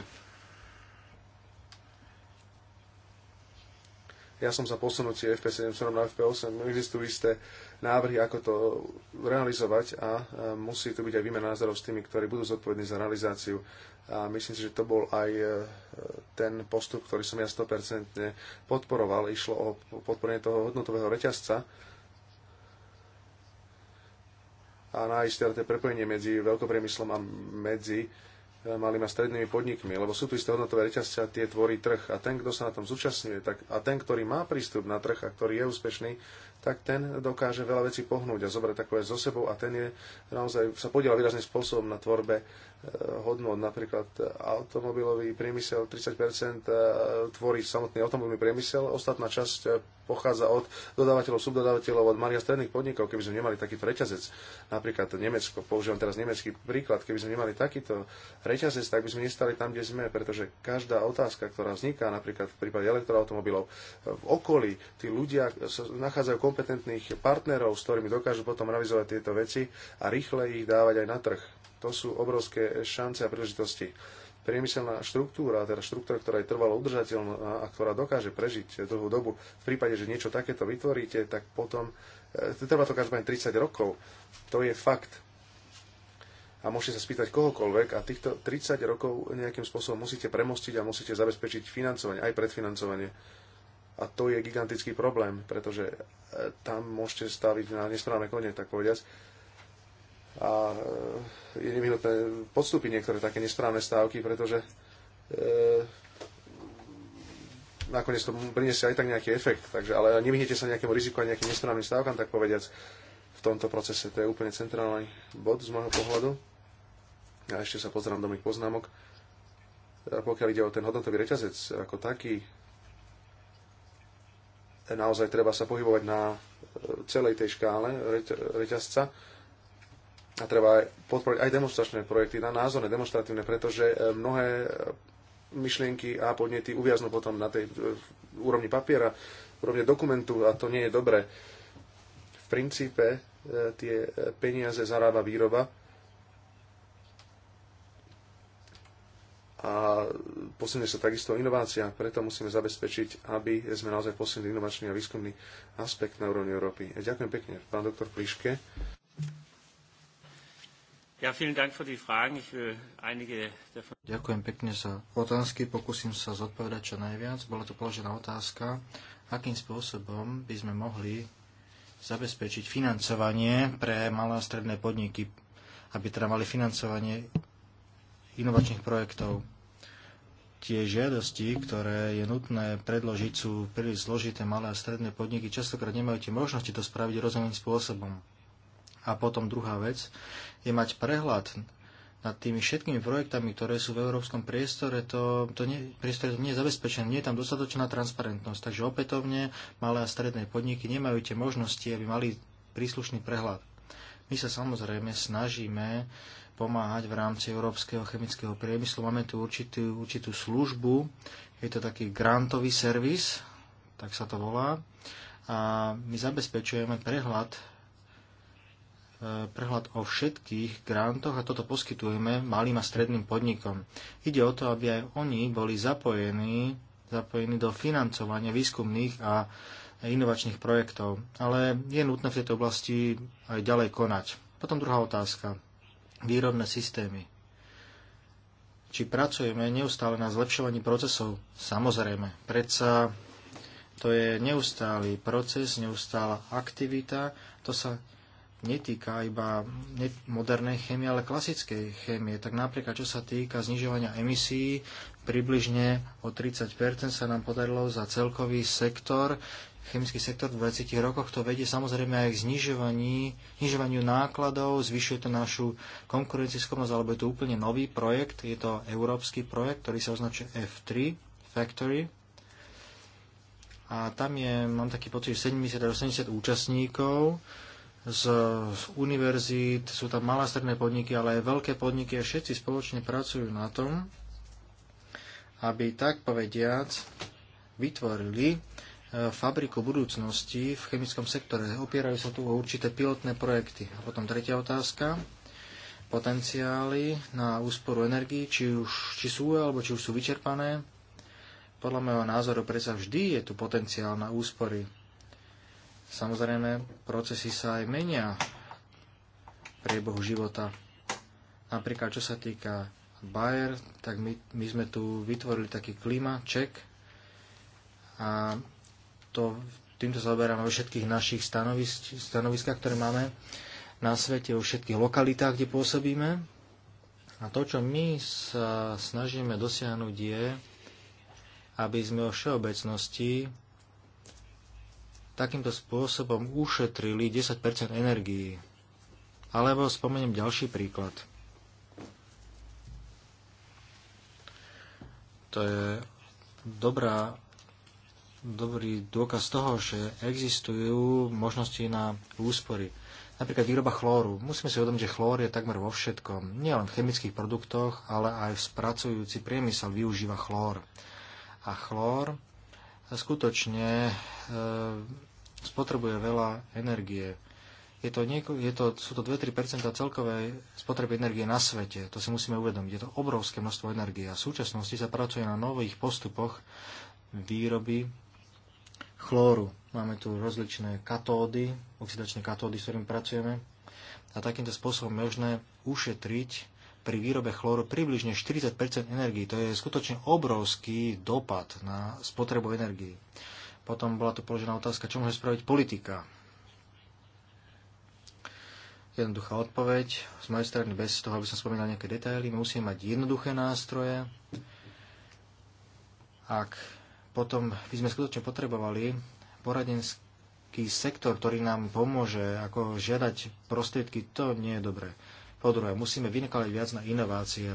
ja som za posunutie FP7 na FP8, existujú isté návrhy, ako to realizovať a e, musí tu byť aj výmena názorov s tými, ktorí budú zodpovední za realizáciu. A myslím si, že to bol aj e, ten postup, ktorý som ja 100% podporoval. Išlo o podporenie toho hodnotového reťazca, a nájsť teda to prepojenie medzi veľkopriemyslom a medzi e, malými a strednými podnikmi, lebo sú tu isté hodnotové reťazce a tie tvorí trh. A ten, kto sa na tom zúčastňuje, tak, a ten, ktorý má prístup na trh a ktorý je úspešný, tak ten dokáže veľa vecí pohnúť a zobrať takové so sebou a ten je naozaj sa podiela výrazným spôsobom na tvorbe Eh, hodnot. Napríklad eh, automobilový priemysel 30 eh, tvorí samotný automobilový priemysel, ostatná časť pochádza od dodávateľov, subdodávateľov, od malých a stredných podnikov. Keby sme nemali takýto reťazec, napríklad Nemecko, používam teraz nemecký príklad, keby sme nemali takýto reťazec, tak by sme nestali tam, kde sme, pretože každá otázka, ktorá vzniká, napríklad v prípade elektroautomobilov, v okolí tí ľudia nachádzajú kompetentných partnerov, s ktorými dokážu potom realizovať tieto veci a rýchle ich dávať aj na trh to sú obrovské šance a príležitosti. Priemyselná štruktúra, teda štruktúra, ktorá je trvalo udržateľná a ktorá dokáže prežiť dlhú dobu, v prípade, že niečo takéto vytvoríte, tak potom, e, trvá to každopádne 30 rokov, to je fakt. A môžete sa spýtať kohokoľvek a týchto 30 rokov nejakým spôsobom musíte premostiť a musíte zabezpečiť financovanie, aj predfinancovanie. A to je gigantický problém, pretože e, tam môžete staviť na nesprávne kone, tak povediať a je nevyhnutné podstúpiť niektoré také nesprávne stávky, pretože e, nakoniec to priniesie aj tak nejaký efekt. Takže, ale nevyhnete sa nejakému riziku a nejakým nesprávnym stávkam, tak povediac, v tomto procese. To je úplne centrálny bod z môjho pohľadu. A ešte sa pozerám do mojich poznámok. A pokiaľ ide o ten hodnotový reťazec ako taký, naozaj treba sa pohybovať na e, celej tej škále reťazca a treba aj podporiť aj demonstračné projekty, na názorné, demonstratívne, pretože e, mnohé e, myšlienky a podnety uviaznú potom na tej e, úrovni papiera, úrovne dokumentu a to nie je dobré. V princípe tie peniaze zarába výroba a posilne sa takisto inovácia, preto musíme zabezpečiť, aby sme naozaj posilnili inovačný a výskumný aspekt na úrovni Európy. Ďakujem pekne, pán doktor Pliške. Ďakujem pekne za otázky. Pokúsim sa zodpovedať čo najviac. Bola tu položená otázka, akým spôsobom by sme mohli zabezpečiť financovanie pre malé a stredné podniky, aby teda mali financovanie inovačných projektov. Tie žiadosti, ktoré je nutné predložiť, sú príliš zložité. Malé a stredné podniky častokrát nemajú tie možnosti to spraviť rozumným spôsobom. A potom druhá vec je mať prehľad nad tými všetkými projektami, ktoré sú v európskom priestore, to, to nie, priestore to nie je zabezpečené, nie je tam dostatočná transparentnosť. Takže opätovne malé a stredné podniky nemajú tie možnosti, aby mali príslušný prehľad. My sa samozrejme snažíme pomáhať v rámci európskeho chemického priemyslu. Máme tu určitú, určitú službu, je to taký grantový servis, tak sa to volá. A my zabezpečujeme prehľad E, prehľad o všetkých grantoch a toto poskytujeme malým a stredným podnikom. Ide o to, aby aj oni boli zapojení, zapojení do financovania výskumných a inovačných projektov. Ale je nutné v tejto oblasti aj ďalej konať. Potom druhá otázka. Výrobné systémy. Či pracujeme neustále na zlepšovaní procesov? Samozrejme. Predsa to je neustály proces, neustála aktivita. To sa netýka iba modernej chémie, ale klasickej chémie. Tak napríklad, čo sa týka znižovania emisí, približne o 30 sa nám podarilo za celkový sektor, chemický sektor v 20 rokoch. To vedie samozrejme aj k znižovaní, znižovaniu nákladov, zvyšuje to našu konkurencieschopnosť, alebo je to úplne nový projekt. Je to európsky projekt, ktorý sa označuje F3 Factory. A tam je, mám taký pocit, 70 80 účastníkov, z, z univerzít, sú tam malé stredné podniky, ale aj veľké podniky a všetci spoločne pracujú na tom, aby tak povediac vytvorili e, fabriku budúcnosti v chemickom sektore. Opierajú sa tu o určité pilotné projekty. A potom tretia otázka. Potenciály na úsporu energii, či, už, či sú alebo či už sú vyčerpané. Podľa môjho názoru predsa vždy je tu potenciál na úspory. Samozrejme, procesy sa aj menia v priebehu života. Napríklad, čo sa týka Bayer, tak my, my sme tu vytvorili taký klima, ček a to, týmto zaoberáme vo všetkých našich stanovisk, stanoviskách, ktoré máme na svete, vo všetkých lokalitách, kde pôsobíme. A to, čo my sa snažíme dosiahnuť, je, aby sme o všeobecnosti takýmto spôsobom ušetrili 10 energií. Alebo spomeniem ďalší príklad. To je dobrá, dobrý dôkaz toho, že existujú možnosti na úspory. Napríklad výroba chlóru. Musíme si uvedomiť, že chlór je takmer vo všetkom. Nie len v chemických produktoch, ale aj v spracujúci priemysel využíva chlór. A chlór skutočne e, spotrebuje veľa energie. Je to nieko, je to, sú to 2-3 celkovej spotreby energie na svete. To si musíme uvedomiť. Je to obrovské množstvo energie a v súčasnosti sa pracuje na nových postupoch výroby chlóru. Máme tu rozličné katódy, oxidačné katódy, s ktorými pracujeme. A takýmto spôsobom možné ušetriť pri výrobe chlóru približne 40 energii. To je skutočne obrovský dopad na spotrebu energii. Potom bola tu položená otázka, čo môže spraviť politika. Jednoduchá odpoveď. Z mojej strany bez toho, aby som spomínal nejaké detaily, musíme mať jednoduché nástroje. Ak potom by sme skutočne potrebovali poradenský sektor, ktorý nám pomôže ako žiadať prostriedky, to nie je dobré. Po druhé, musíme vynakladať viac na inovácie.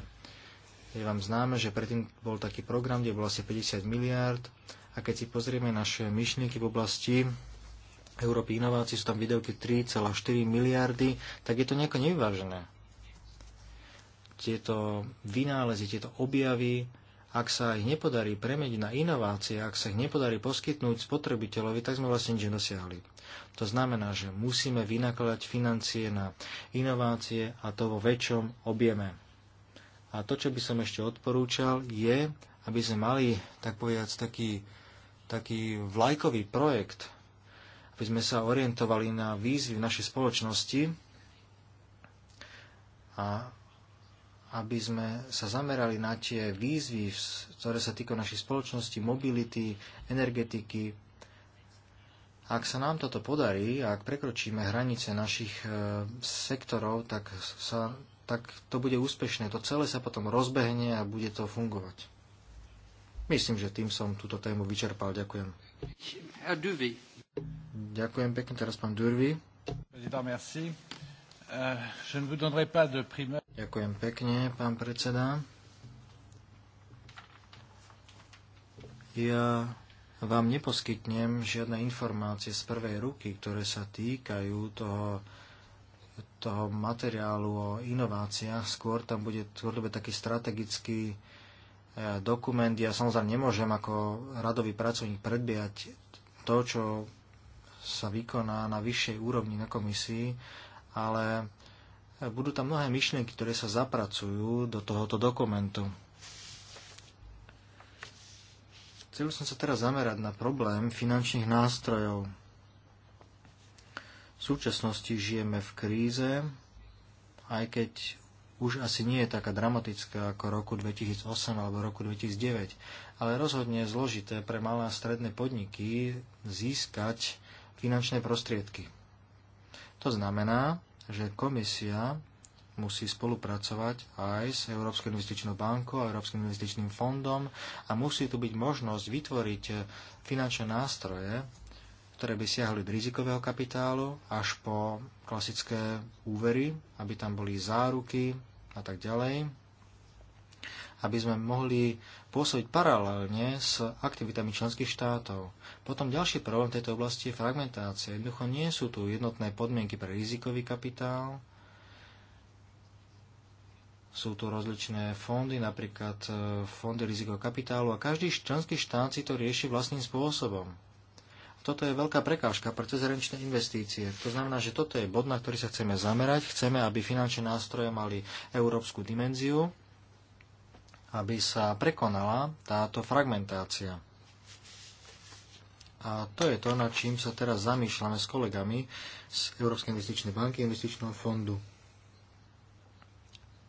Je vám známe, že predtým bol taký program, kde bolo asi 50 miliárd a keď si pozrieme naše myšlienky v oblasti Európy inovácií, sú tam videoky 3,4 miliardy, tak je to nejako nevyvážené. Tieto vynálezy, tieto objavy, ak sa ich nepodarí premeniť na inovácie, ak sa ich nepodarí poskytnúť spotrebiteľovi, tak sme vlastne nič nedosiahli. To znamená, že musíme vynakladať financie na inovácie a to vo väčšom objeme. A to, čo by som ešte odporúčal, je, aby sme mali, tak povedať, taký taký vlajkový projekt, aby sme sa orientovali na výzvy v našej spoločnosti a aby sme sa zamerali na tie výzvy, ktoré sa týkajú našej spoločnosti, mobility, energetiky. Ak sa nám toto podarí, ak prekročíme hranice našich e, sektorov, tak, sa, tak to bude úspešné. To celé sa potom rozbehne a bude to fungovať. Myslím, že tým som túto tému vyčerpal. Ďakujem. Ďakujem pekne teraz pán Durvi. Euh, Ďakujem pekne, pán predseda. Ja vám neposkytnem žiadne informácie z prvej ruky, ktoré sa týkajú toho, toho materiálu o inováciách. Skôr tam bude, skôr taký strategický dokument. Ja samozrejme nemôžem ako radový pracovník predbiať to, čo sa vykoná na vyššej úrovni na komisii, ale budú tam mnohé myšlienky, ktoré sa zapracujú do tohoto dokumentu. Chcel som sa teraz zamerať na problém finančných nástrojov. V súčasnosti žijeme v kríze, aj keď už asi nie je taká dramatická ako roku 2008 alebo roku 2009, ale rozhodne je zložité pre malé a stredné podniky získať finančné prostriedky. To znamená, že komisia musí spolupracovať aj s Európskou investičnou bankou a Európskym investičným fondom a musí tu byť možnosť vytvoriť finančné nástroje, ktoré by siahli od rizikového kapitálu až po klasické úvery, aby tam boli záruky, a tak ďalej, aby sme mohli pôsobiť paralelne s aktivitami členských štátov. Potom ďalší problém tejto oblasti je fragmentácia. Jednoducho nie sú tu jednotné podmienky pre rizikový kapitál, sú tu rozličné fondy, napríklad eh, fondy rizikového kapitálu a každý členský štát si to rieši vlastným spôsobom toto je veľká prekážka pre cezhraničné investície. To znamená, že toto je bod, na ktorý sa chceme zamerať. Chceme, aby finančné nástroje mali európsku dimenziu, aby sa prekonala táto fragmentácia. A to je to, nad čím sa teraz zamýšľame s kolegami z Európskej investičnej banky, investičného fondu.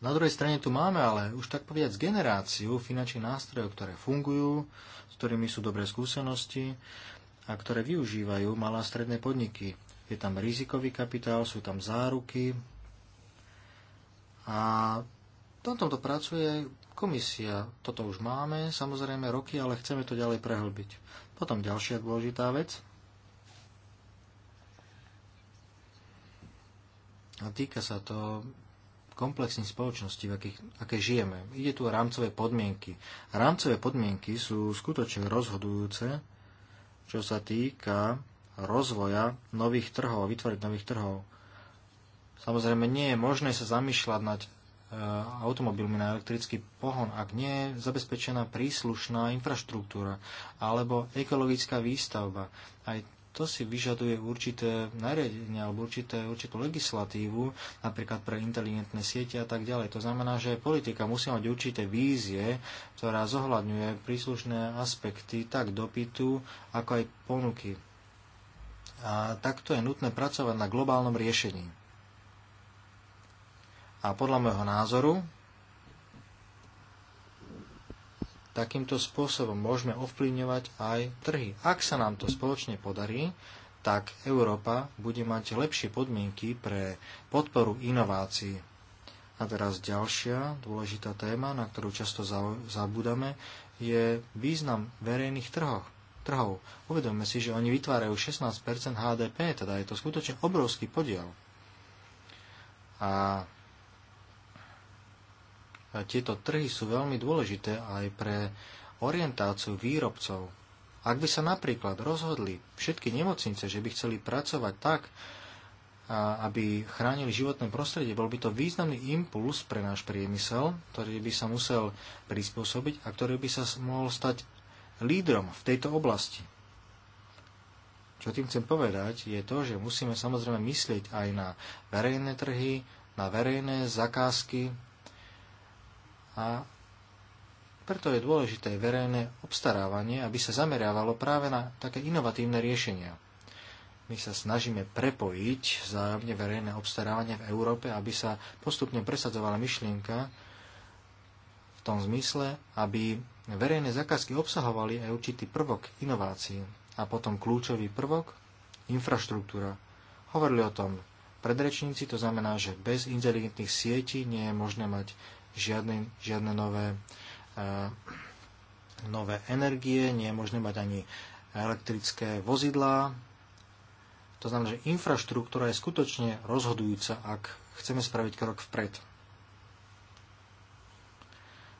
Na druhej strane tu máme ale už tak povedať generáciu finančných nástrojov, ktoré fungujú, s ktorými sú dobré skúsenosti a ktoré využívajú malé stredné podniky. Je tam rizikový kapitál, sú tam záruky a na tomto pracuje komisia. Toto už máme, samozrejme roky, ale chceme to ďalej prehlbiť. Potom ďalšia dôležitá vec. A týka sa to komplexných spoločností, v akých, aké žijeme. Ide tu o rámcové podmienky. Rámcové podmienky sú skutočne rozhodujúce čo sa týka rozvoja nových trhov, vytvoriť nových trhov. Samozrejme, nie je možné sa zamýšľať nad e, automobilmi na elektrický pohon, ak nie je zabezpečená príslušná infraštruktúra alebo ekologická výstavba. Aj to si vyžaduje určité nariadenia alebo určité, určitú legislatívu, napríklad pre inteligentné siete a tak ďalej. To znamená, že politika musí mať určité vízie, ktorá zohľadňuje príslušné aspekty tak dopytu, ako aj ponuky. A takto je nutné pracovať na globálnom riešení. A podľa môjho názoru takýmto spôsobom môžeme ovplyvňovať aj trhy. Ak sa nám to spoločne podarí, tak Európa bude mať lepšie podmienky pre podporu inovácií. A teraz ďalšia dôležitá téma, na ktorú často zabúdame, je význam verejných trhoch, trhov. Uvedomme si, že oni vytvárajú 16 HDP, teda je to skutočne obrovský podiel. A tieto trhy sú veľmi dôležité aj pre orientáciu výrobcov. Ak by sa napríklad rozhodli všetky nemocnice, že by chceli pracovať tak, aby chránili životné prostredie, bol by to významný impuls pre náš priemysel, ktorý by sa musel prispôsobiť a ktorý by sa mohol stať lídrom v tejto oblasti. Čo tým chcem povedať, je to, že musíme samozrejme myslieť aj na verejné trhy, na verejné zakázky, a preto je dôležité verejné obstarávanie, aby sa zameriavalo práve na také inovatívne riešenia. My sa snažíme prepojiť vzájomne verejné obstarávanie v Európe, aby sa postupne presadzovala myšlienka v tom zmysle, aby verejné zakázky obsahovali aj určitý prvok inovácií a potom kľúčový prvok infraštruktúra. Hovorili o tom predrečníci, to znamená, že bez inteligentných sietí nie je možné mať žiadne, žiadne nové, uh, nové energie, nie je možné mať ani elektrické vozidlá. To znamená, že infraštruktúra je skutočne rozhodujúca, ak chceme spraviť krok vpred.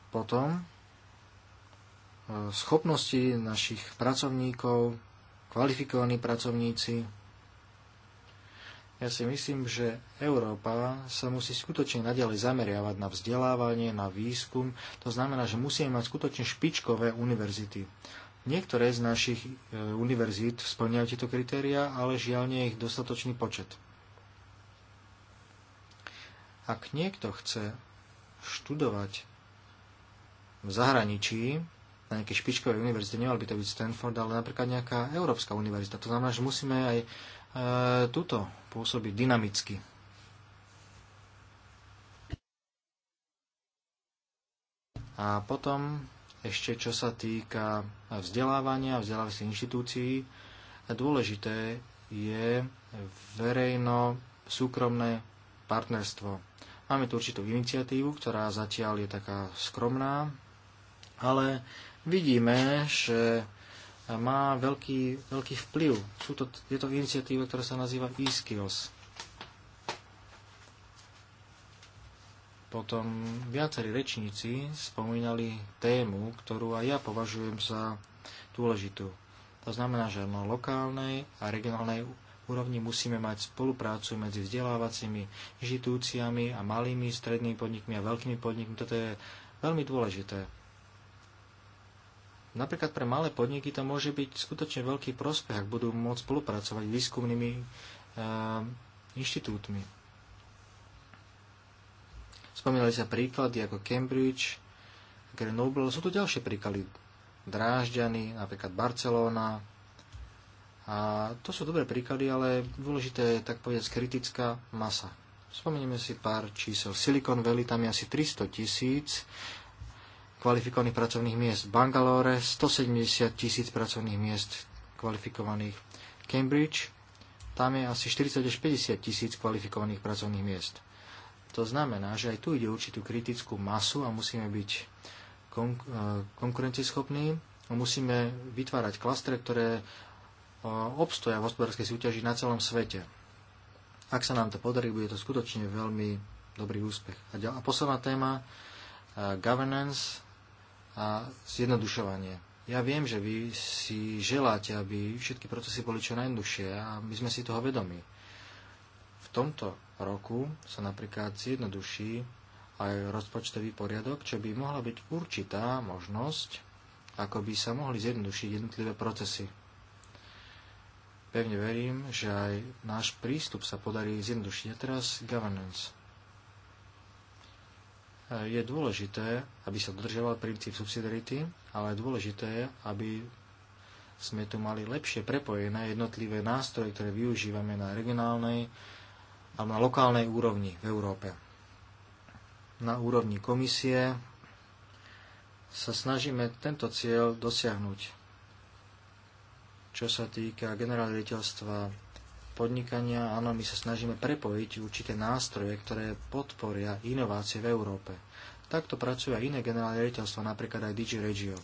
Potom eh, schopnosti našich pracovníkov, kvalifikovaní pracovníci, ja si myslím, že Európa sa musí skutočne nadalej zameriavať na vzdelávanie, na výskum. To znamená, že musíme mať skutočne špičkové univerzity. Niektoré z našich e, univerzít splňajú tieto kritéria, ale žiaľ nie je ich dostatočný počet. Ak niekto chce študovať v zahraničí, na nejakej špičkovej univerzite, nemal by to byť Stanford, ale napríklad nejaká Európska univerzita. To znamená, že musíme aj E, tuto pôsobí dynamicky. A potom ešte čo sa týka vzdelávania a vzdelávacích inštitúcií, dôležité je verejno-súkromné partnerstvo. Máme tu určitú iniciatívu, ktorá zatiaľ je taká skromná, ale vidíme, že má veľký, veľký vplyv. Sú to, je to iniciatíva, ktorá sa nazýva e-skills. Potom viacerí rečníci spomínali tému, ktorú aj ja považujem za dôležitú. To znamená, že na lokálnej a regionálnej úrovni musíme mať spoluprácu medzi vzdelávacími inštitúciami a malými, strednými podnikmi a veľkými podnikmi. Toto je veľmi dôležité. Napríklad pre malé podniky to môže byť skutočne veľký prospech, ak budú môcť spolupracovať s výskumnými e, inštitútmi. Spomínali sa príklady ako Cambridge, Grenoble, sú tu ďalšie príklady. Drážďany, napríklad Barcelona. A to sú dobré príklady, ale dôležité je tak povedať kritická masa. Spomenieme si pár čísel. Silicon Valley, tam je asi 300 tisíc kvalifikovaných pracovných miest. V Bangalore 170 tisíc pracovných miest kvalifikovaných. Cambridge, tam je asi 40 až 50 tisíc kvalifikovaných pracovných miest. To znamená, že aj tu ide určitú kritickú masu a musíme byť e, konkurencieschopní a musíme vytvárať klastre, ktoré e, obstoja v hospodárskej súťaži na celom svete. Ak sa nám to podarí, bude to skutočne veľmi dobrý úspech. a posledná téma, e, governance, a zjednodušovanie. Ja viem, že vy si želáte, aby všetky procesy boli čo najjednoduchšie a my sme si toho vedomi. V tomto roku sa napríklad zjednoduší aj rozpočtový poriadok, čo by mohla byť určitá možnosť, ako by sa mohli zjednodušiť jednotlivé procesy. Pevne verím, že aj náš prístup sa podarí zjednodušiť. A teraz governance je dôležité, aby sa dodržoval princíp subsidiarity, ale dôležité je, aby sme tu mali lepšie prepojené jednotlivé nástroje, ktoré využívame na regionálnej alebo na lokálnej úrovni v Európe. Na úrovni komisie sa snažíme tento cieľ dosiahnuť. Čo sa týka generálne riaditeľstva podnikania, áno, my sa snažíme prepojiť určité nástroje, ktoré podporia inovácie v Európe. Takto pracujú aj iné generálne riaditeľstvo, napríklad aj DG Regio.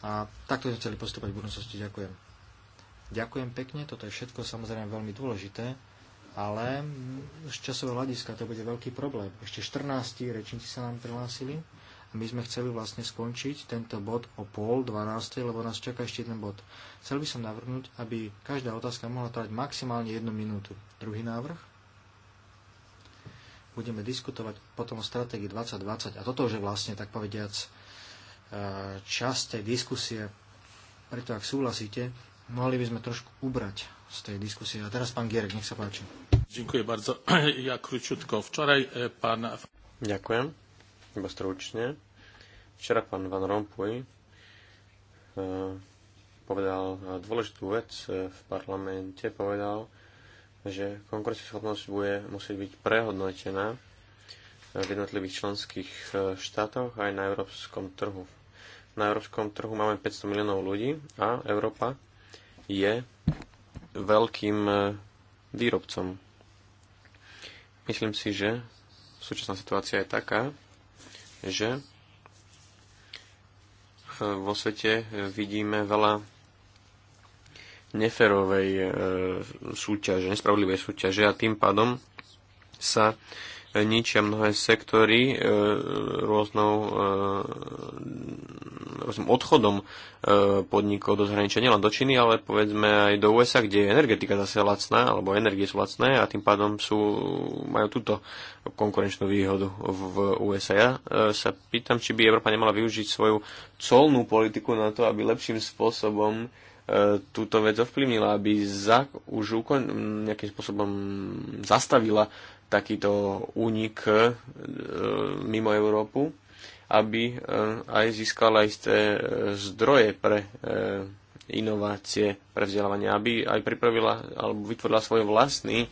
A takto sme chceli postupovať v budúcnosti. Ďakujem. Ďakujem pekne, toto je všetko samozrejme veľmi dôležité, ale z časového hľadiska to bude veľký problém. Ešte 14 rečníci sa nám prihlásili. My sme chceli vlastne skončiť tento bod o pol 12, lebo nás čaká ešte jeden bod. Chcel by som navrhnúť, aby každá otázka mohla trvať maximálne jednu minútu. Druhý návrh. Budeme diskutovať potom o stratégii 2020 a toto už je vlastne, tak povediac, e, časť tej diskusie. Preto, ak súhlasíte, mohli by sme trošku ubrať z tej diskusie. A teraz pán Gierek, nech sa páči. Ďakujem bardzo. (clears throat) Ja króciutko. Wczoraj e, pan... Ďakujem iba stručne. Včera pán Van Rompuy eh, povedal dôležitú vec eh, v parlamente, povedal, že schopnosť bude musieť byť prehodnotená eh, v jednotlivých členských štátoch aj na európskom trhu. Na európskom trhu máme 500 miliónov ľudí a Európa je veľkým výrobcom. Myslím si, že súčasná situácia je taká, že vo svete vidíme veľa neferovej e, súťaže, nespravodlivej súťaže a tým pádom sa ničia mnohé sektory e, rôznou, e, rôznym odchodom e, podnikov do zahraničia, nielen do Číny, ale povedzme aj do USA, kde je energetika zase lacná, alebo energie sú lacné a tým pádom sú, majú túto konkurenčnú výhodu v USA. Ja sa pýtam, či by Európa nemala využiť svoju colnú politiku na to, aby lepším spôsobom túto vec ovplyvnila, aby za, už ukon, nejakým spôsobom zastavila takýto únik e, mimo Európu, aby e, aj získala isté e, zdroje pre inovácie, pre vzdelávanie, aby aj pripravila alebo vytvorila svoj vlastný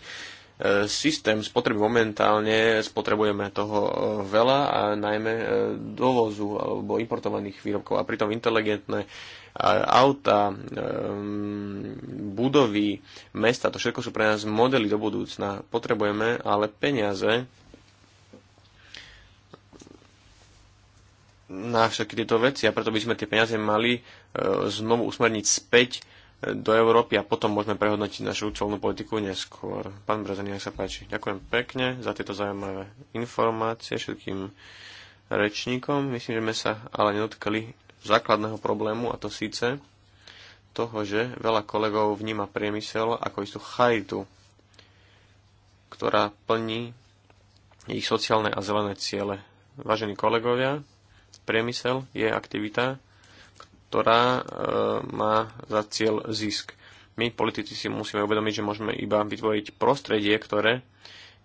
systém spotreby momentálne spotrebujeme toho veľa a najmä dovozu alebo importovaných výrobkov a pritom inteligentné auta, ehm, budovy, mesta, to všetko sú pre nás modely do budúcna. Potrebujeme ale peniaze na všetky tieto veci a preto by sme tie peniaze mali e, znovu usmerniť späť e, do Európy a potom môžeme prehodnotiť našu colnú politiku neskôr. Pán Brezený, nech sa páči. Ďakujem pekne za tieto zaujímavé informácie všetkým rečníkom. Myslím, že sme sa ale nedotkali základného problému, a to síce toho, že veľa kolegov vníma priemysel ako istú charitu, ktorá plní ich sociálne a zelené ciele. Vážení kolegovia, priemysel je aktivita, ktorá e, má za cieľ zisk. My, politici, si musíme uvedomiť, že môžeme iba vytvoriť prostredie, ktoré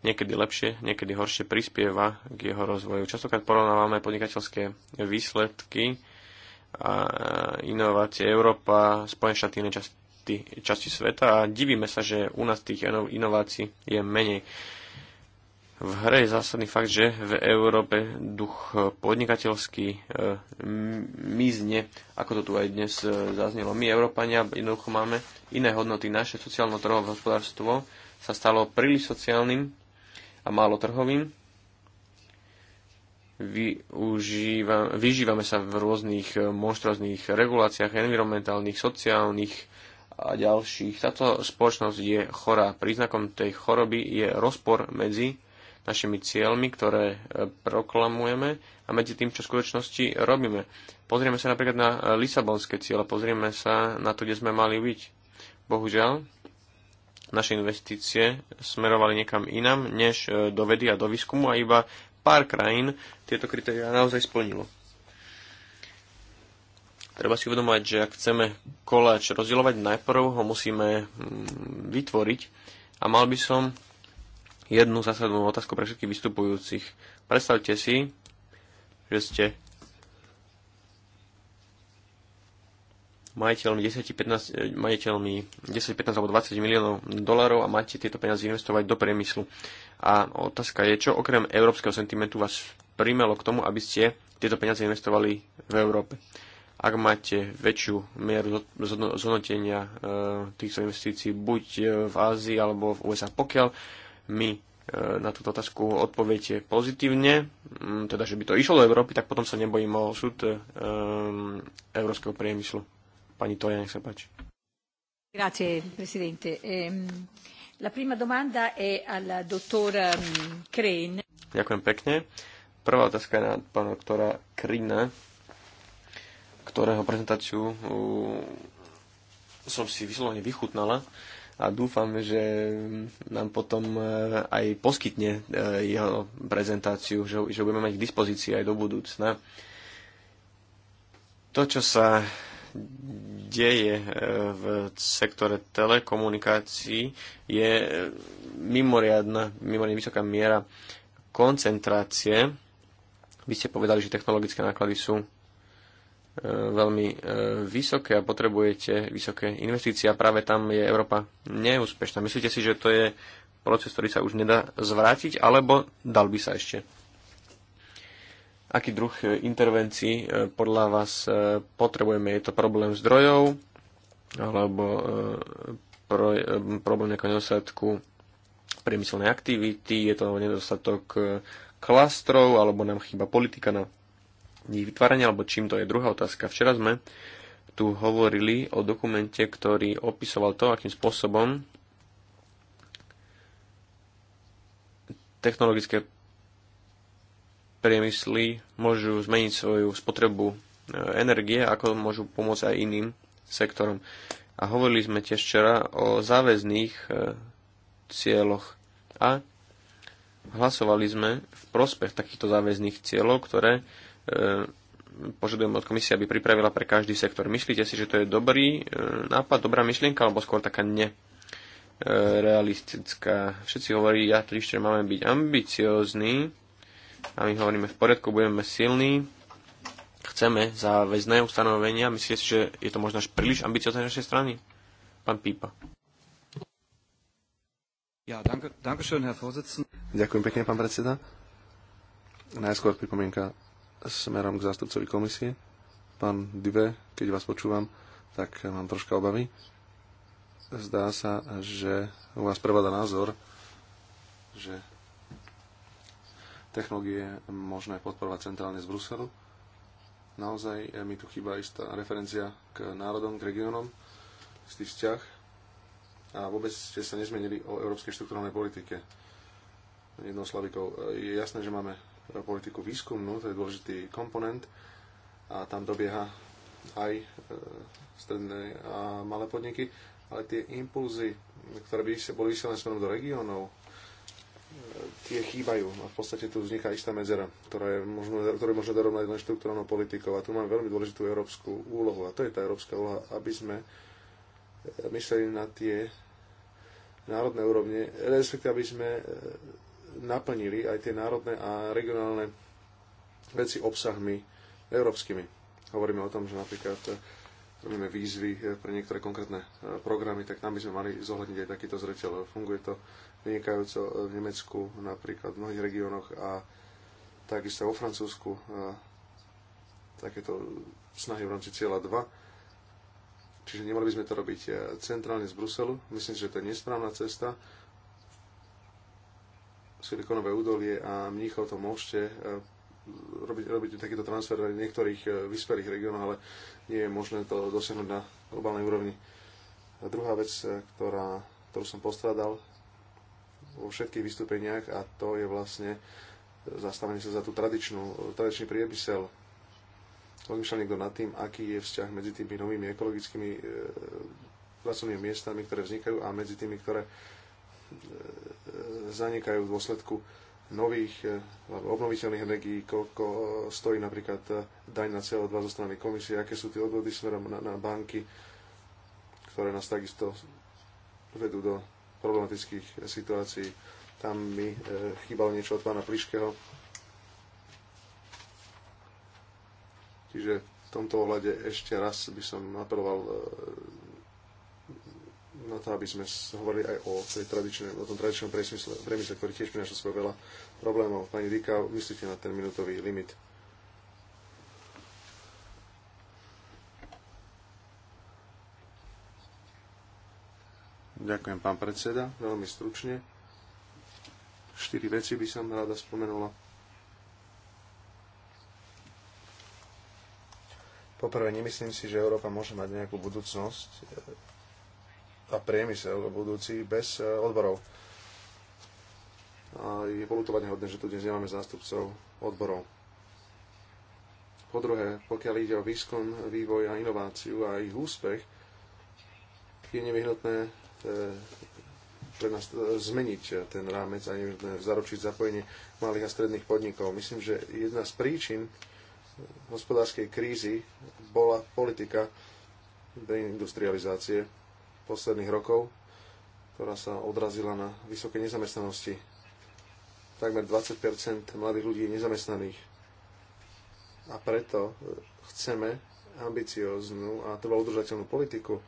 niekedy lepšie, niekedy horšie prispieva k jeho rozvoju. Častokrát porovnávame podnikateľské výsledky a inovácie Európa, Spojené štáty iné časti, časti sveta a divíme sa, že u nás tých inovácií je menej. V hre je zásadný fakt, že v Európe duch podnikateľský e, mizne, ako to tu aj dnes e, zaznelo. My, Európania, jednoducho máme iné hodnoty. Naše sociálno-trhové hospodárstvo sa stalo príliš sociálnym a málo trhovým využíva, vyžívame sa v rôznych eh, monštrozných reguláciách environmentálnych, sociálnych a ďalších. Táto spoločnosť je chorá. Príznakom tej choroby je rozpor medzi našimi cieľmi, ktoré eh, proklamujeme a medzi tým, čo v skutočnosti robíme. Pozrieme sa napríklad na eh, lisabonské ciele, pozrieme sa na to, kde sme mali byť. Bohužiaľ, naše investície smerovali niekam inam, než do vedy a do výskumu a iba pár krajín tieto kritéria naozaj splnilo. Treba si uvedomať, že ak chceme koláč rozdielovať, najprv ho musíme mm, vytvoriť a mal by som jednu zásadnú otázku pre všetkých vystupujúcich. Predstavte si, že ste majiteľmi 10-15 e, majiteľmi 10, 15 alebo 20 miliónov dolarov a máte tieto peniaze investovať do priemyslu. A otázka je, čo okrem európskeho sentimentu vás primelo k tomu, aby ste tieto peniaze investovali v Európe. Ak máte väčšiu mieru zhodnotenia e, týchto investícií buď e, v Ázii alebo v USA, pokiaľ my na túto otázku odpoviete pozitívne, teda že by to išlo do Európy, tak potom sa nebojím o súd európskeho priemyslu. Pani Toja, nech sa páči. Grazie, presidente. Ehm, la prima domanda è al dottor ehm, Crane. Ďakujem pekne. Prvá otázka je na pána doktora Krina, ktorého prezentáciu som si vyslovene vychutnala a dúfam, že nám potom e, aj poskytne e, jeho prezentáciu, že, ho budeme mať k dispozícii aj do budúcna. To, čo sa deje e, v sektore telekomunikácií, je e, mimoriadna, mimoriadne vysoká miera koncentrácie. Vy ste povedali, že technologické náklady sú e, veľmi vysoké a potrebujete vysoké investície a práve tam je Európa neúspešná. Myslíte si, že to je proces, ktorý sa už nedá zvrátiť, alebo dal by sa ešte aký druh e, intervencií e, podľa vás e, potrebujeme. Je to problém zdrojov alebo problém nejakého nedostatku priemyselnej aktivity, je to nedostatok klastrov, alebo nám chýba politika na ich vytváranie, alebo čím to je. Druhá otázka. Včera sme tu hovorili o dokumente, ktorý opisoval to, akým spôsobom technologické priemysly môžu zmeniť svoju spotrebu e, energie, ako môžu pomôcť aj iným sektorom. A hovorili sme tiež včera o záväzných e, cieľoch a hlasovali sme v prospech takýchto záväzných cieľov, ktoré e, požadujeme od komisie, aby pripravila pre každý sektor. Myslíte si, že to je dobrý nápad, dobrá myšlienka, alebo skôr taká ne? realistická. Všetci hovorí, ja to ešte máme byť ambiciozní, a my hovoríme v poriadku, budeme silní, chceme záväzné ustanovenia. Myslíte si, že je to možno až príliš z našej strany? Pán Pípa. Ja, danke, danke schön, Herr Ďakujem pekne, pán predseda. Najskôr pripomienka smerom k zástupcovi komisie. Pán Dive, keď vás počúvam, tak mám troška obavy. Zdá sa, že u vás prevláda názor, že technológie možné podporovať centrálne z Bruselu. Naozaj e, mi tu chýba istá referencia k národom, k regiónom, tých vzťah. A vôbec ste sa nezmenili o európskej štruktúrnej politike. Jednou slavikou. E, je jasné, že máme politiku výskumnú, to je dôležitý komponent a tam dobieha aj e, stredné a malé podniky, ale tie impulzy, ktoré by boli vysielané smerom do regiónov, tie chýbajú a v podstate tu vzniká istá medzera, ktorá je možno, ktorú možno dorovnať len štruktúrnou politikou. A tu máme veľmi dôležitú európsku úlohu a to je tá európska úloha, aby sme mysleli na tie národné úrovne, respektíve aby sme e, naplnili aj tie národné a regionálne veci obsahmi európskymi. Hovoríme o tom, že napríklad e, robíme výzvy e, pre niektoré konkrétne programy, tak tam by sme mali zohľadniť aj takýto zreteľ. Funguje to vynikajúco e, v Nemecku, napríklad v mnohých regiónoch a takisto vo Francúzsku e, takéto snahy v rámci cieľa 2. Čiže nemali by sme to robiť e, centrálne z Bruselu. Myslím že to je nesprávna cesta. Silikonové údolie a Mníchov to môžete robiť, robiť takýto transfer v niektorých vyspelých regiónoch, ale nie je možné to dosiahnuť na globálnej úrovni. A druhá vec, ktorá, ktorú som postradal, vo všetkých vystúpeniach a to je vlastne zastavenie sa za tú tradičnú, tradičný priemysel. Rozmýšľa niekto nad tým, aký je vzťah medzi tými novými ekologickými e, miestami, ktoré vznikajú a medzi tými, ktoré e, e zanikajú v dôsledku nových e, obnoviteľných energií, koľko stojí napríklad e, daň na CO2 zo strany komisie, aké sú tie odvody smerom na, na banky, ktoré nás takisto vedú do problematických situácií. Tam mi e, chýbalo niečo od pána Pliškeho. Čiže v tomto ohľade ešte raz by som apeloval e, na to, aby sme hovorili aj o, tej o tom tradičnom priemysle, ktorý tiež prinašal svoje veľa problémov. Pani Dika, myslíte na ten minútový limit? Ďakujem, pán predseda, veľmi stručne. Štyri veci by som rada spomenula. Poprvé, nemyslím si, že Európa môže mať nejakú budúcnosť eh, a priemysel budúci bez eh, odborov. A je polutovať hodné, že tu dnes nemáme zástupcov odborov. Po druhé, pokiaľ ide o výskum, vývoj a inováciu a ich úspech, je nevyhnutné E, pre nás e, zmeniť ten rámec a zaručiť zapojenie malých a stredných podnikov. Myslím, že jedna z príčin hospodárskej krízy bola politika deindustrializácie posledných rokov, ktorá sa odrazila na vysokej nezamestnanosti. Takmer 20 mladých ľudí je nezamestnaných. A preto chceme ambicióznu a udržateľnú politiku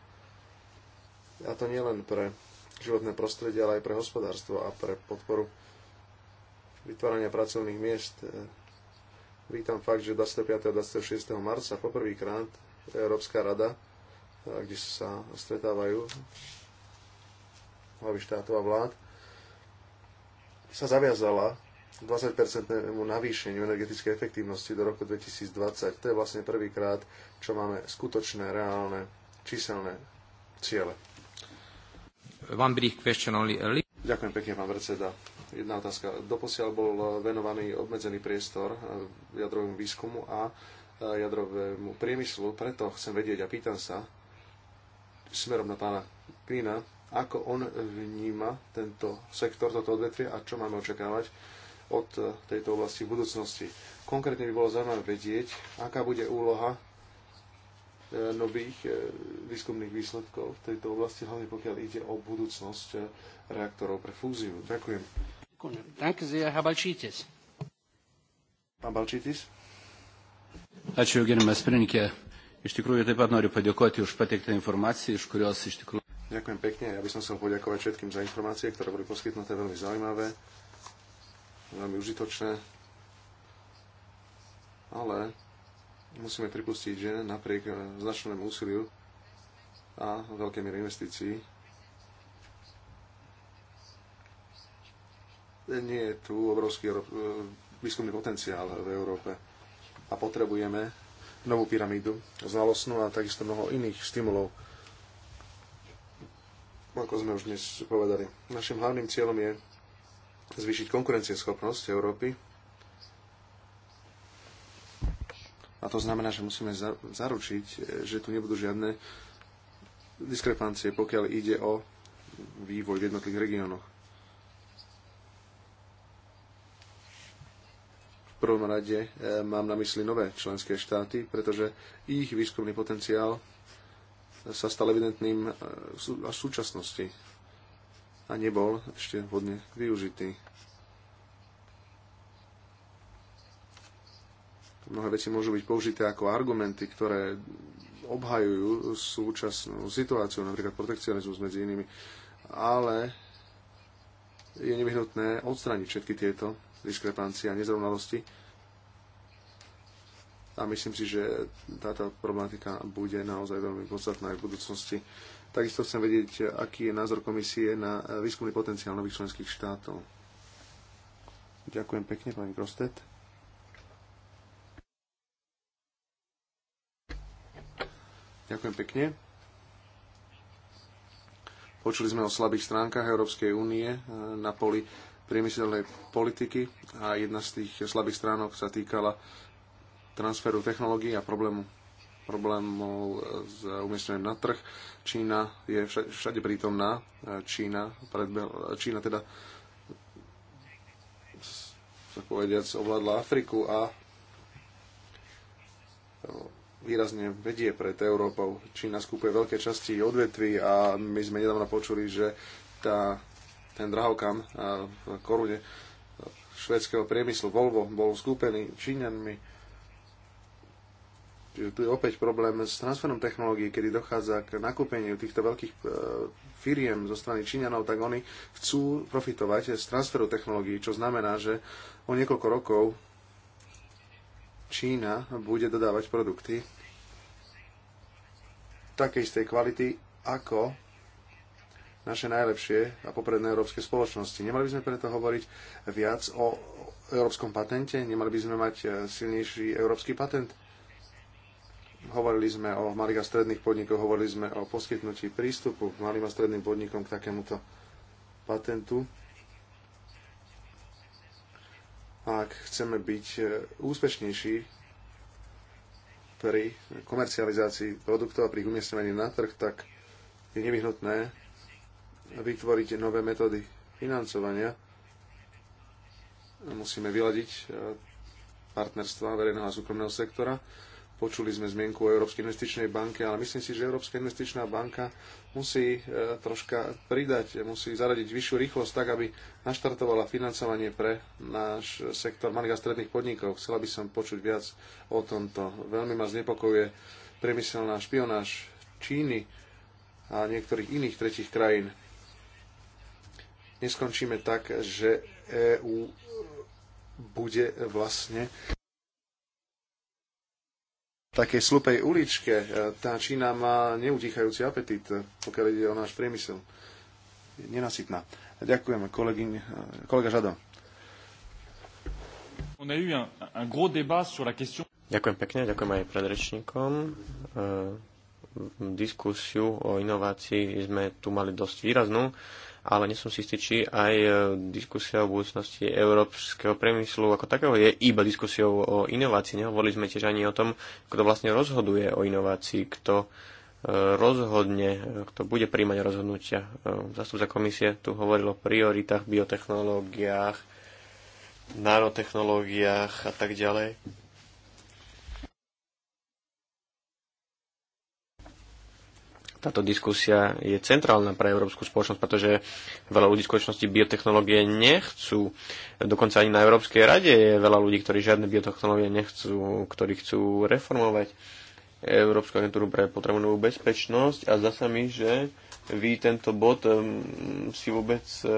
a to nie len pre životné prostredie, ale aj pre hospodárstvo a pre podporu vytvárania pracovných miest. E, vítam fakt, že 25. a 26. marca poprvýkrát Európska rada, e, kde sa stretávajú hlavy štátov a vlád, sa zaviazala 20-percentnému navýšeniu energetickej efektívnosti do roku 2020. To je vlastne prvýkrát, čo máme skutočné, reálne, číselné ciele. One brief question only. Ďakujem pekne, pán predseda. Jedna otázka. Doposiaľ bol eh, venovaný obmedzený priestor eh, jadrovému výskumu a eh, jadrovému priemyslu, preto chcem vedieť a pýtam sa smerom na pána Klína, ako on vníma tento sektor, toto odvetvie a čo máme očakávať od tejto oblasti v budúcnosti. Konkrétne by bolo zaujímavé vedieť, aká bude úloha E, nových e, výskumných výsledkov v tejto oblasti, hlavne pokiaľ ide o budúcnosť e, reaktorov pre fúziu. Ďakujem. Pán Balčítis. Ačiū, gerbiamas pirmininkė. Iš tikrųjų, taip pat noriu padėkoti už pateiktą informaciją, iš kurios iš tikrųjų. Ďakujem pekne. Ja by som chcel poďakovať všetkým za informácie, ktoré boli poskytnuté veľmi zaujímavé, veľmi užitočné. Ale Musíme pripustiť, že napriek značnému úsiliu a veľkej miere investícií nie je tu obrovský eh, výskumný potenciál v Európe a potrebujeme novú pyramídu, znalostnú a takisto mnoho iných stimulov, ako sme už dnes povedali. Našim hlavným cieľom je zvýšiť konkurencieschopnosť Európy A to znamená, že musíme zaručiť, e, že tu nebudú žiadne diskrepancie, pokiaľ ide o vývoj v jednotlivých regiónoch. V prvom rade e, mám na mysli nové členské štáty, pretože ich výskumný potenciál sa stal evidentným e, až v súčasnosti a nebol ešte vhodne využitý Mnohé veci môžu byť použité ako argumenty, ktoré obhajujú súčasnú situáciu, napríklad protekcionizmus medzi inými. Ale je nevyhnutné odstrániť všetky tieto diskrepancie a nezrovnalosti. A myslím si, že táto problematika bude naozaj veľmi podstatná aj v budúcnosti. Takisto chcem vedieť, aký je názor komisie na výskumný potenciál nových členských štátov. Ďakujem pekne, pani Grostet. Ďakujem pekne. Počuli sme o slabých stránkach Európskej únie eh, na poli priemyselnej politiky a jedna z tých slabých stránok sa týkala transferu technológií a problému, problémov eh, s umiestnením na trh. Čína je všade prítomná. Eh, Čína, Čína teda tak povediac ovládla Afriku a výrazne vedie pred Európou. Čína skupuje veľké časti odvetví a my sme nedávno počuli, že tá, ten drahokam v korune švedského priemyslu Volvo bol skúpený Číňanmi. Čiže tu je opäť problém s transferom technológií, kedy dochádza k nakúpeniu týchto veľkých e, firiem zo strany Číňanov, tak oni chcú profitovať z transferu technológií, čo znamená, že o niekoľko rokov Čína bude dodávať produkty takej istej kvality ako naše najlepšie a popredné európske spoločnosti. Nemali by sme preto hovoriť viac o európskom patente? Nemali by sme mať eh, silnejší európsky patent? Hovorili sme o malých a stredných podnikoch, hovorili sme o poskytnutí prístupu k malým a stredným podnikom k takémuto patentu ak chceme byť e, úspešnejší pri komercializácii produktov a pri umiestnení na trh, tak je nevyhnutné vytvoriť nové metódy financovania. Musíme vyladiť e, partnerstva verejného a súkromného sektora Počuli sme zmienku o Európskej investičnej banke, ale myslím si, že Európska investičná banka musí e, troška pridať, musí zaradiť vyššiu rýchlosť tak, aby naštartovala financovanie pre náš sektor malých a stredných podnikov. Chcela by som počuť viac o tomto. Veľmi ma znepokojuje priemyselná špionáž Číny a niektorých iných tretich krajín. Neskončíme tak, že EÚ bude vlastne takej slupej uličke. E, tá Čína má neutichajúci apetít, e, pokiaľ ide o náš priemysel. Je Nenasytná. Ďakujem, kolegyň, e, kolega Žado. Ďakujem pekne, ďakujem aj predrečníkom. Diskusiu o inovácii sme tu mali dosť výraznú ale nesom si istý, či aj e, diskusia o budúcnosti európskeho priemyslu ako takého je iba diskusiou o inovácii. Nehovorili sme tiež ani o tom, kto vlastne rozhoduje o inovácii, kto e, rozhodne, e, kto bude príjmať rozhodnutia. Zastupca komisie tu hovoril o prioritách, biotechnológiách, nanotechnológiách a tak ďalej. táto diskusia je centrálna pre európsku spoločnosť, pretože veľa ľudí v skutočnosti biotechnológie nechcú. Dokonca ani na Európskej rade je veľa ľudí, ktorí žiadne biotechnológie nechcú, ktorí chcú reformovať Európsku agentúru pre potravinovú bezpečnosť a zdá sa mi, že vy tento bod si vôbec e,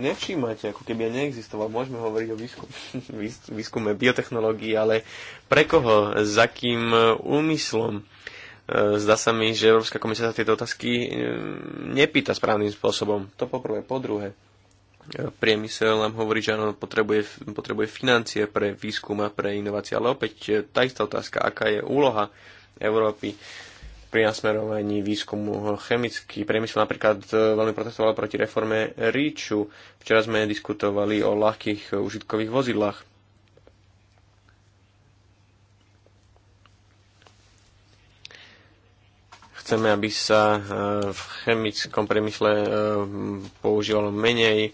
nevšímate, ako keby neexistoval. Môžeme hovoriť o výskum, (laughs) výskume biotechnológií, ale pre koho, za kým e, úmyslom? E, zdá sa mi, že Európska komisia sa tieto otázky e, nepýta správnym spôsobom. To poprvé. Po druhé, e, priemysel nám hovorí, že áno, potrebuje, potrebuje financie pre výskum a pre inovácie, ale opäť tá istá otázka, aká je úloha Európy pri nasmerovaní výskumu chemický priemysel napríklad veľmi protestoval proti reforme REACHu. Včera sme diskutovali o ľahkých užitkových vozidlách. Chceme, aby sa e, v chemickom priemysle e, používalo menej e,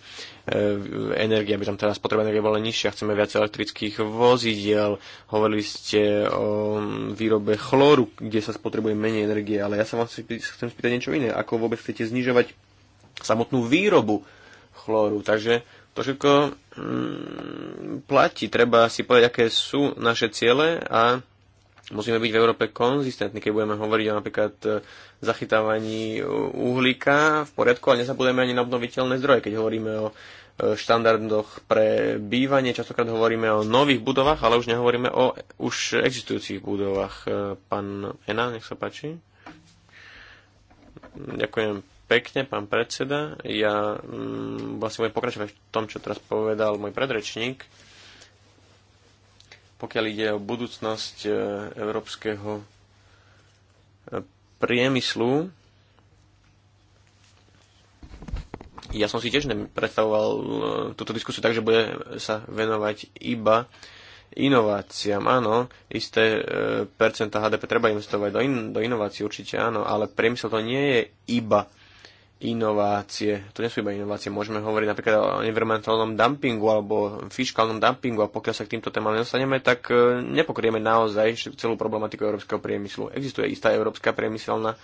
energie, aby tam teraz spotreba energie bola nižšia. Chceme viac elektrických vozidiel. Hovorili ste o výrobe chlóru, kde sa spotrebuje menej energie, ale ja sa vám chcem spýtať niečo iné. Ako vôbec chcete znižovať samotnú výrobu chlóru? Takže to všetko mm, platí. Treba si povedať, aké sú naše ciele a Musíme byť v Európe konzistentní, keď budeme hovoriť o napríklad e, zachytávaní uhlíka v poriadku, ale nezabudeme ani na obnoviteľné zdroje. Keď hovoríme o e, štandardoch pre bývanie, častokrát hovoríme o nových budovách, ale už nehovoríme o už existujúcich budovách. E, pán Ena, nech sa páči. Ďakujem pekne, pán predseda. Ja mm, vlastne budem pokračovať v tom, čo teraz povedal môj predrečník pokiaľ ide o budúcnosť e, európskeho e, priemyslu, ja som si tiež predstavoval e, túto diskusiu tak, že bude sa venovať iba inováciám, áno, isté percenta HDP treba investovať do, in, do inovácií určite, áno, ale priemysel to nie je iba inovácie. To nie sú iba inovácie, môžeme hovoriť napríklad o environmentálnom dumpingu alebo fiskálnom dumpingu a pokiaľ sa k týmto témam nedostaneme, tak e, nepokrieme naozaj celú problematiku európskeho priemyslu. Existuje istá európska priemyselná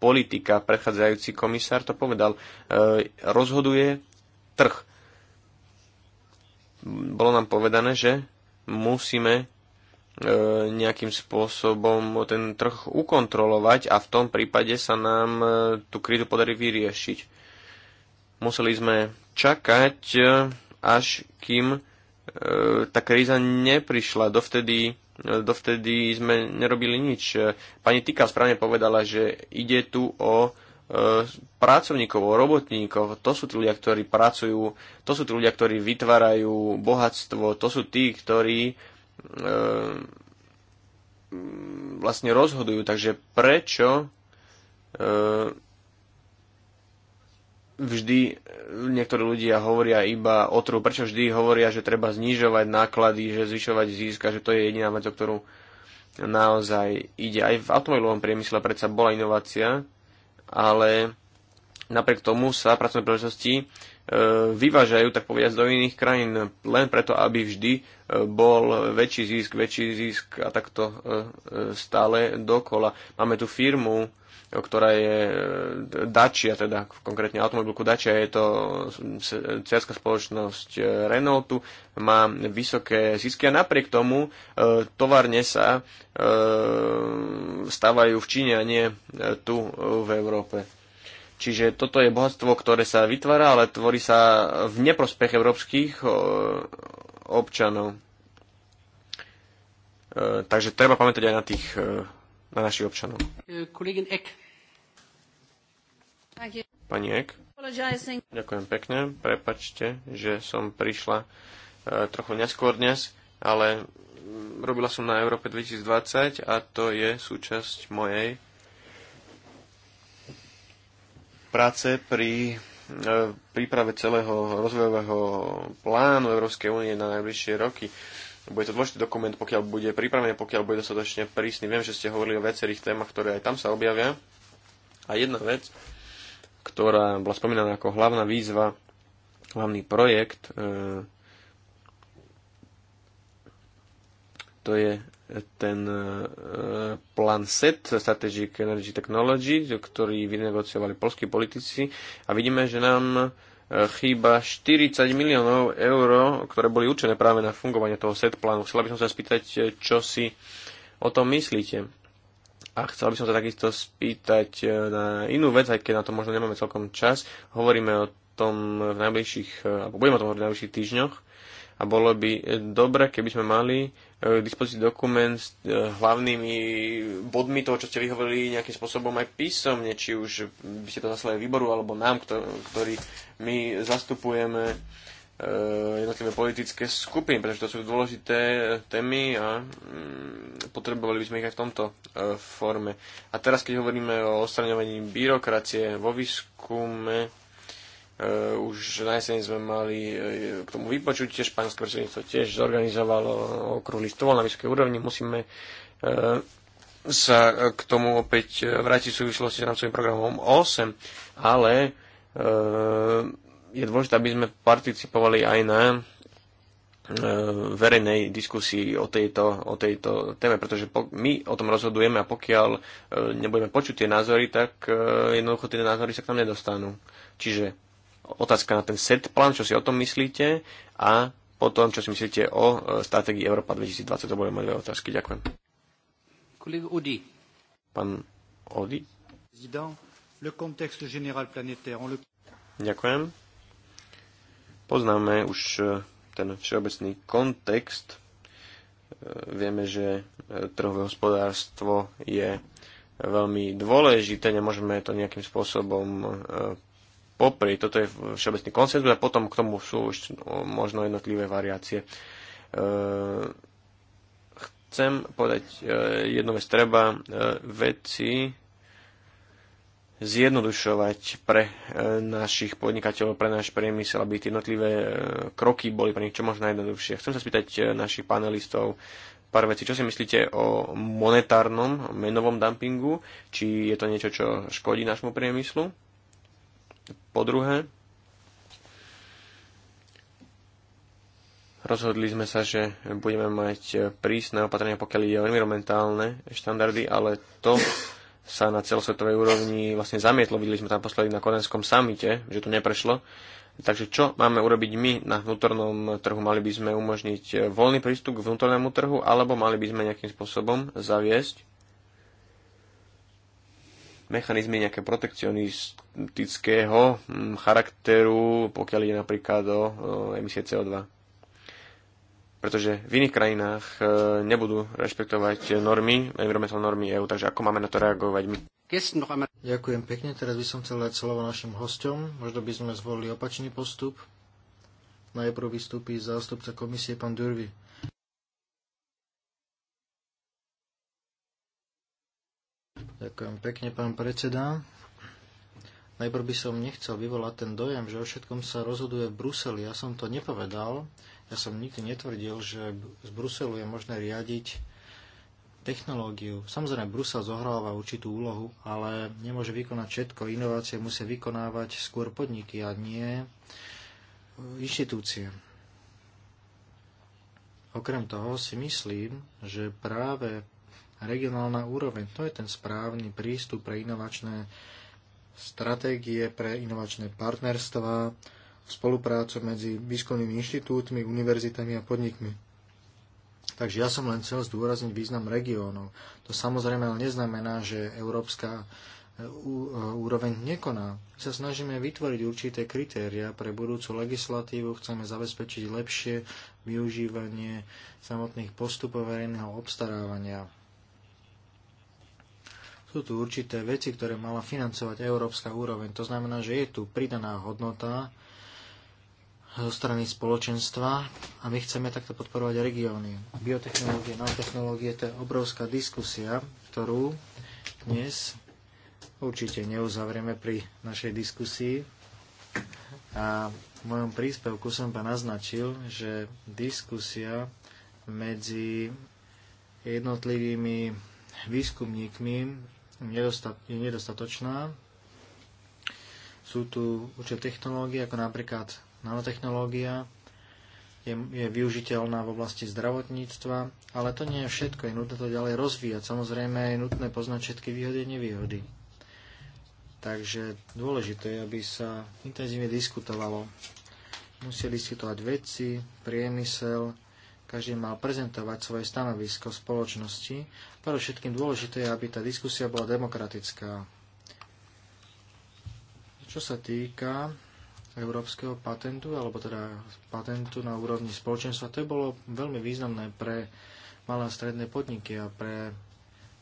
politika, predchádzajúci komisár to povedal, e, rozhoduje trh. Bolo nám povedané, že musíme E, nejakým spôsobom ten trh ukontrolovať a v tom prípade sa nám e, tú krízu podarí vyriešiť. Museli sme čakať, e, až kým tá kríza neprišla. Dovtedy, dovtedy sme nerobili nič. Pani Tika správne povedala, že ide tu o pracovníkov, o robotníkov. To sú tí ľudia, ktorí pracujú, to sú tí ľudia, ktorí vytvárajú bohatstvo, to sú tí, ktorí Ehm, vlastne rozhodujú. Takže prečo ehm, vždy niektorí ľudia hovoria iba o trhu, prečo vždy hovoria, že treba znižovať náklady, že zvyšovať získa, že to je jediná vec, o ktorú naozaj ide. Aj v automobilovom priemysle predsa bola inovácia, ale napriek tomu sa pracovné príležitosti E, vyvážajú, tak povediať, do iných krajín len preto, aby vždy e, bol väčší zisk, väčší zisk a takto e, stále dokola. Máme tu firmu, ktorá je dačia, teda konkrétne automobilku Dačia, je to cerská spoločnosť Renaultu, má vysoké zisky a napriek tomu továrne sa stávajú v Číne a nie tu v Európe. Čiže toto je bohatstvo, ktoré sa vytvára, ale tvorí sa v neprospech európskych občanov. E, takže treba pamätať aj na tých, e, na našich občanov. E, Pani Ek. Ďakujem pekne. Prepačte, že som prišla trochu neskôr dnes, ale mm, robila som na Európe 2020 a to je súčasť mojej práce pri e, príprave celého rozvojového plánu Európskej únie na najbližšie roky. Bude to dôležitý dokument, pokiaľ bude pripravený, pokiaľ bude dostatočne prísny. Viem, že ste hovorili o viacerých témach, ktoré aj tam sa objavia. A jedna vec, ktorá bola spomínaná ako hlavná výzva, hlavný projekt, e, to je ten e, plán SET, Strategic Energy Technology, ktorý vynegociovali polskí politici a vidíme, že nám e, chýba 40 miliónov eur, ktoré boli určené práve na fungovanie toho SET plánu. Chcela by som sa spýtať, e, čo si o tom myslíte. A chcel by som sa takisto spýtať na inú vec, aj keď na to možno nemáme celkom čas. Hovoríme o tom v najbližších, alebo budeme o tom hovoriť v najbližších týždňoch. A bolo by dobre, keby sme mali Eh, dispozícii dokument s eh, hlavnými bodmi toho, čo ste vyhovorili nejakým spôsobom aj písomne, či už by ste to zaslali výboru alebo nám, ktorý my zastupujeme eh, jednotlivé politické skupiny, pretože to sú dôležité témy a mm, potrebovali by sme ich aj v tomto forme. A teraz, keď hovoríme o odstraňovaní byrokracie vo výskume, Eh, už na jeseň sme mali eh, k tomu vypočutie, španielské predsedníctvo tiež zorganizovalo okrúhly stôl na vysokej úrovni. Musíme eh, sa k tomu opäť vrátiť v súvislosti s rámcovým programom 8, ale je dôležité, aby sme participovali aj na verejnej diskusii o tejto, o tejto téme, pretože my o tom rozhodujeme a pokiaľ nebudeme počuť tie názory, tak jednoducho tie názory sa k nám nedostanú. Čiže otázka na ten set plán, čo si o tom myslíte a potom, čo si myslíte o e, stratégii Európa 2020. To boli moje dve otázky. Ďakujem. Udi. Pán Odi. Ďakujem. Poznáme už e, ten všeobecný kontext. E, vieme, že trhové hospodárstvo je veľmi dôležité, nemôžeme to nejakým spôsobom popri. Toto je všeobecný konsenzus a potom k tomu sú už no, možno jednotlivé variácie. E, chcem povedať e, jednu vec. Treba e, veci zjednodušovať pre našich podnikateľov, pre náš priemysel, aby tie jednotlivé kroky boli pre nich čo možno najjednoduchšie. Chcem sa spýtať našich panelistov pár vecí. Čo si myslíte o monetárnom menovom dumpingu? Či je to niečo, čo škodí nášmu priemyslu? Po druhé, rozhodli sme sa, že budeme mať prísne opatrenia, pokiaľ ide o environmentálne štandardy, ale to sa na celosvetovej úrovni vlastne zamietlo. Videli sme tam posledný na Kodenskom samite, že to neprešlo. Takže čo máme urobiť my na vnútornom trhu? Mali by sme umožniť voľný prístup k vnútornému trhu, alebo mali by sme nejakým spôsobom zaviesť mechanizmy nejaké protekcionistického mm, charakteru, pokiaľ ide napríklad o emisie CO2. Pretože v iných krajinách e, nebudú rešpektovať normy, environmental normy EU, takže ako máme na to reagovať my? Ďakujem pekne, teraz by som chcel dať slovo našim hosťom. Možno by sme zvolili opačný postup. Najprv vystúpi zástupca komisie pán Durvi. Ďakujem pekne, pán predseda. Najprv by som nechcel vyvolať ten dojem, že o všetkom sa rozhoduje v Bruseli. Ja som to nepovedal. Ja som nikdy netvrdil, že z Bruselu je možné riadiť technológiu. Samozrejme, Brusel zohráva určitú úlohu, ale nemôže vykonať všetko. Inovácie musia vykonávať skôr podniky a nie e, inštitúcie. Okrem toho si myslím, že práve regionálna úroveň. To je ten správny prístup pre inovačné stratégie, pre inovačné partnerstva, spoluprácu medzi výskumnými inštitútmi, univerzitami a podnikmi. Takže ja som len chcel zdôrazniť význam regiónov. To samozrejme ale neznamená, že Európska e, e, úroveň nekoná. My sa snažíme vytvoriť určité kritéria pre budúcu legislatívu, chceme zabezpečiť lepšie využívanie samotných postupov verejného obstarávania. Sú tu určité veci, ktoré mala financovať európska úroveň. To znamená, že je tu pridaná hodnota zo strany spoločenstva a my chceme takto podporovať regióny. Biotechnológie, nanotechnológie, to je obrovská diskusia, ktorú dnes určite neuzavrieme pri našej diskusii. A v mojom príspevku som pa naznačil, že diskusia medzi jednotlivými výskumníkmi je nedostatočná. Sú tu určité technológie, ako napríklad nanotechnológia, je, je využiteľná v oblasti zdravotníctva, ale to nie je všetko, je nutné to ďalej rozvíjať. Samozrejme je nutné poznať všetky výhody a nevýhody. Takže dôležité je, aby sa intenzívne diskutovalo. Musia diskutovať vedci, priemysel, každý mal prezentovať svoje stanovisko spoločnosti. Pre všetkým dôležité je, aby tá diskusia bola demokratická. Čo sa týka európskeho patentu, alebo teda patentu na úrovni spoločenstva, to bolo veľmi významné pre malé a stredné podniky a pre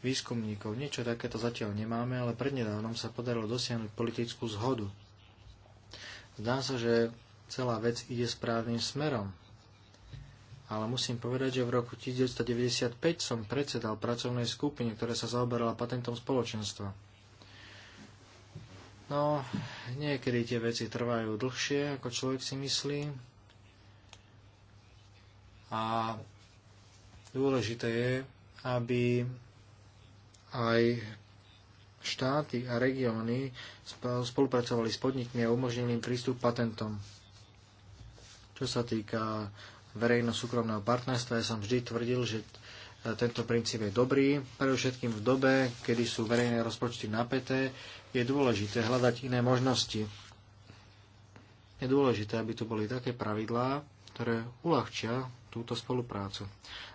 výskumníkov. Niečo takéto zatiaľ nemáme, ale prednedávnom sa podarilo dosiahnuť politickú zhodu. Zdá sa, že celá vec ide správnym smerom ale musím povedať, že v roku 1995 som predsedal pracovnej skupine, ktorá sa zaoberala patentom spoločenstva. No, niekedy tie veci trvajú dlhšie, ako človek si myslí. A dôležité je, aby aj štáty a regióny spolupracovali s podnikmi a umožnili im prístup patentom. Čo sa týka verejno-súkromného partnerstva. Ja som vždy tvrdil, že e, tento princíp je dobrý. Pre všetkým v dobe, kedy sú verejné rozpočty napäté, je dôležité hľadať iné možnosti. Je dôležité, aby tu boli také pravidlá, ktoré uľahčia túto spoluprácu.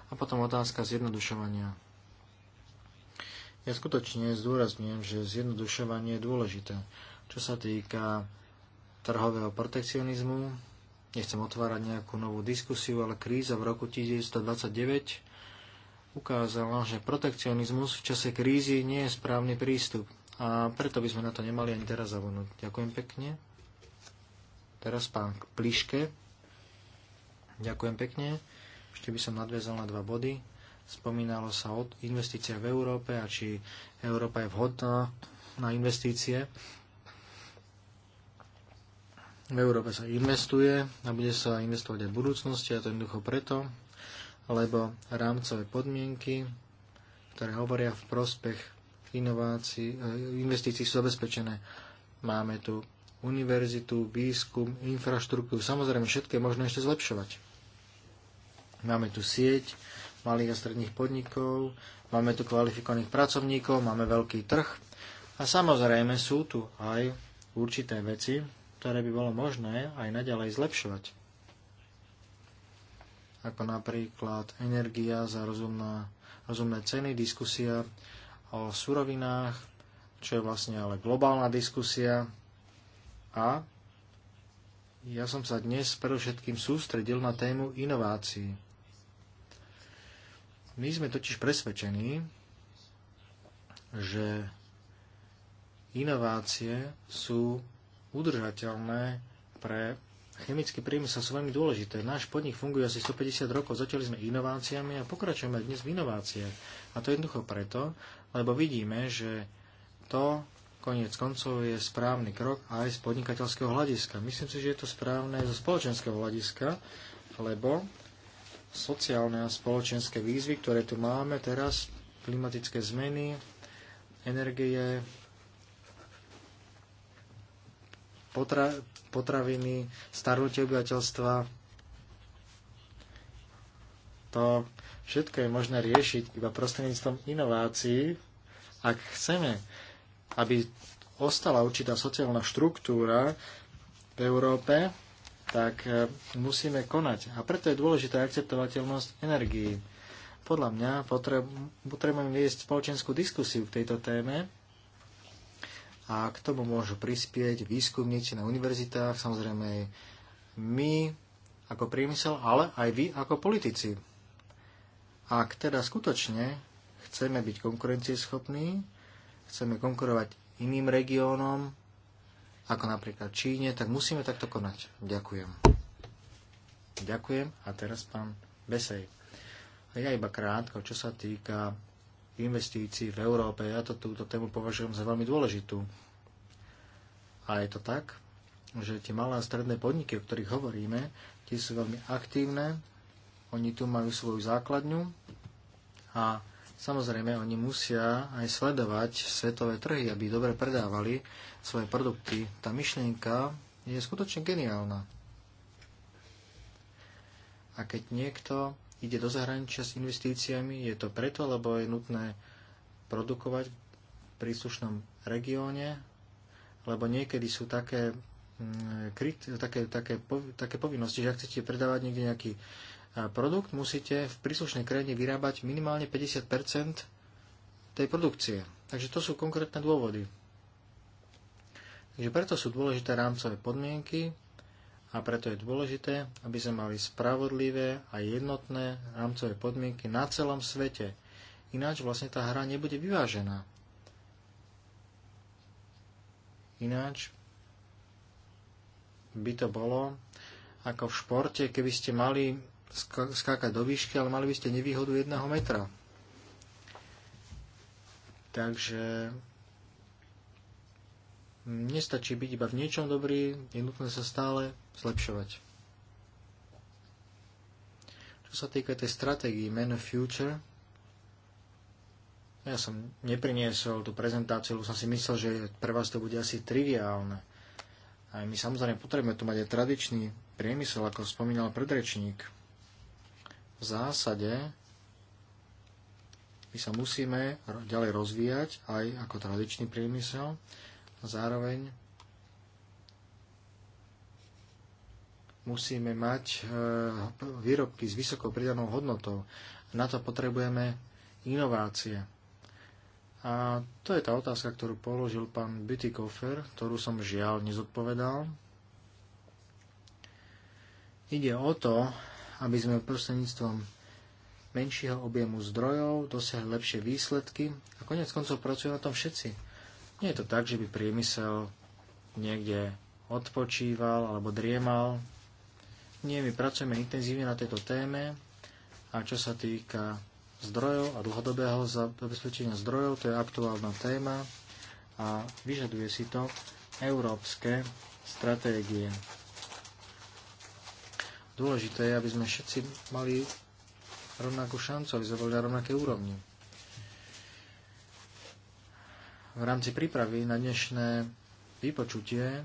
A potom otázka zjednodušovania. Ja skutočne zdôrazňujem, že zjednodušovanie je dôležité. Čo sa týka trhového protekcionizmu, Nechcem otvárať nejakú novú diskusiu, ale kríza v roku 1929 ukázala, že protekcionizmus v čase krízy nie je správny prístup a preto by sme na to nemali ani teraz zavonúť. Ďakujem pekne. Teraz pán Pliške. Ďakujem pekne. Ešte by som nadviezal na dva body. Spomínalo sa o investíciách v Európe a či Európa je vhodná na investície. V Európe sa investuje a bude sa investovať aj v budúcnosti a to jednoducho preto, lebo rámcové podmienky, ktoré hovoria v prospech inovácií, e, investícií sú zabezpečené. Máme tu univerzitu, výskum, infraštruktúru, samozrejme všetké možno možné ešte zlepšovať. Máme tu sieť malých a stredných podnikov, máme tu kvalifikovaných pracovníkov, máme veľký trh a samozrejme sú tu aj určité veci, ktoré by bolo možné aj naďalej zlepšovať. Ako napríklad energia za rozumná, rozumné ceny, diskusia o surovinách, čo je vlastne ale globálna diskusia. A ja som sa dnes predovšetkým sústredil na tému inovácií. My sme totiž presvedčení, že inovácie sú udržateľné pre chemický priemysel sú veľmi dôležité. Náš podnik funguje asi 150 rokov, začali sme inováciami a pokračujeme dnes v inováciách. A to jednoducho preto, lebo vidíme, že to koniec koncov je správny krok aj z podnikateľského hľadiska. Myslím si, že je to správne zo spoločenského hľadiska, lebo sociálne a spoločenské výzvy, ktoré tu máme teraz, klimatické zmeny, energie, potra- potraviny, starnutie obyvateľstva. To všetko je možné riešiť iba prostredníctvom inovácií. Ak chceme, aby ostala určitá sociálna štruktúra v Európe, tak e, musíme konať. A preto je dôležitá akceptovateľnosť energií. Podľa mňa potrebujeme viesť spoločenskú diskusiu k tejto téme, a k tomu môžu prispieť výskumníci na univerzitách, samozrejme my ako priemysel, ale aj vy ako politici. Ak teda skutočne chceme byť konkurencieschopní, chceme konkurovať iným regiónom, ako napríklad Číne, tak musíme takto konať. Ďakujem. Ďakujem a teraz pán Besej. Ja iba krátko, čo sa týka investícií v Európe. Ja to, túto tému považujem za veľmi dôležitú. A je to tak, že tie malé a stredné podniky, o ktorých hovoríme, tie sú veľmi aktívne, oni tu majú svoju základňu a samozrejme oni musia aj sledovať svetové trhy, aby dobre predávali svoje produkty. Tá myšlienka je skutočne geniálna. A keď niekto ide do zahraničia s investíciami? Je to preto, lebo je nutné produkovať v príslušnom regióne? Lebo niekedy sú také, mm, kryt, také, také, také povinnosti, že ak chcete predávať niekde nejaký produkt, musíte v príslušnej krajine vyrábať minimálne 50 tej produkcie. Takže to sú konkrétne dôvody. Takže preto sú dôležité rámcové podmienky, a preto je dôležité, aby sme mali spravodlivé a jednotné rámcové podmienky na celom svete. Ináč vlastne tá hra nebude vyvážená. Ináč by to bolo ako v športe, keby ste mali skákať do výšky, ale mali by ste nevýhodu jedného metra. Takže Nestačí byť iba v niečom dobrý, je nutné sa stále zlepšovať. Čo sa týka tej stratégie Man of Future, ja som nepriniesol tú prezentáciu, lebo som si myslel, že pre vás to bude asi triviálne. A my samozrejme potrebujeme tu mať aj tradičný priemysel, ako spomínal predrečník. V zásade my sa musíme ďalej rozvíjať aj ako tradičný priemysel. Zároveň musíme mať e, výrobky s vysokou pridanou hodnotou. Na to potrebujeme inovácie. A to je tá otázka, ktorú položil pán Bütikofer, ktorú som žiaľ nezodpovedal. Ide o to, aby sme prostredníctvom menšieho objemu zdrojov dosiahli lepšie výsledky a konec koncov pracujú na tom všetci nie je to tak, že by priemysel niekde odpočíval alebo driemal. Nie, my pracujeme intenzívne na tejto téme a čo sa týka zdrojov a dlhodobého zabezpečenia zdrojov, to je aktuálna téma a vyžaduje si to európske stratégie. Dôležité je, aby sme všetci mali rovnakú šancu, aby sme boli na rovnaké úrovni. v rámci prípravy na dnešné vypočutie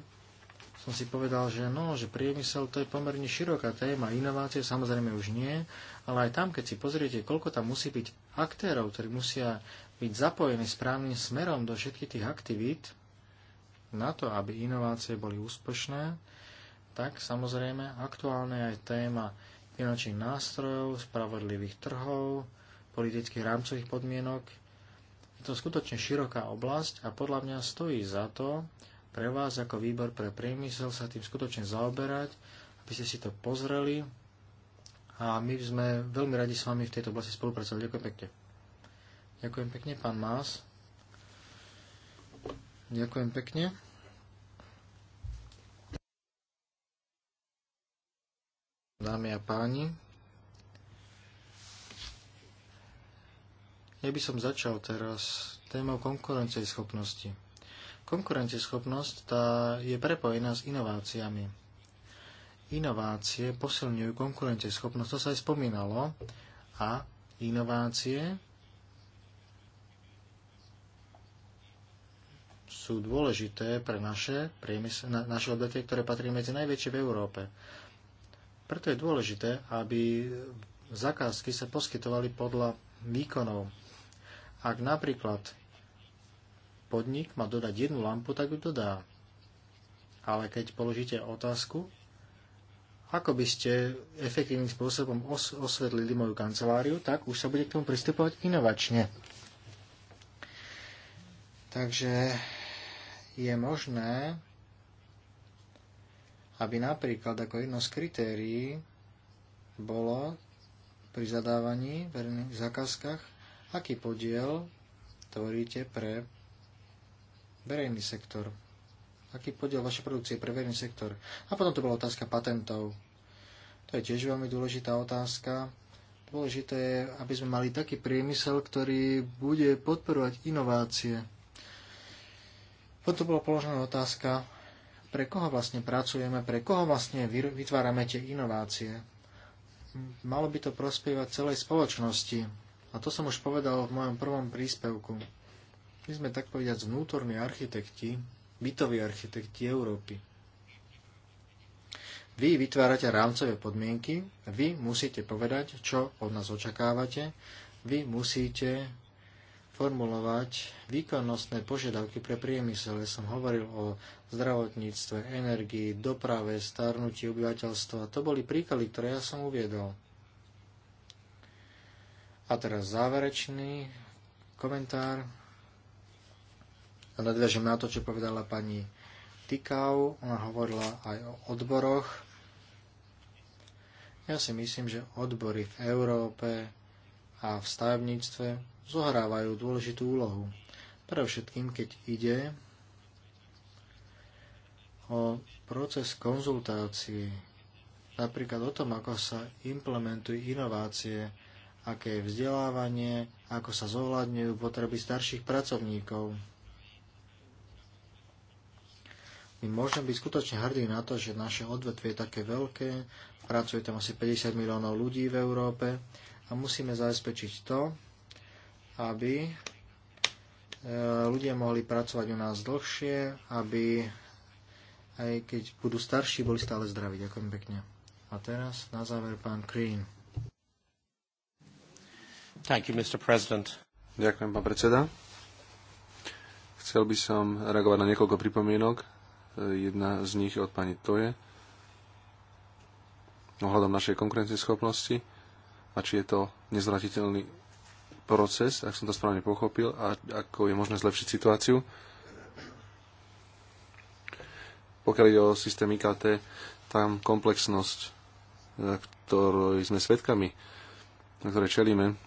som si povedal, že no, že priemysel to je pomerne široká téma, inovácie samozrejme už nie, ale aj tam, keď si pozriete, koľko tam musí byť aktérov, ktorí musia byť zapojení správnym smerom do všetkých tých aktivít na to, aby inovácie boli úspešné, tak samozrejme aktuálne aj téma finančných nástrojov, spravodlivých trhov, politických rámcových podmienok, je to skutočne široká oblasť a podľa mňa stojí za to pre vás ako výbor pre priemysel sa tým skutočne zaoberať, aby ste si to pozreli a my sme veľmi radi s vami v tejto oblasti spolupracovali. Ďakujem pekne. Ďakujem pekne, pán Más. Ďakujem pekne. Dámy a páni, Ja by som začal teraz témou konkurencieschopnosti. Konkurencieschopnosť tá je prepojená s inováciami. Inovácie posilňujú konkurencieschopnosť, to sa aj spomínalo, a inovácie sú dôležité pre naše, priemysl, na, naše odvetvie, ktoré patrí medzi najväčšie v Európe. Preto je dôležité, aby zakázky sa poskytovali podľa výkonov. Ak napríklad podnik má dodať jednu lampu, tak ju dodá. Ale keď položíte otázku, ako by ste efektívnym spôsobom os- osvetlili moju kanceláriu, tak už sa bude k tomu pristupovať inovačne. Takže je možné, aby napríklad ako jedno z kritérií bolo pri zadávaní verejných zákazkách Aký podiel tvoríte pre verejný sektor? Aký podiel vašej produkcie pre verejný sektor? A potom to bola otázka patentov. To je tiež veľmi dôležitá otázka. Dôležité je, aby sme mali taký priemysel, ktorý bude podporovať inovácie. Potom bola položená otázka, pre koho vlastne pracujeme, pre koho vlastne vytvárame tie inovácie. Malo by to prospievať celej spoločnosti. A to som už povedal v mojom prvom príspevku. My sme tak povediať vnútorní architekti, bytoví architekti Európy. Vy vytvárate rámcové podmienky, vy musíte povedať, čo od nás očakávate, vy musíte formulovať výkonnostné požiadavky pre priemysel. Ja som hovoril o zdravotníctve, energii, doprave, starnutí obyvateľstva. To boli príklady, ktoré ja som uviedol. A teraz záverečný komentár. A nadviažem na to, čo povedala pani Tikau. Ona hovorila aj o odboroch. Ja si myslím, že odbory v Európe a v stavebníctve zohrávajú dôležitú úlohu. Pre všetkým, keď ide o proces konzultácií, napríklad o tom, ako sa implementujú inovácie aké je vzdelávanie, ako sa zohľadňujú potreby starších pracovníkov. My môžeme byť skutočne hrdí na to, že naše odvetvie je také veľké, pracuje tam asi 50 miliónov ľudí v Európe a musíme zabezpečiť to, aby e, ľudia mohli pracovať u nás dlhšie, aby aj keď budú starší, boli stále zdraví. Ďakujem pekne. A teraz na záver pán Green. Thank you, Mr. President. Ďakujem, pán predseda. Chcel by som reagovať na niekoľko pripomienok. Jedna z nich je od pani Toje ohľadom našej konkurencieschopnosti a či je to nezvratiteľný proces, ak som to správne pochopil, a ako je možné zlepšiť situáciu. Pokiaľ ide o systém IKT, tam komplexnosť, ktorej sme svedkami, na ktorej čelíme,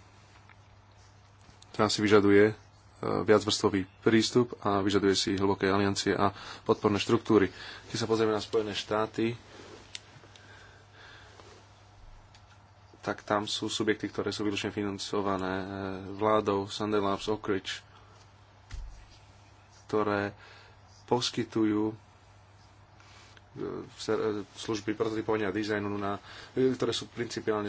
ktorá si vyžaduje e, viacvrstvový prístup a vyžaduje si hlboké aliancie a podporné štruktúry. Keď sa pozrieme na Spojené štáty, tak tam sú subjekty, ktoré sú výlučne financované e, vládou, Sunday Labs, Oak Ridge, ktoré poskytujú e, služby prototypovania a dizajnu, na, ktoré sú principiálne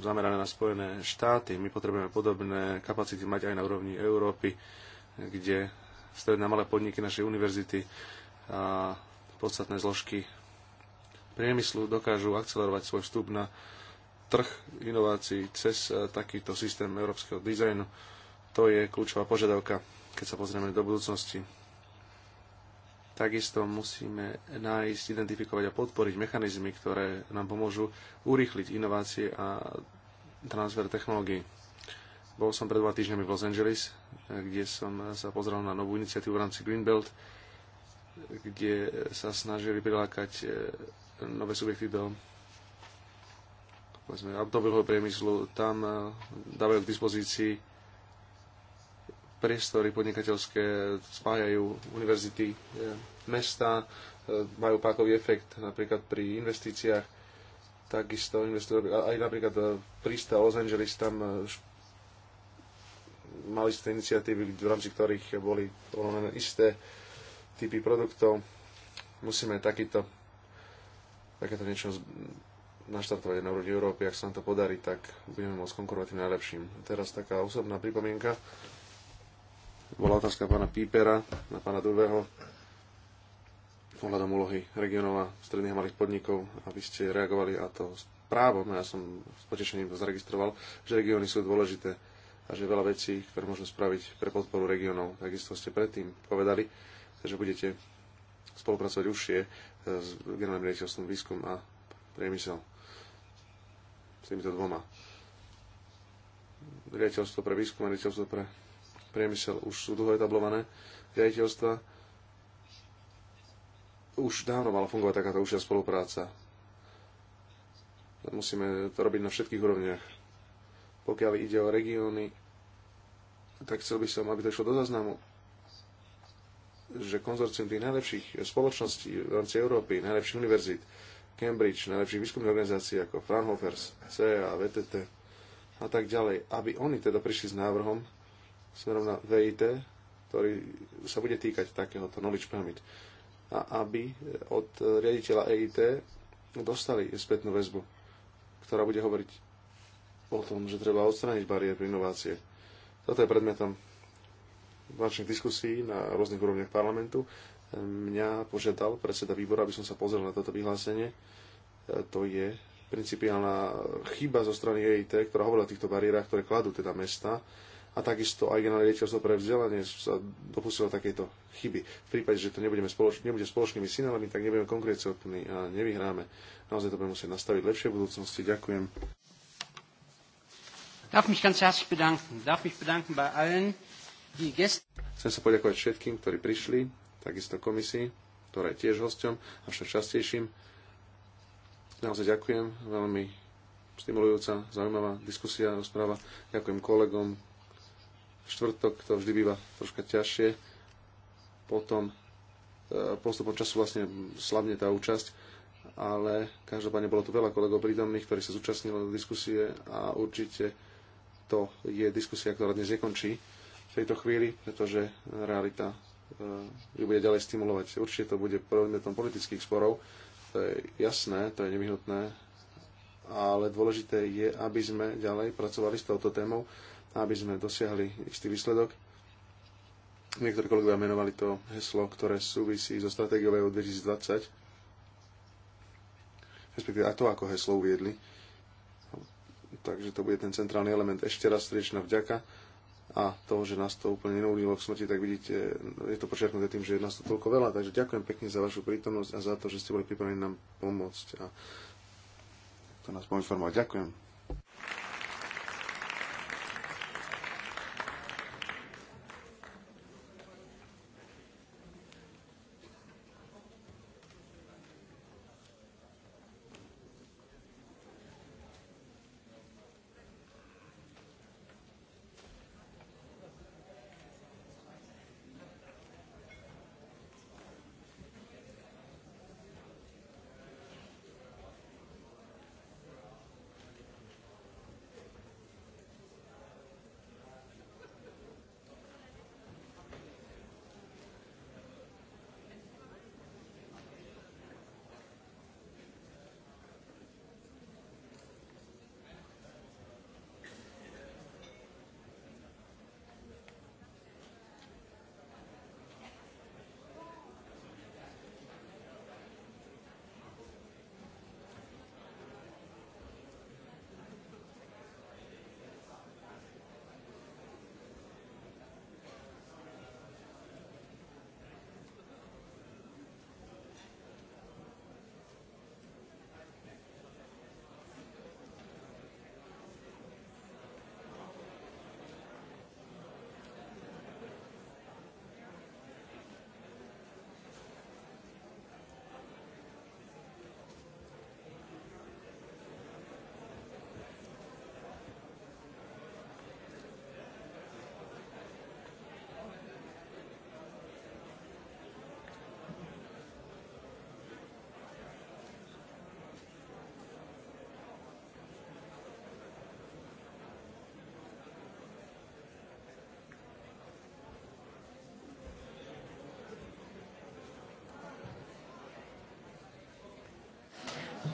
zamerané na Spojené štáty. My potrebujeme podobné kapacity mať aj na úrovni Európy, kde stredné malé podniky našej univerzity a podstatné zložky priemyslu dokážu akcelerovať svoj vstup na trh inovácií cez takýto systém európskeho dizajnu. To je kľúčová požiadavka, keď sa pozrieme do budúcnosti. Takisto musíme nájsť, identifikovať a podporiť mechanizmy, ktoré nám pomôžu urýchliť inovácie a transfer technológií. Bol som pred dva týždňami v Los Angeles, kde som sa pozrel na novú iniciatívu v rámci Greenbelt, kde sa snažili prilákať e, nové subjekty do automobilového priemyslu. Tam e, dávajú k dispozícii priestory podnikateľské spájajú univerzity, e, mesta, e, majú pákový efekt napríklad pri investíciách. Takisto investujú. aj napríklad e, prístav Los Angeles, tam mali ste iniciatívy, v rámci ktorých boli volené isté typy produktov. Musíme takýto, takéto niečo naštartovať na úrovni Európy. Ak sa nám to podarí, tak budeme môcť konkurovať tým najlepším. Teraz taká osobná pripomienka bola otázka pána Pípera na pána druhého ohľadom úlohy regionov a stredných a malých podnikov aby ste reagovali a to s no ja som s potešením to zaregistroval, že regióny sú dôležité a že veľa vecí, ktoré môžeme spraviť pre podporu regionov, takisto ste predtým povedali, že budete spolupracovať užšie eh, s generálnym riaditeľstvom výskum a priemysel s týmito dvoma riaditeľstvo pre výskum a riaditeľstvo pre priemysel už sú dlho etablované riaditeľstva. Už dávno mala fungovať takáto užšia spolupráca. Musíme to robiť na všetkých úrovniach. Pokiaľ ide o regióny, tak chcel by som, aby to išlo do zaznamu. že konzorcium tých najlepších spoločností v rámci Európy, najlepších univerzít, Cambridge, najlepších výskumných organizácií ako Fraunhofer, CEA, VTT a tak ďalej, aby oni teda prišli s návrhom, smerom na VIT, ktorý sa bude týkať takéhoto knowledge permit. A aby e, od e, riaditeľa EIT dostali spätnú väzbu, ktorá bude hovoriť o tom, že treba odstrániť bariéry inovácie. Toto je predmetom vašich diskusí na rôznych úrovniach parlamentu. E, mňa požiadal predseda výboru, aby som sa pozrel na toto vyhlásenie. To je principiálna chyba zo strany EIT, ktorá hovorila o týchto bariérach, ktoré kladú teda mesta a takisto aj generálne riaditeľstvo pre vzdelanie sa dopustilo takéto chyby. V prípade, že to nebudeme spoloč- nebude spoločnými synami, tak nebudeme konkurencieschopní a nevyhráme. Naozaj to budeme musieť nastaviť lepšie v budúcnosti. Ďakujem. Darf mich ganz herzlich bedanken. Darf mich bedanken bei allen, die gest- Chcem sa poďakovať všetkým, ktorí prišli, takisto komisii, ktorá je tiež hosťom a však častejším. Naozaj ďakujem, veľmi stimulujúca, zaujímavá diskusia, rozpráva. Ďakujem kolegom, štvrtok to vždy býva troška ťažšie. Potom e, postupom času vlastne slabne tá účasť ale každopádne bolo tu veľa kolegov prítomných, ktorí sa zúčastnili do diskusie a určite to je diskusia, ktorá dnes nekončí v tejto chvíli, pretože realita e, ju bude ďalej stimulovať. Určite to bude predmetom politických sporov, to je jasné, to je nevyhnutné, ale dôležité je, aby sme ďalej pracovali s touto témou aby sme dosiahli istý výsledok. Niektorí kolegovia menovali to heslo, ktoré súvisí so stratégiou EU 2020, respektíve aj to, ako heslo uviedli. Takže to bude ten centrálny element. Ešte raz striečná vďaka a to, že nás to úplne neúdilo k smrti, tak vidíte, je to počiarknuté tým, že je nás to toľko veľa. Takže ďakujem pekne za vašu prítomnosť a za to, že ste boli pripravení nám pomôcť a to nás poinformovať. Ďakujem.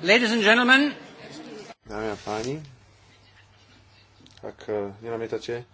Ladies and gentlemen. Dámy a páni, ak eh, nenamietate,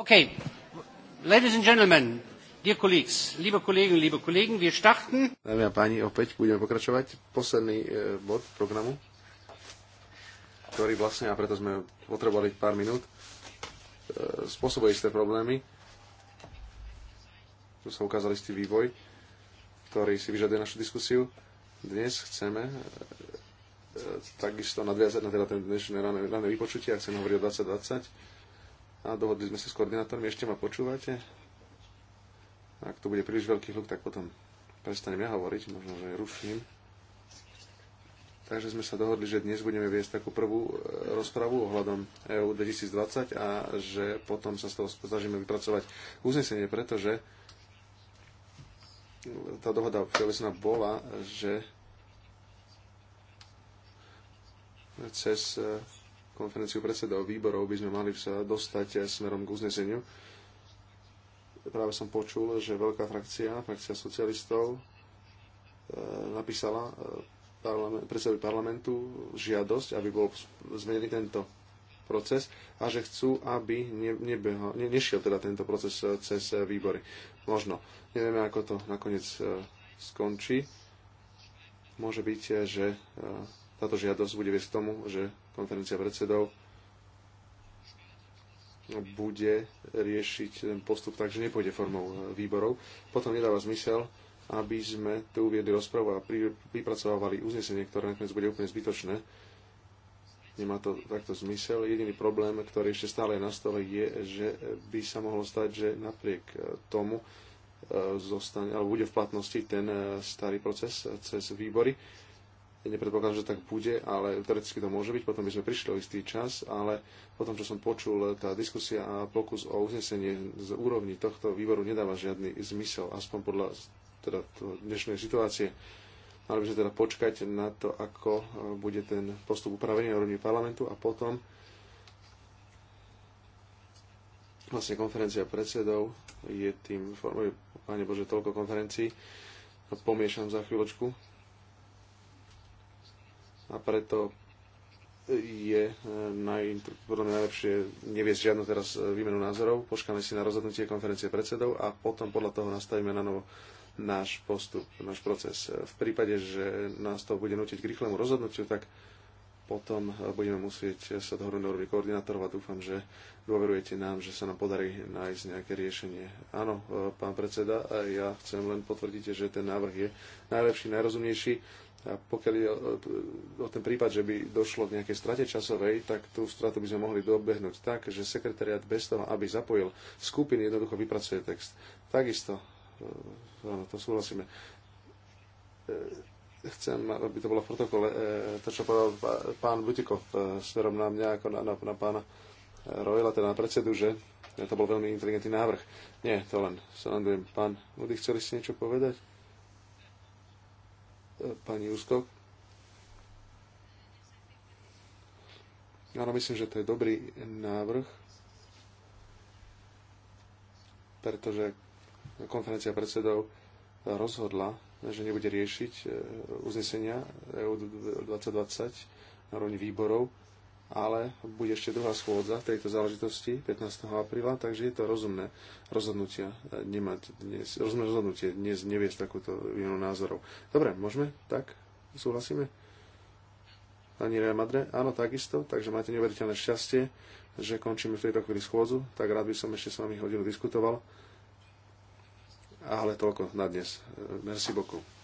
Okay, ladies and gentlemen, dear colleagues, liebe Kollegen, liebe Kollegen, wir starten. Dámy a páni, opäť budeme pokračovať. Posledný e, bod programu, ktorý vlastne, a preto sme potrebovali pár minút, e, spôsobuje isté problémy. Tu sa ukázali istý vývoj, ktorý si vyžaduje našu diskusiu. Dnes chceme e, e takisto nadviazať na teda ten dnešné rané, rané vypočutie, ak chcem hovoriť o 2020 a dohodli sme sa s koordinátormi, ešte ma počúvate? Ak tu bude príliš veľký hluk, tak potom prestanem ja hovoriť, možno, že ruším. Takže sme sa dohodli, že dnes budeme viesť takú prvú e, rozpravu ohľadom EU 2020 a že potom sa z toho snažíme vypracovať uznesenie, pretože tá dohoda všeobecná bola, že cez e, konferenciu predsedov výborov by sme mali sa dostať smerom k uzneseniu. Práve som počul, že veľká frakcia, frakcia socialistov, e, napísala e, parlament, predsedovi parlamentu žiadosť, aby bol zmenený tento proces a že chcú, aby ne, nebeho, ne, nešiel teda tento proces e, cez výbory. Možno. Nevieme, ako to nakoniec skončí. Môže byť, že táto žiadosť bude viesť k tomu, že konferencia predsedov bude riešiť ten postup tak, že nepôjde formou výborov. Potom nedáva zmysel, aby sme tu uviedli rozpravu a vypracovávali uznesenie, ktoré nakoniec bude úplne zbytočné. Nemá to takto zmysel. Jediný problém, ktorý ešte stále je na stole, je, že by sa mohlo stať, že napriek tomu e, zostane, alebo bude v platnosti ten e, starý proces e, cez výbory nepredpokladám, že tak bude, ale teoreticky to môže byť, potom by sme prišli o istý čas, ale potom, čo som počul, eh, tá diskusia a pokus o uznesenie z úrovni tohto výboru nedáva žiadny zmysel, aspoň podľa teda dnešnej situácie. Mali by sme teda počkať na to, ako eh, bude ten postup upravený na úrovni parlamentu a potom vlastne konferencia predsedov je tým, formou, páne Bože, toľko konferencií, pomiešam za chvíľočku, a preto je e, naj, podľa mňa najlepšie neviesť žiadnu teraz e, výmenu názorov. Počkáme si na rozhodnutie konferencie predsedov a potom podľa toho nastavíme na novo náš postup, náš proces. E, v prípade, že nás to bude nutiť k rýchlemu rozhodnutiu, tak potom budeme musieť sa dohodnúť na úrovni koordinátorov a dúfam, že dôverujete nám, že sa nám podarí nájsť nejaké riešenie. Áno, pán predseda, ja chcem len potvrdiť, že ten návrh je najlepší, najrozumnejší a pokiaľ je o ten prípad, že by došlo k nejakej strate časovej, tak tú stratu by sme mohli dobehnúť tak, že sekretariat bez toho, aby zapojil skupiny, jednoducho vypracuje text. Takisto, e, áno, to súhlasíme. E, chcem, aby to bolo v protokole, e, to, čo povedal pán Butikov smerom na mňa, ako na, na, na pána Rojla, teda na predsedu, že to bol veľmi inteligentný návrh. Nie, to len sa Pán Budy, chceli ste niečo povedať? pani Juskov. Áno, myslím, že to je dobrý návrh, pretože konferencia predsedov rozhodla, že nebude riešiť e, uznesenia EU 2020 na rovni výborov ale bude ešte druhá schôdza v tejto záležitosti 15. apríla, takže je to rozumné rozhodnutia e, nemať dnes, rozumné rozhodnutie dnes neviesť takúto výmenu názorov. Dobre, môžeme? Tak? Súhlasíme? Pani Rea Madre? Áno, takisto, takže máte neuveriteľné šťastie, že končíme v tejto chvíli schôdzu, tak rád by som ešte s vami hodinu diskutoval. Ale toľko na dnes. E, Merci beaucoup.